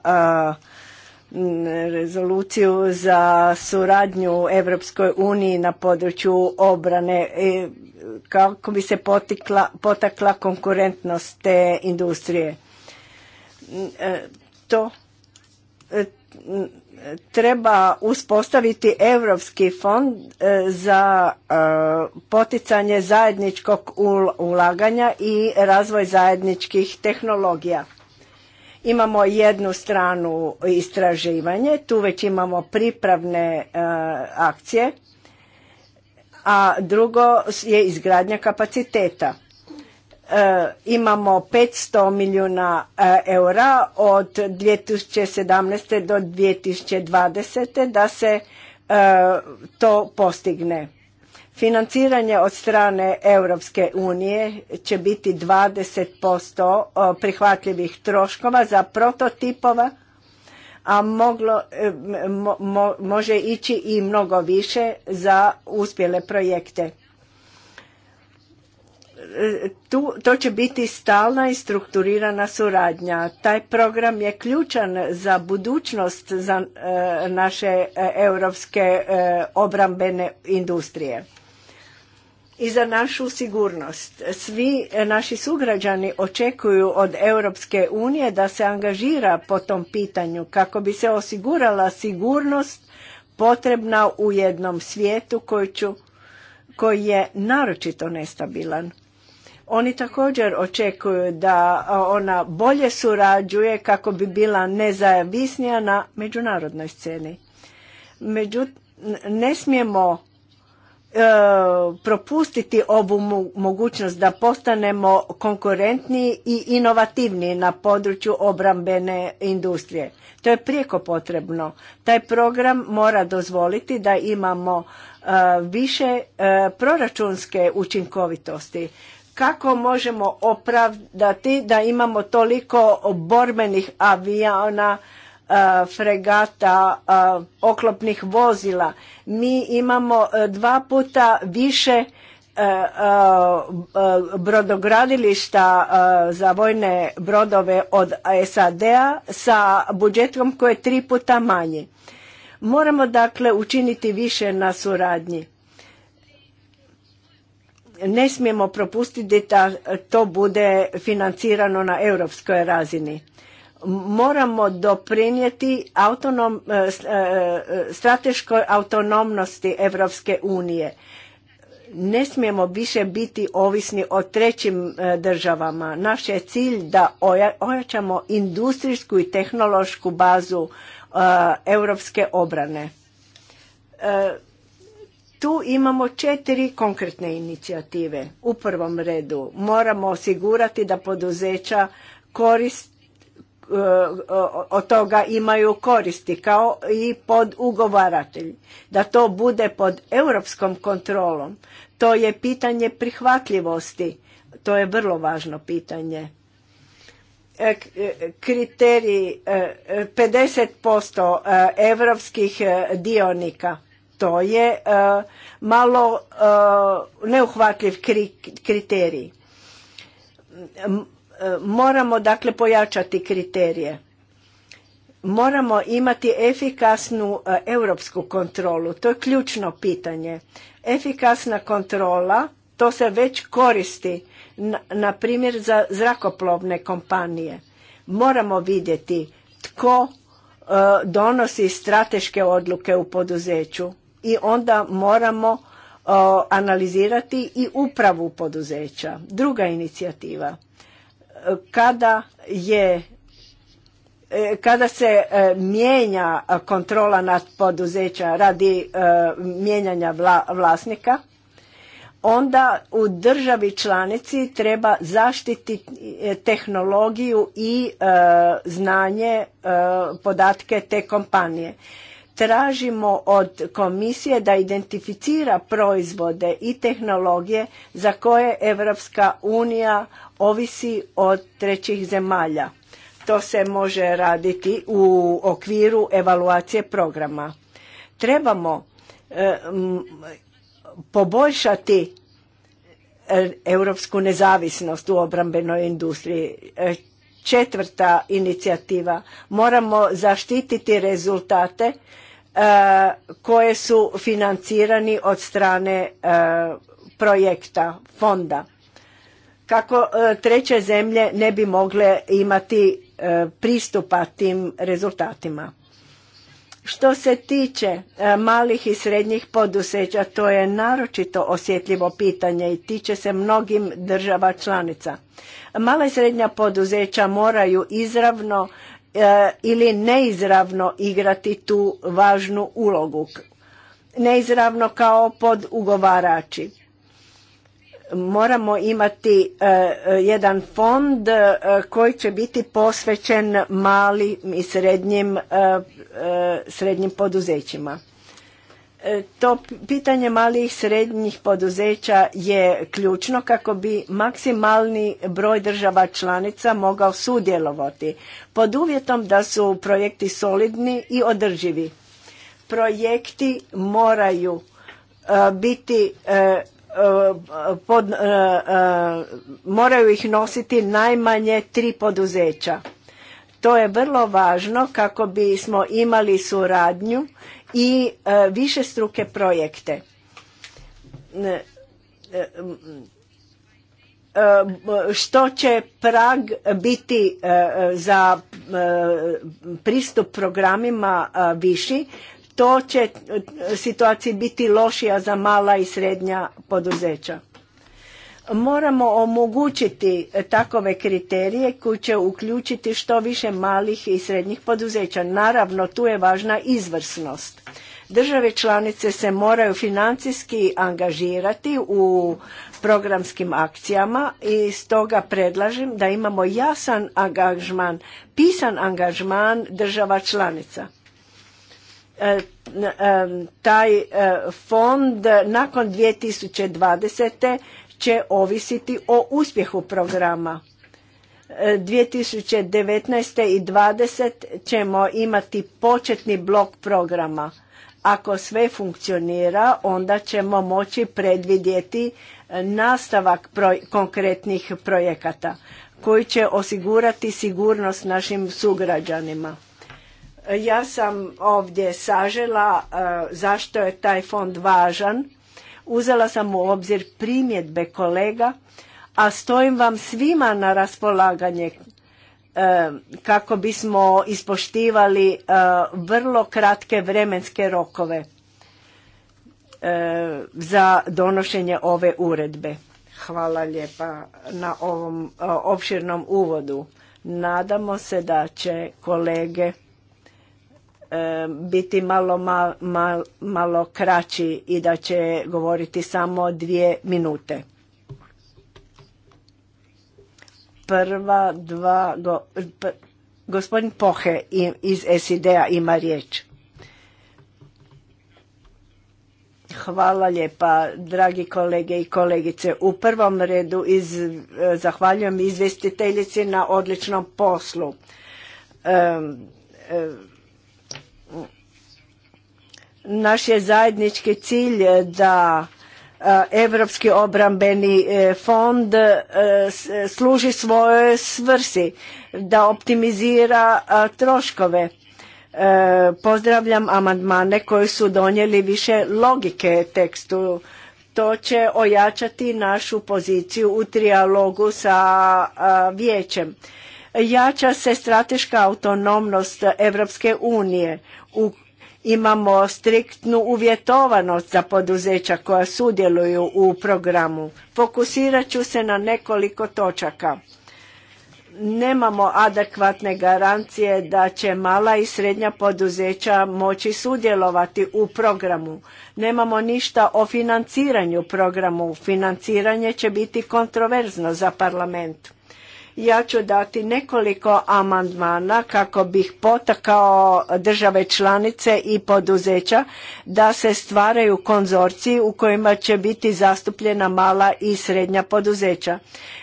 rezoluciju za suradnju Evropskoj uniji na području obrane e, kako bi se potikla, potakla konkurentnost te industrije. E, to e, treba uspostaviti Europski fond za poticanje zajedničkog ulaganja i razvoj zajedničkih tehnologija Imamo jednu stranu istraživanje, tu već imamo pripravne e, akcije, a drugo je izgradnja kapaciteta. E, imamo 500 milijuna e, eura od 2017. do 2020. da se to postigne. Financiranje od strane Europske unije će biti 20% prihvatljivih troškova za prototipova, a e, može ići i mnogo više za uspjele projekte. E, to će biti stalna i strukturirana suradnja. Taj program je ključan za budućnost za e, naše europske obrambene industrije i za našu sigurnost. Svi naši sugrađani očekuju od Europske unije da se angažira po tom pitanju kako bi se osigurala sigurnost potrebna u jednom svijetu koji, koji je naročito nestabilan. Oni također očekuju da ona bolje surađuje kako bi bila nezavisnija na međunarodnoj sceni. Međutim, ne smijemo E, propustiti ovu mogućnost da postanemo konkurentniji i inovativniji na području obrambene industrije. To je prijeko potrebno. Taj program mora dozvoliti da imamo e, više e, proračunske učinkovitosti. Kako možemo opravdati da imamo toliko borbenih aviona fregata, oklopnih vozila. Mi imamo dva puta više brodogradilišta za vojne brodove od SAD-a sa budžetom koji je tri puta manji. Moramo dakle učiniti više na suradnji. Ne smijemo propustiti da to bude financirano na europskoj razini moramo doprinijeti autonom, e, e, strateškoj autonomnosti Europske unije. Ne smijemo više biti ovisni o trećim e, državama. Naš je cilj da ojačamo industrijsku i tehnološku bazu europske obrane. Tu imamo četiri konkretne inicijative. U prvom redu moramo osigurati da poduzeća korist Eh, od toga imaju koristi kao i pod ugovaratelj. Da to bude pod europskom kontrolom, to je pitanje prihvatljivosti, to je vrlo važno pitanje. E, e, kriteriji 50% e, europskih dionika, to je malo neuhvatljiv kriterij E, moramo dakle pojačati kriterije. Moramo imati efikasnu e, europsku kontrolu. To je ključno pitanje. Efikasna kontrola, to se već koristi, na, primjer, za zrakoplovne kompanije. Moramo vidjeti tko e, donosi strateške odluke u poduzeću i onda moramo analizirati i upravu poduzeća. Druga inicijativa – kada je e, kada se e, mijenja kontrola nad poduzeća radi e, mijenjanja vlasnika, onda u državi članici treba zaštiti tehnologiju i znanje podatke te kompanije. Tražimo od komisije da identificira proizvode i tehnologije za koje Evropska unija ovisi od trećih zemalja. To se može raditi u okviru evaluacije programa. Trebamo e, poboljšati e, europsku nezavisnost u obrambenoj industriji. E, četvrta inicijativa. Moramo zaštititi rezultate koji koje su financirani od strane projekta, fonda kako e, treće zemlje ne bi mogle imati e, pristupa tim rezultatima. Što se tiče e, malih i srednjih poduzeća, to je naročito osjetljivo pitanje i tiče se mnogim država članica. Mala i srednja poduzeća moraju izravno ili neizravno igrati tu važnu ulogu. Neizravno kao podugovarači moramo imati e, e, jedan fond e, koji će biti posvećen malim i srednjim, srednjim poduzećima to pitanje malih i srednjih poduzeća je ključno kako bi maksimalni broj država članica mogao sudjelovati pod uvjetom da su projekti solidni i održivi. Projekti moraju biti pod, e, e, moraju ih nositi najmanje tri poduzeća. To je vrlo važno kako bismo imali suradnju i e, više struke projekte. Što će prag biti za pristup programima viši, to će e, situaciji biti lošija za mala i srednja poduzeća. Moramo omogućiti e, takove kriterije koji će uključiti što više malih i srednjih poduzeća. Naravno, tu je važna izvrsnost. Države članice se moraju financijski angažirati u programskim akcijama i stoga predlažem da imamo jasan angažman, pisan angažman država članica E, e, taj e, fond nakon 2020. će ovisiti o uspjehu programa. 2019. i 2020. ćemo imati početni blok programa. Ako sve funkcionira, onda ćemo moći predvidjeti nastavak konkretnih projekata koji će osigurati sigurnost našim sugrađanima. Ja sam ovdje sažela e, zašto je taj fond važan. Uzela sam u obzir primjedbe kolega, a stojim vam svima na raspolaganje e, kako bismo ispoštivali e, vrlo kratke vremenske rokove za donošenje ove uredbe. Hvala lijepa na ovom opširnom uvodu. Nadamo se da će kolege biti malo, malo kraći i da će govoriti samo dvije minute. Prva dva... gospodin Pohe iz SID-a ima riječ. Hvala lijepa, dragi kolege i kolegice. U prvom redu iz, e, zahvaljujem izvestiteljici na odličnom poslu. E, naš je zajednički cilj da Europski obrambeni e, fond e, služi svojoj svrsi, da optimizira troškove. E, pozdravljam amandmane koji su donijeli više logike tekstu. To će ojačati našu poziciju u trijalogu sa vijećem. Jača se strateška autonomnost Evropske unije u Imamo striktnu uvjetovanost za poduzeća koja sudjeluju u programu. Fokusirat ću se na nekoliko točaka. Nemamo adekvatne garancije da će mala i srednja poduzeća moći sudjelovati u programu. Nemamo ništa o financiranju programu. Financiranje će biti kontroverzno za parlament ja ću dati nekoliko amandmana kako bih potakao države članice i poduzeća da se stvaraju konzorciji u kojima će biti zastupljena mala i srednja poduzeća.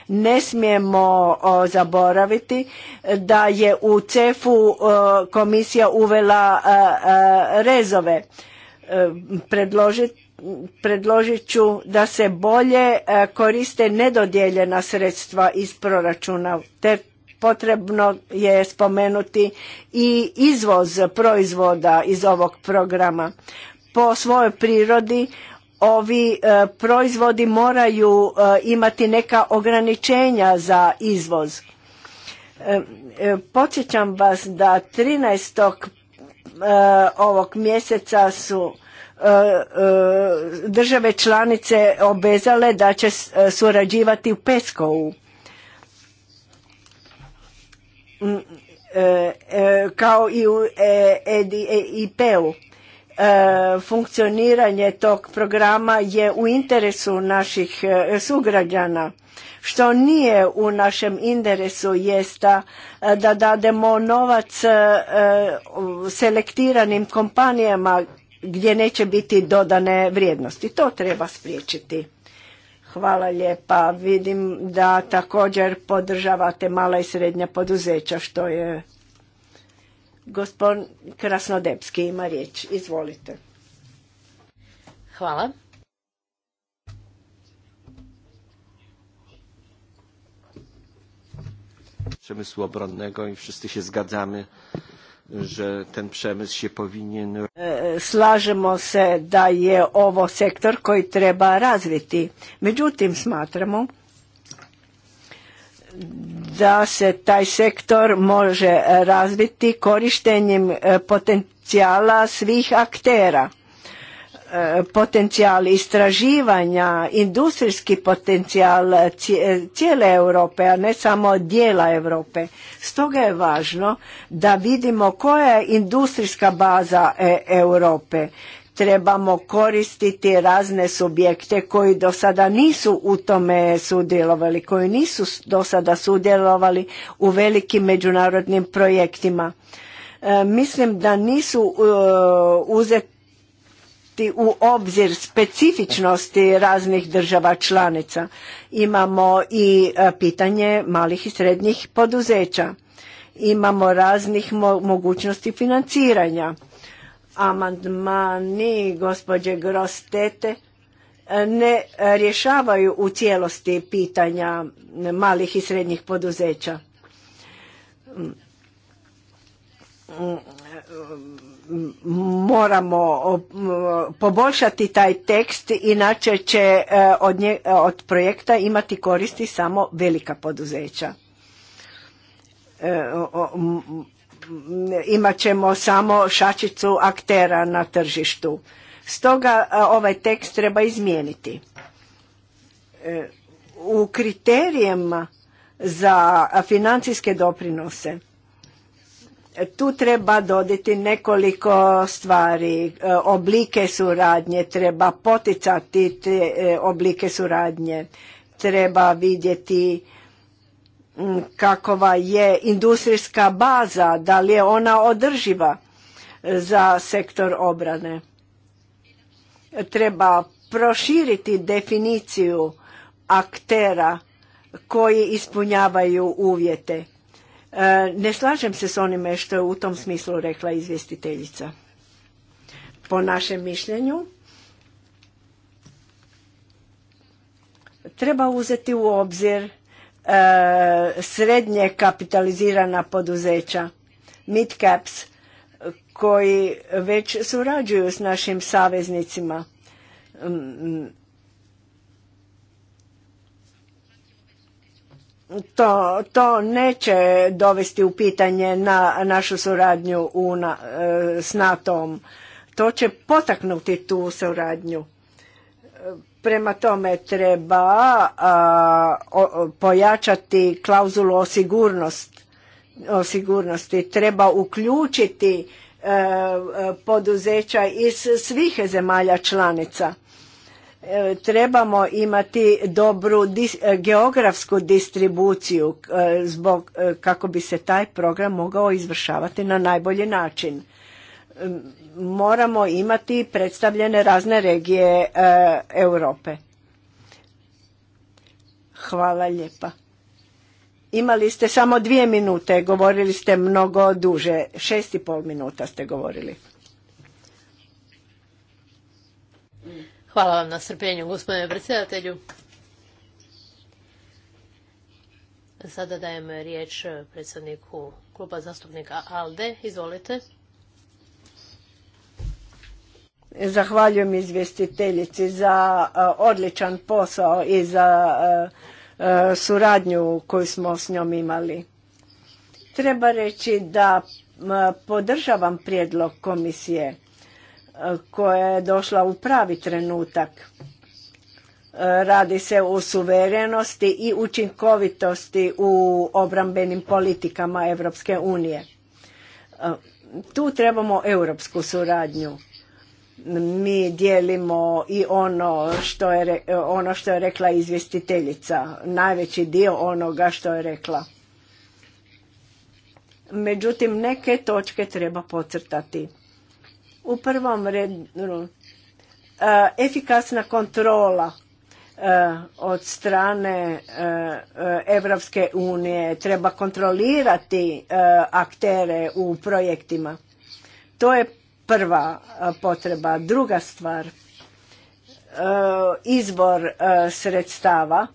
Ne smijemo zaboraviti da je u CEF-u komisija uvela rezove e, predložit predložit ću da se bolje e, koriste nedodjeljena sredstva iz proračuna te potrebno je spomenuti i izvoz proizvoda iz ovog programa. Po svojoj prirodi ovi e, proizvodi moraju e, imati neka ograničenja za izvoz. podsjećam vas da 13. ovog mjeseca su E, e, države članice obezale da će e, surađivati u Peskovu mm, kao i u EDIP-u. Funkcioniranje tog programa je u interesu naših sugrađana. Što nije u našem interesu jesta da dademo novac selektiranim kompanijama gdje neće biti dodane vrijednosti. To treba spriječiti. Hvala lijepa. Vidim da također podržavate mala i srednja poduzeća što je gospodin Krasnodepski ima riječ. Izvolite. Hvala. przemysłu obronnego i wszyscy się zgadzamy że ten przemysł się e, e, Slažemo se da je ovo sektor koji treba razviti. Međutim, smatramo da se taj sektor može razviti korištenjem e, potencijala svih aktera E, potencijal istraživanja, industrijski potencijal cijele Europe, a ne samo dijela Europe. Stoga je važno da vidimo koja je industrijska baza e, Europe. Trebamo koristiti razne subjekte koji do sada nisu u tome sudjelovali, koji nisu do sada sudjelovali u velikim međunarodnim projektima e, mislim da nisu uzet uzeti u obzir specifičnosti raznih država članica. Imamo i e, pitanje malih i srednjih poduzeća. Imamo raznih mogućnosti financiranja. Amandmani gospođe Grostete e, ne rješavaju u cijelosti pitanja malih i srednjih poduzeća mm, mm, moramo poboljšati taj tekst, inače će e, od, od projekta imati koristi samo velika poduzeća. E, imat ćemo samo šačicu aktera na tržištu. Stoga e, ovaj tekst treba izmijeniti. U kriterijima za financijske doprinose tu treba dodati nekoliko stvari. E, oblike suradnje treba poticati te e, oblike suradnje. Treba vidjeti kakova je industrijska baza, da li je ona održiva za sektor obrane. Treba proširiti definiciju aktera koji ispunjavaju uvjete E, ne slažem se s onime što je u tom smislu rekla izvjestiteljica. Po našem mišljenju treba uzeti u obzir e, srednje kapitalizirana poduzeća, Midcaps, koji već surađuju s našim saveznicima to, to neće dovesti u pitanje na našu suradnju e, s NATO-om. To će potaknuti tu suradnju. E, prema tome treba pojačati klauzulu o, sigurnost, sigurnosti. Treba uključiti e, poduzeća iz svih zemalja članica trebamo imati dobru e, geografsku distribuciju e, zbog e, kako bi se taj program mogao izvršavati na najbolji način moramo imati predstavljene razne regije Europe Hvala lijepa Imali ste samo dvije minute govorili ste mnogo duže šest i pol minuta ste govorili Hvala vam na strpljenju, gospodine predsjedatelju. Sada dajem riječ predsjedniku kluba zastupnika ALDE. Izvolite. Zahvaljujem izvjestiteljici za e, odličan posao i za e, e, suradnju koju smo s njom imali. Treba reći da podržavam prijedlog komisije koja je došla u pravi trenutak. E, radi se o suverenosti i učinkovitosti u obrambenim politikama Europske unije. E, tu trebamo europsku suradnju. Mi dijelimo i ono što je, ono što je rekla izvjestiteljica, najveći dio onoga što je rekla. Međutim, neke točke treba pocrtati u prvom redu e, efikasna kontrola e, od strane e, Evropske unije treba kontrolirati aktere u projektima. To je prva potreba. Druga stvar, izbor sredstava.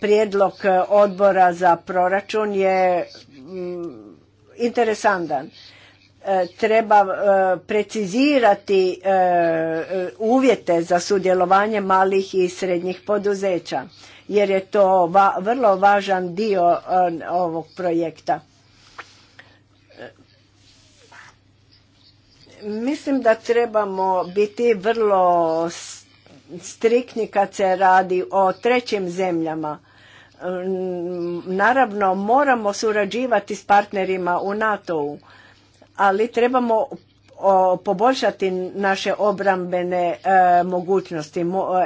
Prijedlog odbora za proračun je interesantan treba e, precizirati e, uvjete za sudjelovanje malih i srednjih poduzeća jer je to vrlo važan dio e, ovog projekta. Mislim da trebamo biti vrlo striktni kad se radi o trećim zemljama. Naravno moramo surađivati s partnerima u NATO-u ali trebamo poboljšati naše obrambene e, mogućnosti.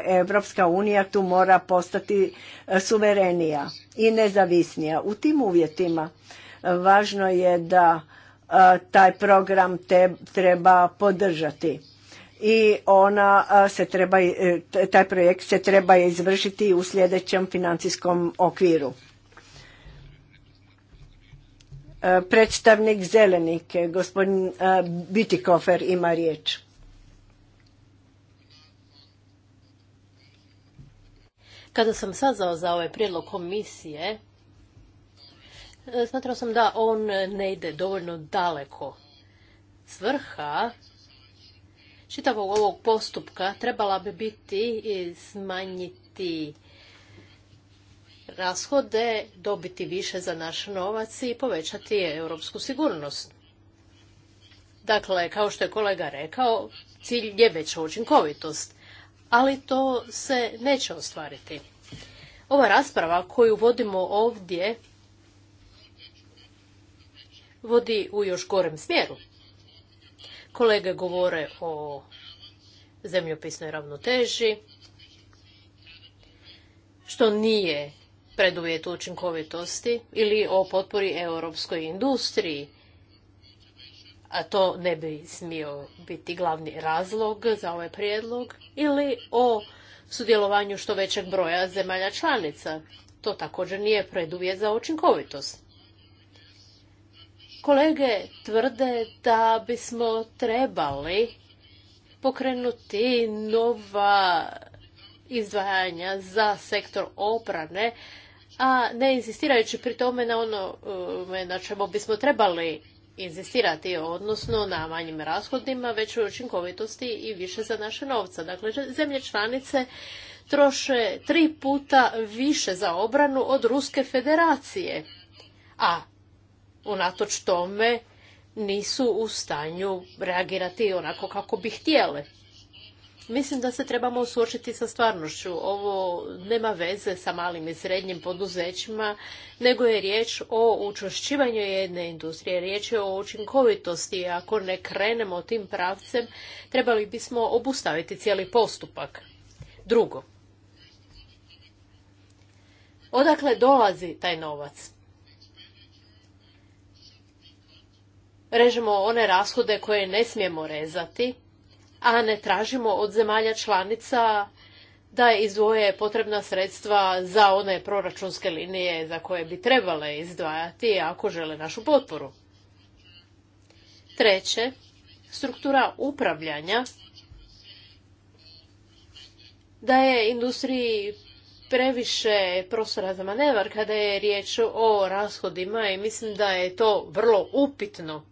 E, Evropska unija tu mora postati e, suverenija i nezavisnija. U tim uvjetima važno je da taj program treba podržati i ona se treba, taj projekt se treba izvršiti u sljedećem financijskom okviru. E, predstavnik zelenike, gospodin e, Bitikofer ima riječ. Kada sam sazao za ovaj prijedlog komisije, e, smatrao sam da on ne ide dovoljno daleko. Svrha čitavog ovog postupka trebala bi biti smanjiti rashode, dobiti više za naš novac i povećati europsku sigurnost. Dakle, kao što je kolega rekao, cilj je veća učinkovitost, ali to se neće ostvariti. Ova rasprava koju vodimo ovdje vodi u još gorem smjeru. Kolege govore o zemljopisnoj ravnoteži, što nije preduvjetu učinkovitosti ili o potpori europskoj industriji. A to ne bi smio biti glavni razlog za ovaj prijedlog ili o sudjelovanju što većeg broja zemalja članica. To također nije preduvjet za učinkovitost. Kolege tvrde da bismo trebali pokrenuti nova izdvajanja za sektor obrane a ne insistirajući pri tome na ono e, na čemu bismo trebali inzistirati, odnosno na manjim rashodima, u učinkovitosti i više za naše novca. Dakle, zemlje članice troše tri puta više za obranu od Ruske federacije, a unatoč tome nisu u stanju reagirati onako kako bi htjele. Mislim da se trebamo suočiti sa stvarnošću. Ovo nema veze sa malim i srednjim poduzećima, nego je riječ o učvršćivanju jedne industrije, riječ je o učinkovitosti. Ako ne krenemo tim pravcem, trebali bismo obustaviti cijeli postupak. Drugo, odakle dolazi taj novac? Režemo one rashode koje ne smijemo rezati, a ne tražimo od zemalja članica da izdvoje potrebna sredstva za one proračunske linije za koje bi trebale izdvajati ako žele našu potporu. Treće, struktura upravljanja Da je industriji previše prostora za manevar kada je riječ o rashodima i mislim da je to vrlo upitno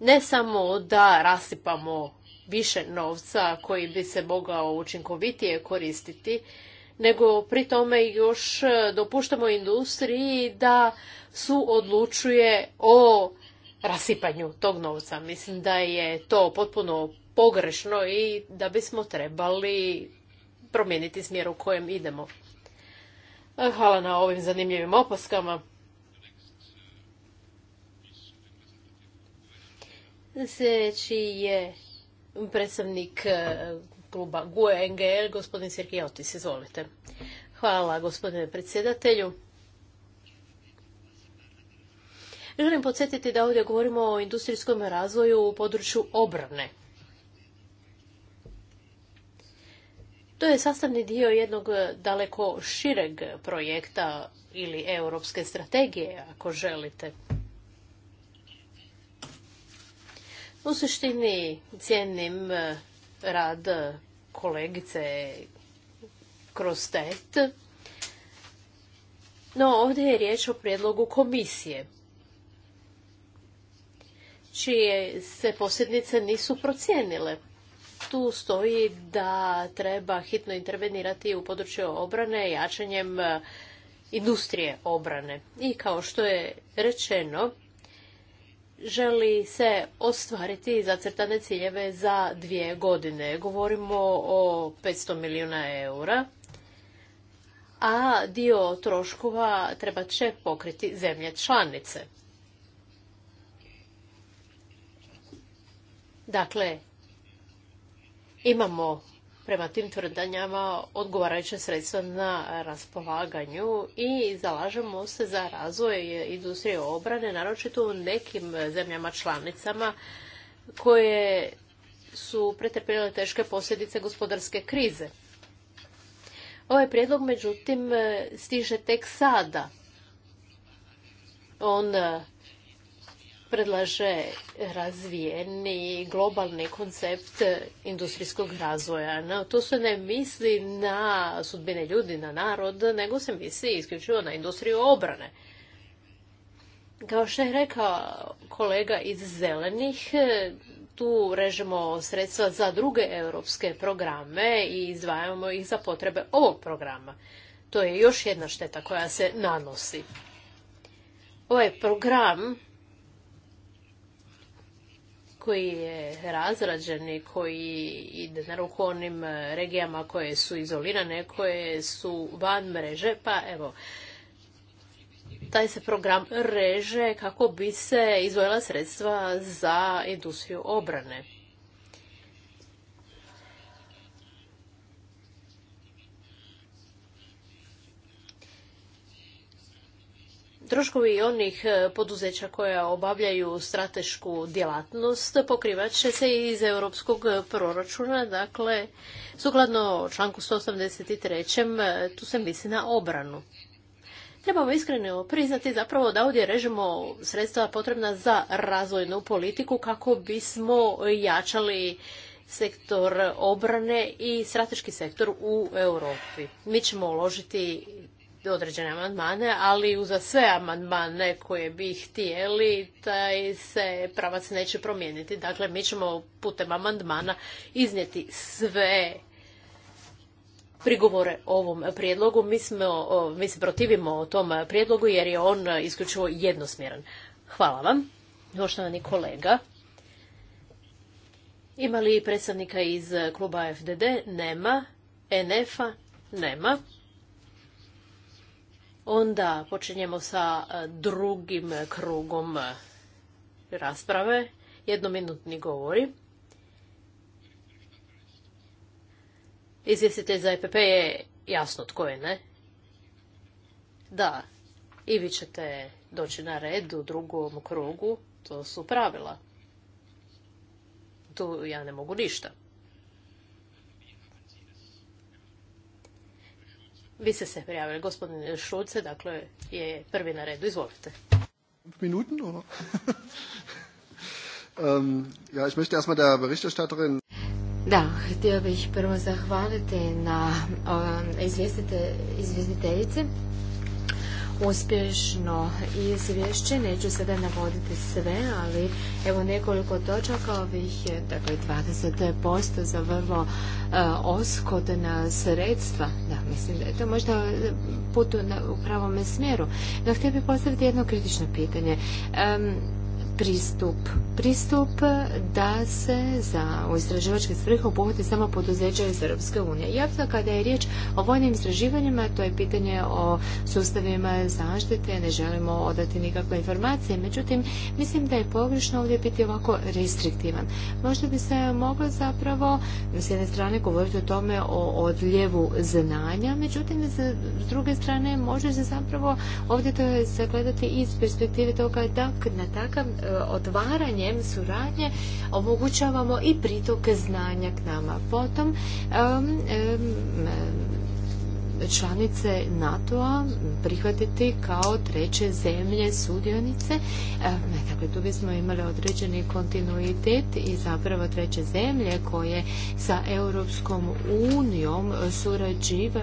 ne samo da rasipamo više novca koji bi se mogao učinkovitije koristiti, nego pri tome još dopuštamo industriji da su odlučuje o rasipanju tog novca. Mislim da je to potpuno pogrešno i da bismo trebali promijeniti smjer u kojem idemo. Hvala na ovim zanimljivim opaskama. Sljedeći je predstavnik e, kluba GUE NGL, gospodin Sirki Otis. Izvolite. Hvala gospodine predsjedatelju. Želim podsjetiti da ovdje govorimo o industrijskom razvoju u području obrane. To je sastavni dio jednog daleko šireg projekta ili europske strategije, ako želite. U suštini cijenim e, rad kolegice kroz TET, no ovdje je riječ o prijedlogu komisije, čije se posljednice nisu procijenile. Tu stoji da treba hitno intervenirati u području obrane jačanjem e, industrije obrane. I kao što je rečeno, želi se ostvariti zacrtane ciljeve za dvije godine. Govorimo o 500 milijuna eura, a dio troškova treba će pokriti zemlje članice. Dakle, imamo prema tim tvrdanjama odgovarajuće sredstva na raspolaganju i zalažemo se za razvoj industrije obrane, naročito u nekim zemljama članicama koje su pretrpjele teške posljedice gospodarske krize. Ovaj prijedlog, međutim, stiže tek sada. On predlaže razvijeni globalni koncept industrijskog razvoja. No, to se ne misli na sudbine ljudi, na narod, nego se misli isključivo na industriju obrane. Kao što je rekao kolega iz Zelenih, tu režemo sredstva za druge europske programe i izdvajamo ih za potrebe ovog programa. To je još jedna šteta koja se nanosi. Ovaj program koji je razrađen i koji ide na ruku onim e, regijama koje su izolirane, koje su van mreže, pa evo, taj se program reže kako bi se izvojila sredstva za industriju obrane. Troškovi onih e, poduzeća koja obavljaju stratešku djelatnost pokrivat će se iz europskog e, proračuna, dakle, sukladno članku 183. E, tu se misli na obranu. Trebamo iskreno priznati zapravo da ovdje režimo sredstva potrebna za razvojnu politiku kako bismo jačali sektor obrane i strateški sektor u Europi. Mi ćemo uložiti određene amandmane, ali uza sve amandmane koje bi htjeli, taj se pravac neće promijeniti. Dakle, mi ćemo putem amandmana iznijeti sve prigovore ovom prijedlogu. Mi, smo, mi se protivimo tom prijedlogu jer je on isključivo jednosmjeran. Hvala vam, poštovani kolega. Ima li predstavnika iz kluba FDD? Nema. NF-a? Nema. Onda počinjemo sa e, drugim krugom e, rasprave, jednominutni govori. Izvjestitelj za EPP je jasno tko je, ne? Da, i vi ćete doći na red u drugom krugu, to su pravila. Tu ja ne mogu ništa. Vi ste se prijavili, gospodin Šulce, dakle je prvi na redu. Izvolite. Minuten, ähm, ja, ich möchte erstmal der Berichterstatterin da, htio bih prvo zahvaliti na um, izvjestiteljici uspješno izvješće. Neću sada navoditi sve, ali evo nekoliko točaka ovih, dakle 20% za vrlo e, oskodna sredstva. Da, mislim da je to možda put u pravome smjeru. No, htio bih postaviti jedno kritično pitanje pristup. Pristup da se za u istraživačke svrhe obuhvati samo poduzeća iz Europske unije. Jasno kada je riječ o vojnim istraživanjima, to je pitanje o sustavima zaštite, ne želimo odati nikakve informacije, međutim mislim da je pogrešno ovdje biti ovako restriktivan. Možda bi se moglo zapravo s jedne strane govoriti o tome o odljevu znanja, međutim s druge strane može se zapravo ovdje to sagledati iz perspektive toga da na takav Eh, otvaranjem suradnje omogućavamo i pritok znanja k nama. Potom članice NATO-a prihvatiti kao treće zemlje sudionice. E, dakle, tu bismo imali određeni kontinuitet i zapravo treće zemlje koje sa Europskom unijom surađiva,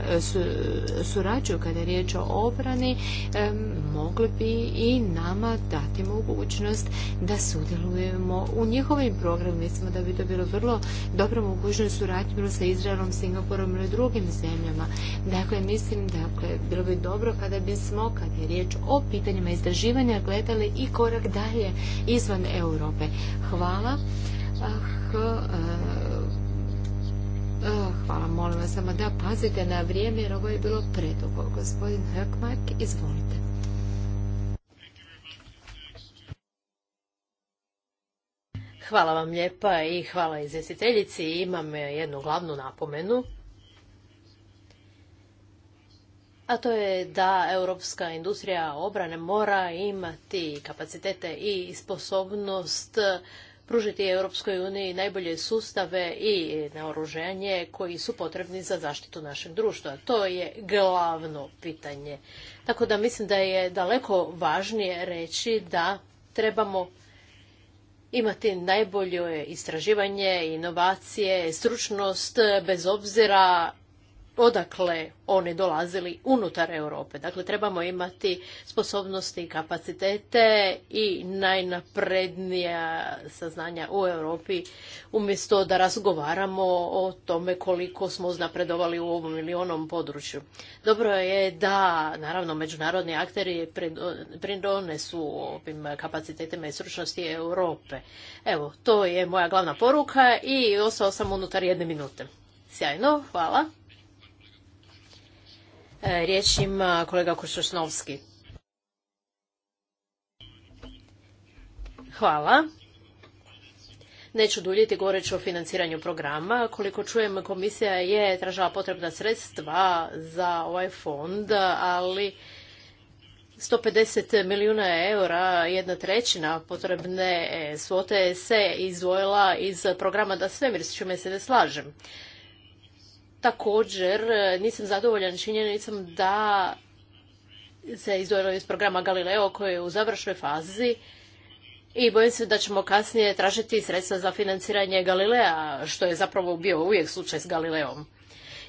surađuju kada je riječ o obrani e, mogli bi i nama dati mogućnost da sudjelujemo u njihovim programima. Mislimo da bi to bilo vrlo dobro mogućnost suradnje sa Izraelom, Singapurom ili drugim zemljama. Da Dakle, mislim da dakle, bilo bi dobro kada bismo, kad je riječ o pitanjima izdraživanja gledali i korak dalje izvan Europe. Hvala. Ah, ah, hvala, molim vas samo da pazite na vrijeme jer ovo je bilo predugo. Gospodin Hökmark, izvolite. Hvala vam lijepa i hvala izvjestiteljici. Imam jednu glavnu napomenu. a to je da europska industrija obrane mora imati kapacitete i sposobnost pružiti Europskoj uniji najbolje sustave i naoružanje koji su potrebni za zaštitu našeg društva. To je glavno pitanje. Tako da mislim da je daleko važnije reći da trebamo imati najbolje istraživanje, inovacije, stručnost, bez obzira odakle oni dolazili unutar Europe. Dakle, trebamo imati sposobnosti i kapacitete i najnaprednija saznanja u Europi umjesto da razgovaramo o tome koliko smo uznapredovali u ovom ili onom području. Dobro je da, naravno, međunarodni akteri pridonesu ovim kapacitetima i stručnosti Europe. Evo, to je moja glavna poruka i ostao sam unutar jedne minute. Sjajno, hvala. E, riječ ima kolega Kuršošnovski. Hvala. Neću duljiti, govoreći o financiranju programa. Koliko čujem, komisija je tražila potrebna sredstva za ovaj fond, ali 150 milijuna eura, jedna trećina potrebne svote se izvojila iz programa Da svemir, s čime se ne slažem. Također nisam zadovoljan činjenicom da se izdvojilo iz programa Galileo koji je u završnoj fazi i bojim se da ćemo kasnije tražiti sredstva za financiranje Galilea, što je zapravo bio uvijek slučaj s Galileom.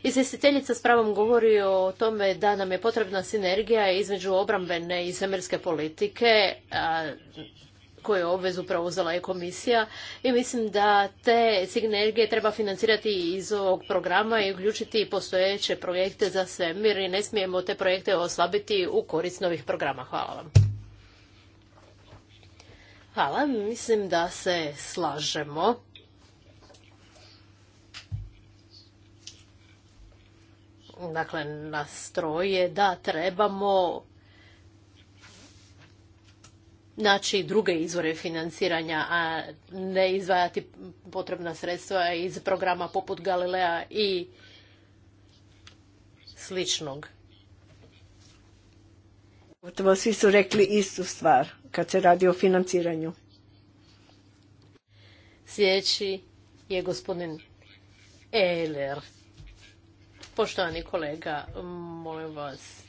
Izvjestiteljica s pravom govori o tome da nam je potrebna sinergija između obrambene i svemirske politike, koju obvezu preuzela je komisija i mislim da te sinergije treba financirati iz ovog programa i uključiti postojeće projekte za svemir i ne smijemo te projekte oslabiti u korist novih programa. Hvala vam. Hvala, mislim da se slažemo. Dakle, nastroje da trebamo naći druge izvore financiranja, a ne izvajati potrebna sredstva iz programa poput Galilea i sličnog. Gotovo svi su rekli istu stvar kad se radi o financiranju. Sljedeći je gospodin Eler. Poštovani kolega, molim vas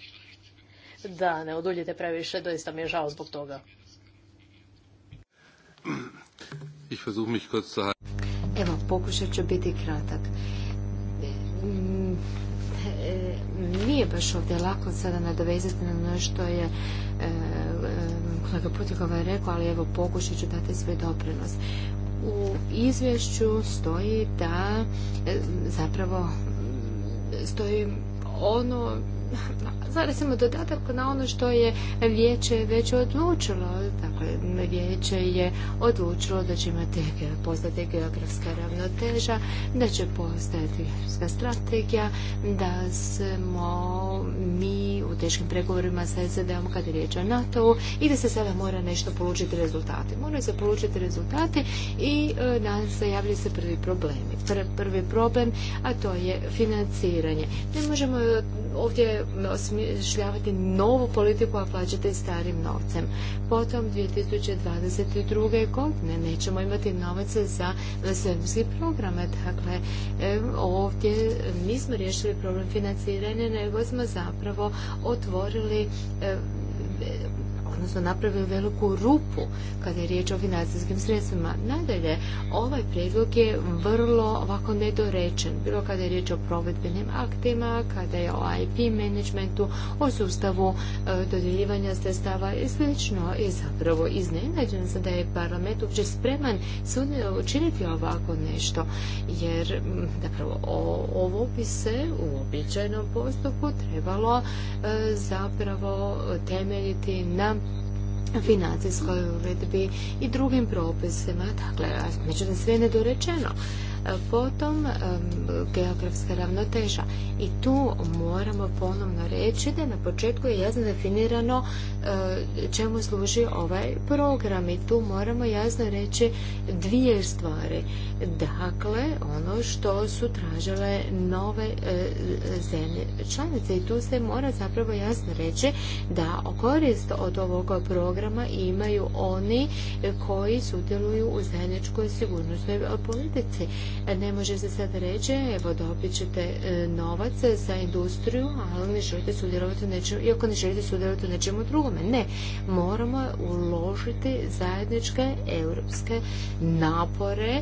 da ne oduljite previše, doista mi je žao zbog toga. Evo, pokušat ću biti kratak. Mm, e, nije baš ovdje lako sada nadovezati na ono što je e, e, kolega Putikova je rekao, ali evo pokušat ću dati svoj doprinos. U izvješću stoji da zapravo stoji ono za recimo dodatak na ono što je vijeće već odlučilo. Dakle, vijeće je odlučilo da će imati postati geografska ravnoteža, da će postati strategija, da smo mi u teškim pregovorima sa sed om kad je riječ o NATO-u i da se sada mora nešto polučiti rezultati. Moraju se polučiti rezultati i e, nadam se javljaju se prvi problemi. prvi problem, a to je financiranje. Ne možemo e, ovdje osmišljavati novu politiku, a plaćati starim novcem. Potom 2022. godine nećemo imati novaca za srpski programe. Dakle, ovdje nismo riješili problem financiranja, nego smo zapravo otvorili odnosno napravio veliku rupu kada je riječ o financijskim sredstvima. Nadalje, ovaj prijedlog je vrlo ovako nedorečen, bilo kada je riječ o provedbenim aktima, kada je o IP managementu, o sustavu e, dodjeljivanja sredstava i slično. I zapravo iznenađen sam da je parlament uopće spreman učiniti ovako nešto, jer zapravo ovo bi se u običajnom postupku trebalo e, zapravo temeljiti na financijskoj uredbi i drugim propisima. Dakle, međutim sve je nedorečeno. Potom geografska ravnoteža. I tu moramo ponovno reći da na početku je jasno definirano eh, čemu služi ovaj program i tu moramo jasno reći dvije stvari. Dakle, ono što su tražile nove eh, zemlje članice i tu se mora zapravo jasno reći da korist od ovog programa imaju oni koji sudjeluju u zajedničkoj sigurnosnoj politici. Ne može se sad reći, evo dobit ćete e, novac za industriju, ali ne želite sudjelovati u nečemu, iako ne želite sudjelovati u nečemu drugome. Ne, moramo uložiti zajedničke europske napore e,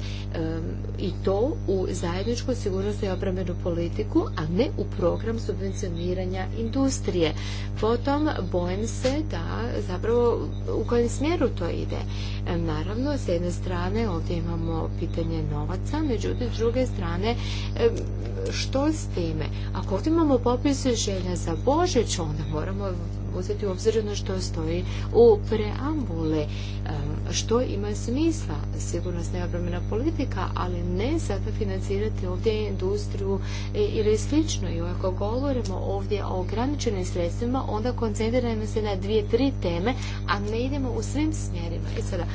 i to u zajedničku sigurnosnu i obrambenu politiku, a ne u program subvencioniranja industrije. Potom bojim se da zapravo u kojem smjeru to ide. E, naravno, s jedne strane ovdje imamo pitanje novaca, međutim s druge strane što s time? Ako ovdje imamo popis želja za Božić, onda moramo uzeti u obzir na što stoji u preambule. Što ima smisla? Sigurnosna obrambena politika, ali ne sada financirati ovdje industriju ili slično. I ako govorimo ovdje o ograničenim sredstvima, onda koncentriramo se na dvije, tri teme, a ne idemo u svim smjerima. I sada,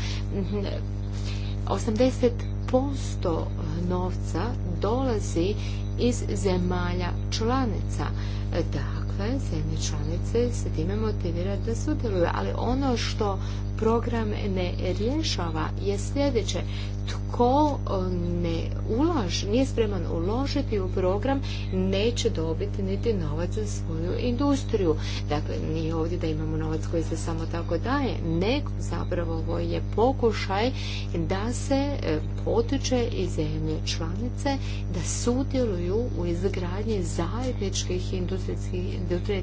posto novca dolazi iz zemalja članica. Dakle, zemlje članice se time motivira da sudjeluju, ali ono što program ne rješava je sljedeće. Tko e, ne ulaž, nije spreman uložiti u program, neće dobiti niti novac za svoju industriju. Dakle, nije ovdje da imamo novac koji se samo tako daje, nego zapravo ovo je pokušaj da se e, potiče i zemlje članice da sudjeluju u izgradnji zajedničkih industrijskih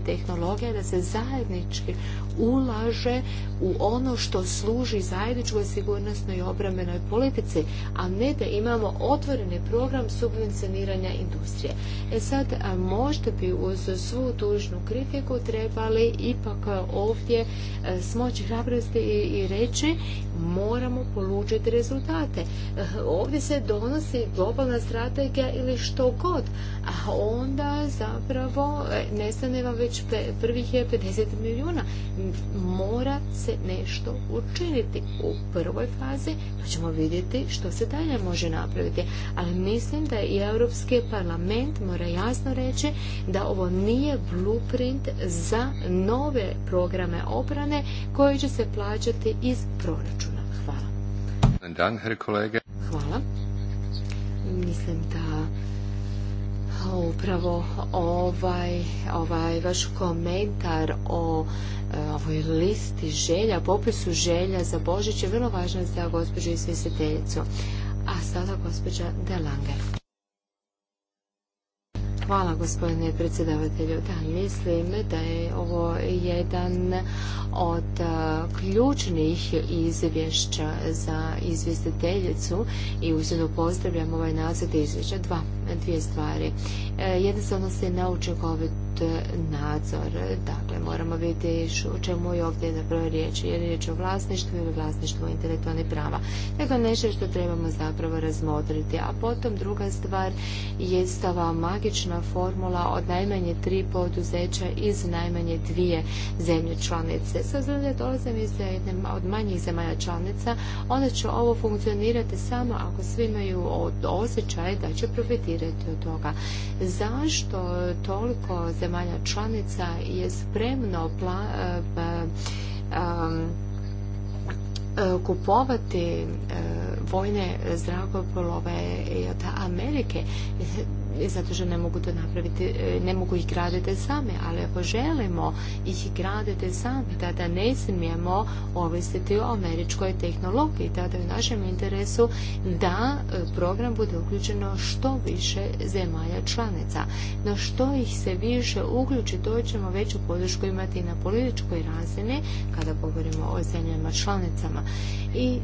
tehnologija, da se zajednički ulaže u ono što služi zajedničkoj sigurnosnoj i obrambenoj politici, a ne da imamo otvoreni program subvencioniranja industrije. E sad, možda bi uz svu tužnu kritiku trebali ipak ovdje e, smoći hrabrosti i reći moramo polučiti rezultate. E, ovdje se donosi globalna strategija ili što god, a onda zapravo e, nestane vam već prvih je 50 milijuna. Mora se nešto učiniti u prvoj fazi, pa ćemo vidjeti što se dalje može napraviti. Ali mislim da i Europski parlament mora jasno reći da ovo nije blueprint za nove programe obrane koji će se plaćati iz proračuna. Hvala. Hvala. Mislim da upravo ovaj, ovaj vaš komentar o e, ovoj listi želja, popisu želja za Božić je vrlo važna za gospođu izvjestiteljicu. A sada gospođa Delange. Hvala gospodine predsjedavatelju. Da, mislim da je ovo jedan od e, ključnih izvješća za izvjestiteljicu i uzimno pozdravljam ovaj nacrt izvješća. Dva, dvije stvari. E, Jednostavno se učinkovit nadzor. Dakle, moramo vidjeti o čemu je ovdje zapravo riječi Je riječ o vlasništvu ili vlasništvu intelektualnih prava. Dakle, nešto što trebamo zapravo razmotriti. A potom druga stvar je stava magična formula od najmanje tri poduzeća iz najmanje dvije zemlje članice. S obzirom da dolazim iz jedne od manjih zemalja članica, onda će ovo funkcionirati samo ako svi imaju osjećaj da će profitirati od toga. Zašto toliko zemalja članica je spremno e, pa, e, kupovati e, vojne zrakoplove od Amerike zato što ne mogu to napraviti, e, ne mogu ih graditi sami, ali ako želimo ih graditi sami, tada ne smijemo ovisiti o američkoj tehnologiji, tada je u našem interesu da e, program bude uključeno što više zemalja članica. No što ih se više uključi, to ćemo veću podršku imati na političkoj razini kada govorimo o zemljama članicama. I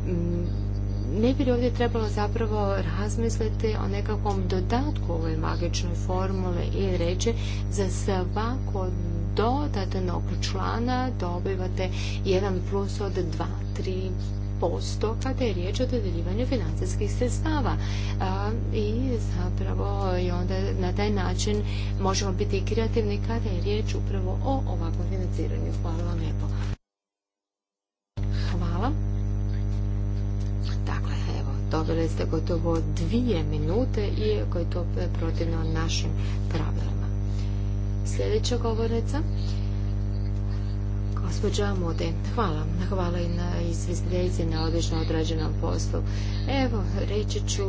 ne bi li ovdje trebalo zapravo razmisliti o nekakvom dodatku ovoj magične formule i reći za svako dodatnog člana dobivate 1 plus od 2, 3, posto kada je riječ o dodjeljivanju financijskih sredstava i zapravo i onda na taj način možemo biti kreativni kada je riječ upravo o ovakvom financiranju. Hvala vam lijepo. Hvala. Dakle, evo, dobili ste gotovo dvije minute, iako je to protivno našim pravilima. Sljedeća govoreca, gospođa Moden, Hvala. Hvala i na i na odlično odrađenom poslu. Evo, reći ću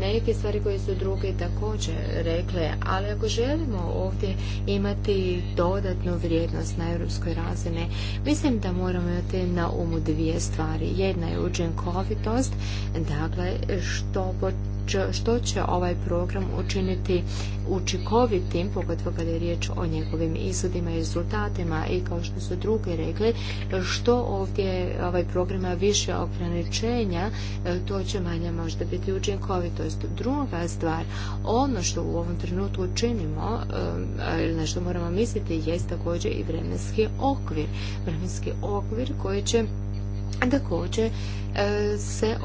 neke stvari koje su druge također rekle, ali ako želimo ovdje imati dodatnu vrijednost na europskoj razini, mislim da moramo imati na umu dvije stvari. Jedna je učinkovitost, dakle što što će ovaj program učiniti učinkovitim, pogotovo kada je riječ o njegovim izvodima i rezultatima i kao što su drugi rekli, što ovdje ovaj program više ograničenja, e, to će manje možda biti učinkovitost. Druga stvar, ono što u ovom trenutku činimo, e, na što moramo misliti, jest također i vremenski okvir. Vremenski okvir koji će također e, se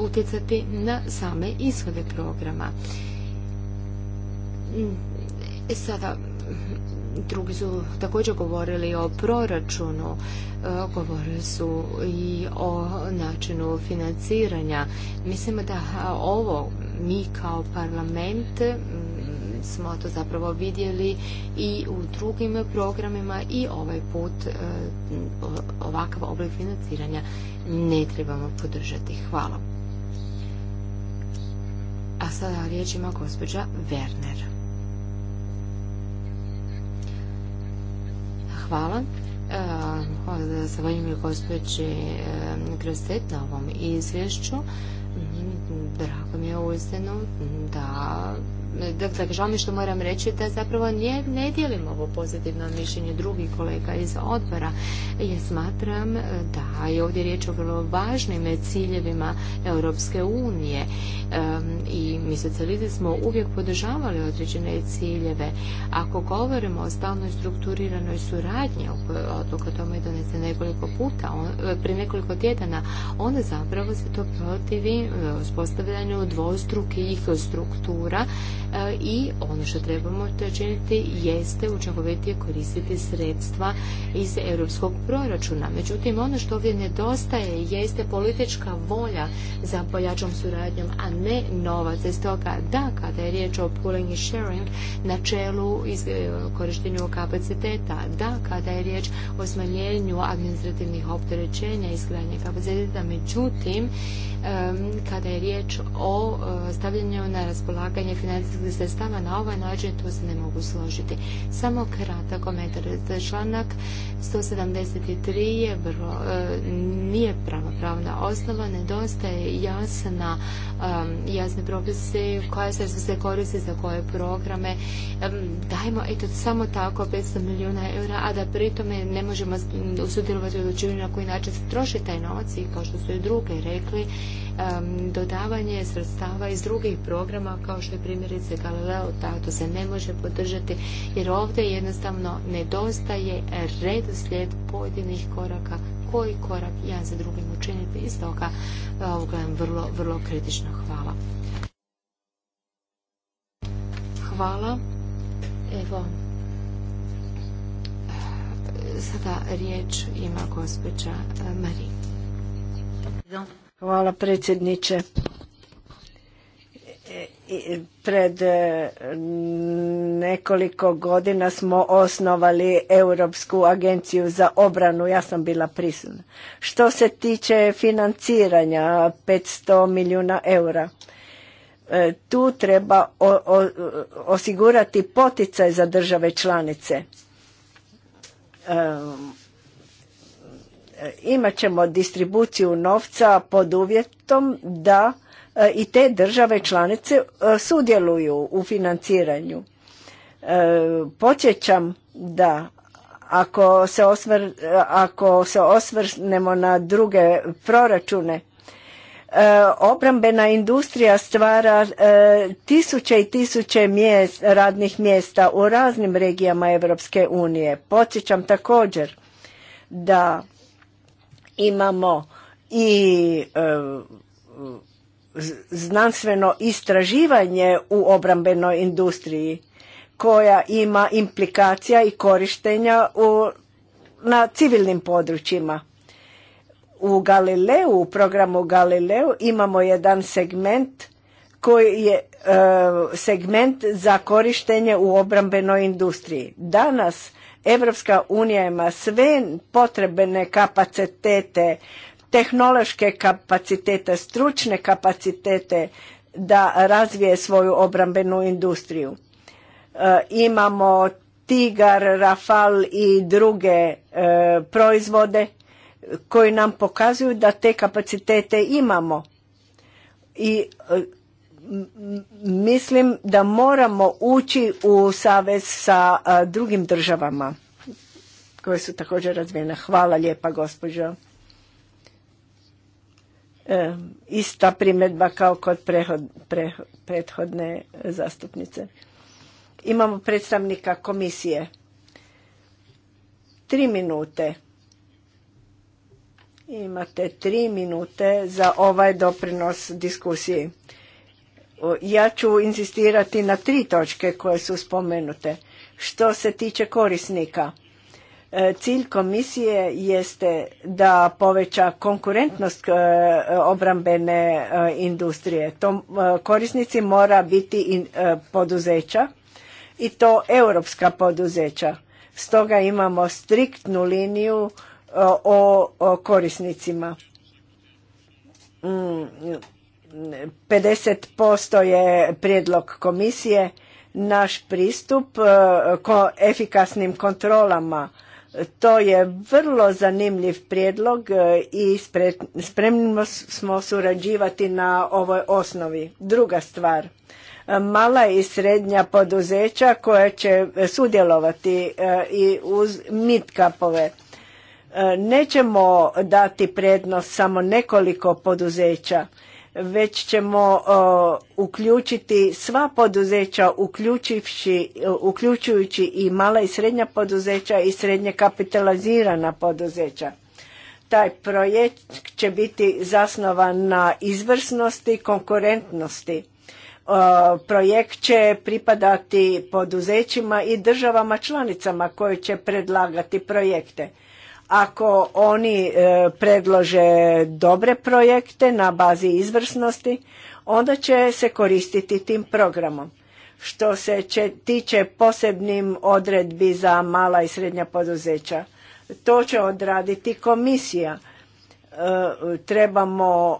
utjecati na same ishode programa. E, sada, drugi su također govorili o proračunu, e, govorili su i o načinu financiranja. Mislim da ovo mi kao parlament smo to zapravo vidjeli i u drugim programima i ovaj put e, ovakav oblik financiranja ne trebamo podržati. Hvala. A sada riječ ima gospođa Werner. Hvala. E, hvala sa vojim gospođi e, Grostet na ovom izvješću. Mm, drago mi je uistinu da Dakle, žao mi što moram reći da zapravo ne dijelim ovo pozitivno mišljenje drugih kolega iz odbora, jer smatram da je ovdje riječ o vrlo važnim ciljevima Europske unije i mi socijalisti smo uvijek podržavali određene ciljeve. Ako govorimo o stalnoj strukturiranoj suradnji, odluka tome je donese nekoliko puta, prije nekoliko tjedana, onda zapravo se to protivi e, uspostavljanju dvostrukih struktura i ono što trebamo to činiti jeste učinkovitije koristiti sredstva iz europskog proračuna. Međutim, ono što ovdje nedostaje jeste politička volja za pojačom suradnjom, a ne novac. Stoga da, kada je riječ o pooling i sharing, na čelu iz, e, korištenju kapaciteta, da, kada je riječ o smanjenju administrativnih opterećenja i izgradnje kapaciteta, međutim, kada je riječ o e, stavljanju na raspolaganje financijskih sredstava na ovaj način, to se ne mogu složiti. Samo kratak komentar. Članak 173 je vrlo, e, nije prava pravna osnova, nedostaje jasna, jasne propise koja sredstva se koriste za koje programe. Dajmo, eto, samo tako 500 milijuna eura, a da pritome ne možemo usudjelovati mm, u na koji način se troši taj novac i kao što su i druge rekli, dodavanje sredstava iz drugih programa kao što je primjerice Galileo, se ne može podržati, jer ovdje jednostavno nedostaje redoslijed pojedinih koraka, koji korak ja za drugim učiniti iz toga e, vrlo, vrlo kritično. Hvala. Hvala. Evo, sada riječ ima gospođa Marija. Hvala predsjedniče. E, pred e, nekoliko godina smo osnovali Europsku agenciju za obranu, ja sam bila prisutna. Što se tiče financiranja 500 milijuna eura, e, tu treba osigurati poticaj za države članice. Imat ćemo distribuciju novca pod uvjetom da i te države članice e, sudjeluju u financiranju. E, podsjećam da ako se, osvrnemo na druge proračune, e, obrambena industrija stvara tisuće i tisuće radnih mjesta u raznim regijama Europske unije. Podsjećam također da imamo i znanstveno istraživanje u obrambenoj industriji koja ima implikacija i korištenja u, na civilnim područjima. U Galileu, u programu Galileu imamo jedan segment koji je e, segment za korištenje u obrambenoj industriji. Danas Evropska unija ima sve potrebne kapacitete tehnološke kapacitete, stručne kapacitete da razvije svoju obrambenu industriju. E, imamo Tigar, Rafal i druge e, proizvode koji nam pokazuju da te kapacitete imamo. I e, mislim da moramo ući u savez sa drugim državama koje su također razvijene. Hvala lijepa gospođo ista primjedba kao kod prethodne zastupnice. Imamo predstavnika komisije. Tri minute. Imate tri minute za ovaj doprinos diskusiji. Ja ću insistirati na tri točke koje su spomenute. Što se tiče korisnika – E, cilj komisije jeste da poveća konkurentnost e, obrambene e, industrije. To korisnici mora biti poduzeća i to europska poduzeća. Stoga imamo striktnu liniju o korisnicima. 50% mm, je prijedlog komisije, naš pristup ko efikasnim kontrolama to je vrlo zanimljiv prijedlog e, i spremni smo surađivati na ovoj osnovi. Druga stvar, mala i srednja poduzeća koja će sudjelovati e, i uz mitkapove. E, nećemo dati prednost samo nekoliko poduzeća već ćemo uključiti sva poduzeća uključujući i mala i srednja poduzeća i srednje kapitalizirana poduzeća. Taj projekt će biti zasnovan na izvrsnosti, konkurentnosti. Projekt će pripadati poduzećima i državama članicama koje će predlagati projekte ako oni e, predlože dobre projekte na bazi izvrsnosti, onda će se koristiti tim programom. Što se tiče posebnim odredbi za mala i srednja poduzeća, to će odraditi komisija E, trebamo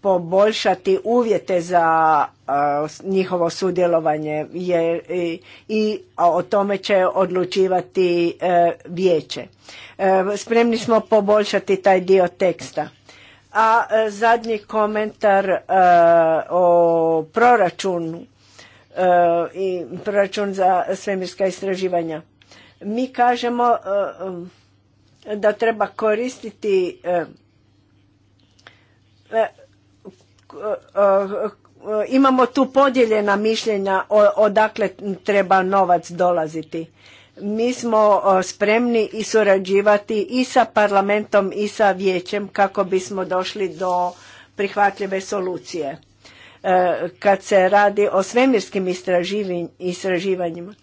poboljšati uvjete za e, njihovo sudjelovanje i o tome će odlučivati e, vijeće. Spremni smo poboljšati taj dio teksta. A zadnji komentar o proračunu i proračun za svemirska istraživanja. Mi kažemo da treba koristiti E, e, e, imamo tu podijeljena mišljenja odakle treba novac dolaziti. Mi smo spremni i surađivati i sa parlamentom i sa vijećem kako bismo došli do prihvatljive solucije. Kad se radi o svemirskim istraživanjima,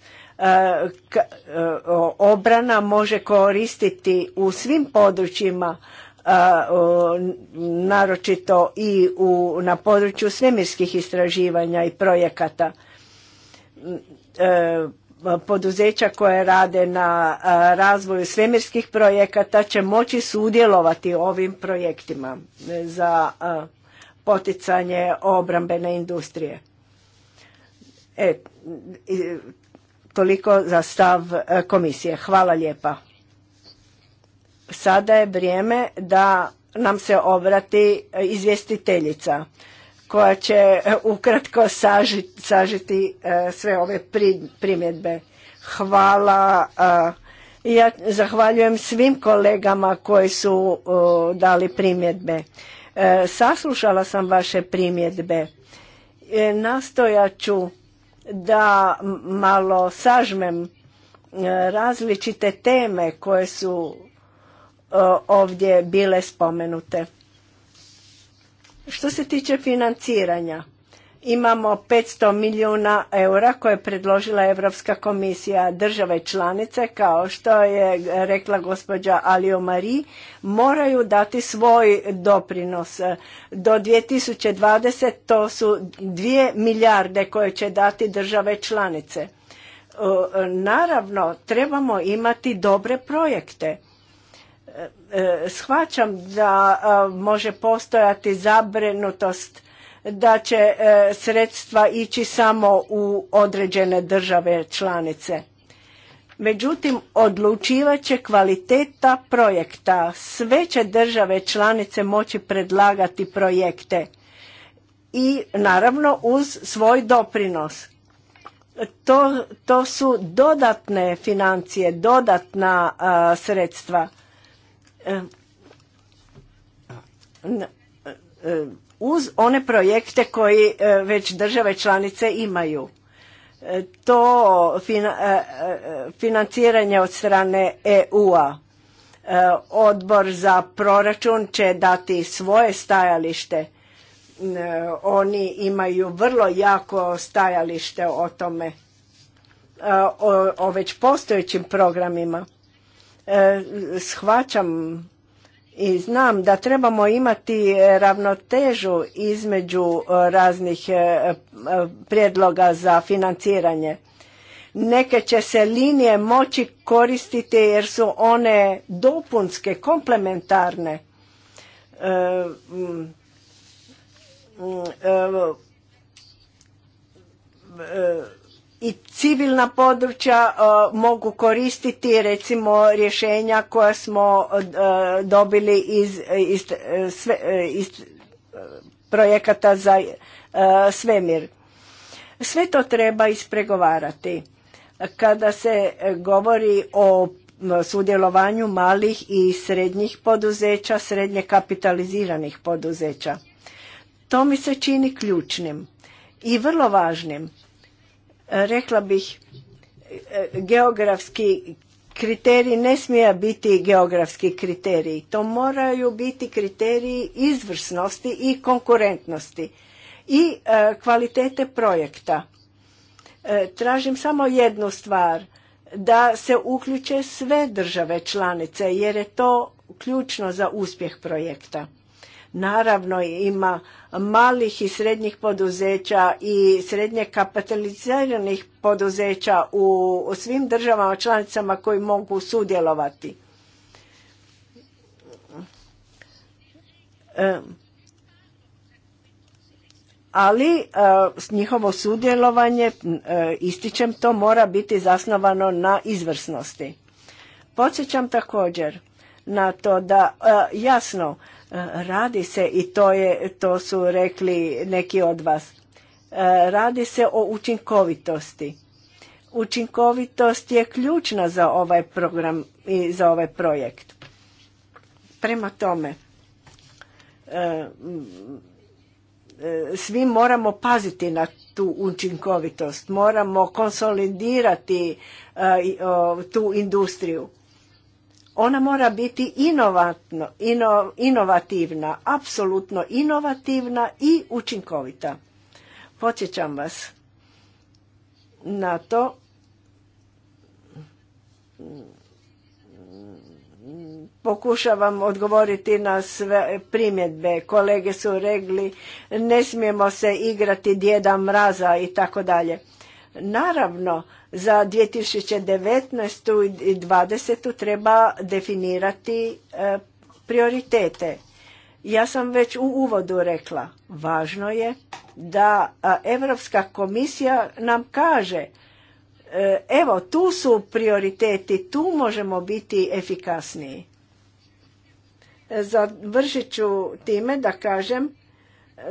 obrana može koristiti u svim područjima naročito i u, na području svemirskih istraživanja i projekata. E, poduzeća koje rade na razvoju svemirskih projekata će moći sudjelovati u ovim projektima e, za poticanje obrambene industrije. E, toliko za stav e, komisije. Hvala lijepa. Sada je vrijeme da nam se obrati e, izvjestiteljica koja će e, ukratko sažiti, e, sve ove primjedbe. Hvala. Ja zahvaljujem svim kolegama koji su dali primjedbe. Saslušala sam vaše primjedbe. Nastojat da malo sažmem različite teme koje su ovdje bile spomenute. Što se tiče financiranja, imamo 500 milijuna eura koje je predložila Europska komisija države članice, kao što je rekla gospođa Alio Marie, moraju dati svoj doprinos. Do 2020 to su 2 milijarde koje će dati države članice. E, naravno, trebamo imati dobre projekte E, shvaćam da e, može postojati zabrinutost da će e, sredstva ići samo u određene države članice. Međutim, odlučivat će kvaliteta projekta. Sve će države članice moći predlagati projekte i naravno uz svoj doprinos. To, su dodatne financije, dodatna sredstva E, e, uz one projekte koji e, već države članice imaju. To financiranje od strane EU-a. Odbor za proračun će dati svoje stajalište. Oni imaju vrlo jako stajalište o tome, o, o već postojećim programima. E, shvaćam i znam da trebamo imati ravnotežu između e, raznih e, prijedloga za financiranje. Neke će se linije moći koristiti jer su one dopunske, komplementarne i civilna područja e, mogu koristiti recimo rješenja koja smo e, dobili iz, e, iz projekata za svemir. Sve to treba ispregovarati. Kada se govori o sudjelovanju malih i srednjih poduzeća, srednje kapitaliziranih poduzeća. To mi se čini ključnim i vrlo važnim Rekla bih, e, geografski kriterij ne smije biti geografski kriterij. To moraju biti kriteriji izvrsnosti i konkurentnosti i e, kvalitete projekta. E, tražim samo jednu stvar, da se uključe sve države članice jer je to ključno za uspjeh projekta. Naravno ima malih i srednjih poduzeća i srednje kapitaliziranih poduzeća u svim državama članicama koji mogu sudjelovati. E, ali e, njihovo sudjelovanje, e, ističem to, mora biti zasnovano na izvrsnosti. Podsjećam također na to da jasno Radi se i to je, to su rekli neki od vas. E, radi se o učinkovitosti. Učinkovitost je ključna za ovaj program i za ovaj projekt. Prema tome, e, e, svi moramo paziti na tu učinkovitost, moramo konsolidirati tu industriju ona mora biti inovatno, inovativna, apsolutno inovativna i učinkovita. Podsjećam vas na to pokušavam odgovoriti na sve primjedbe. Kolege su regli, ne smijemo se igrati djeda mraza i tako dalje. Naravno, za 2019. i 2020. treba definirati e, prioritete. Ja sam već u uvodu rekla, važno je da Europska komisija nam kaže e, evo tu su prioriteti, tu možemo biti efikasniji. E, završit ću time da kažem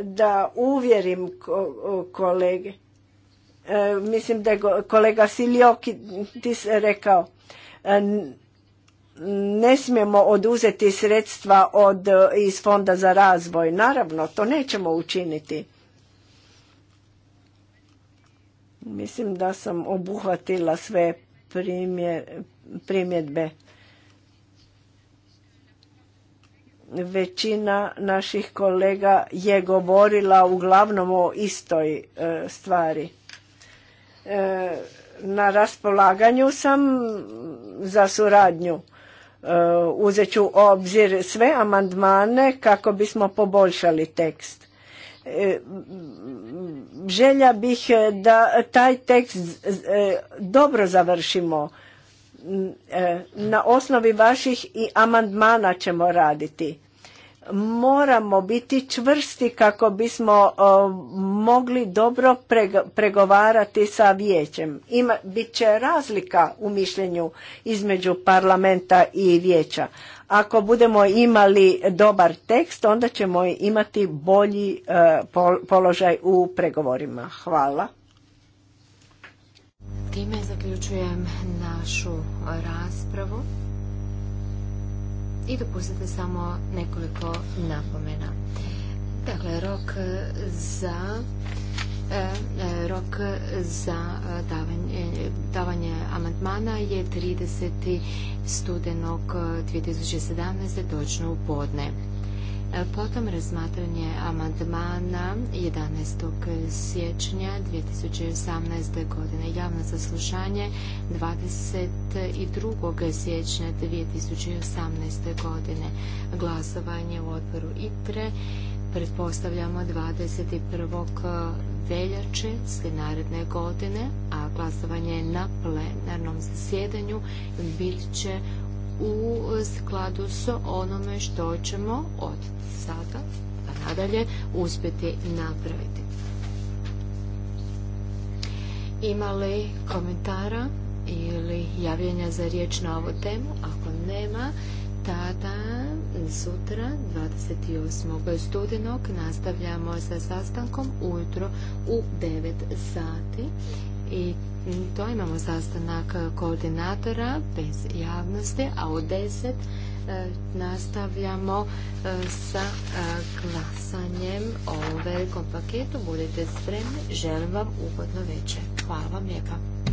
da uvjerim kolege E, mislim da je kolega se rekao e, ne smijemo oduzeti sredstva od, e, iz fonda za razvoj. Naravno, to nećemo učiniti. Mislim da sam obuhvatila sve primjedbe. Većina naših kolega je govorila uglavnom o istoj stvari. E, na raspolaganju sam za suradnju. E, uzet ću obzir sve amandmane kako bismo poboljšali tekst. E, želja bih da taj tekst dobro završimo. Na osnovi vaših i amandmana ćemo raditi moramo biti čvrsti kako bismo mogli dobro pregovarati sa vijećem. Ima, bit će razlika u mišljenju između parlamenta i vijeća. Ako budemo imali dobar tekst, onda ćemo imati bolji e, položaj u pregovorima. Hvala. Time zaključujem našu raspravu. I dopustite samo nekoliko napomena. Dakle, rok za e, e, rok za e, davanje, davanje amandmana je 30. studenog 2017. točno u podne. E, potom razmatranje amandmana 11. siječnja 2018. godine, javno zaslušanje 22. siječnja 2018. godine, glasovanje u odboru ITRE, pretpostavljamo 21. veljače naredne godine, a glasovanje na plenarnom zasjedanju bit će u skladu s onome što ćemo od sada pa nadalje uspjeti napraviti. Ima li komentara ili javljenja za riječ na ovu temu? Ako nema, tada sutra 28. studenog nastavljamo sa sastankom ujutro u 9 sati i to imamo sastanak koordinatora bez javnosti, a u deset e, nastavljamo e, sa e, glasanjem o velikom paketu. Budite spremni, želim vam ugodno večer. Hvala vam lijepa.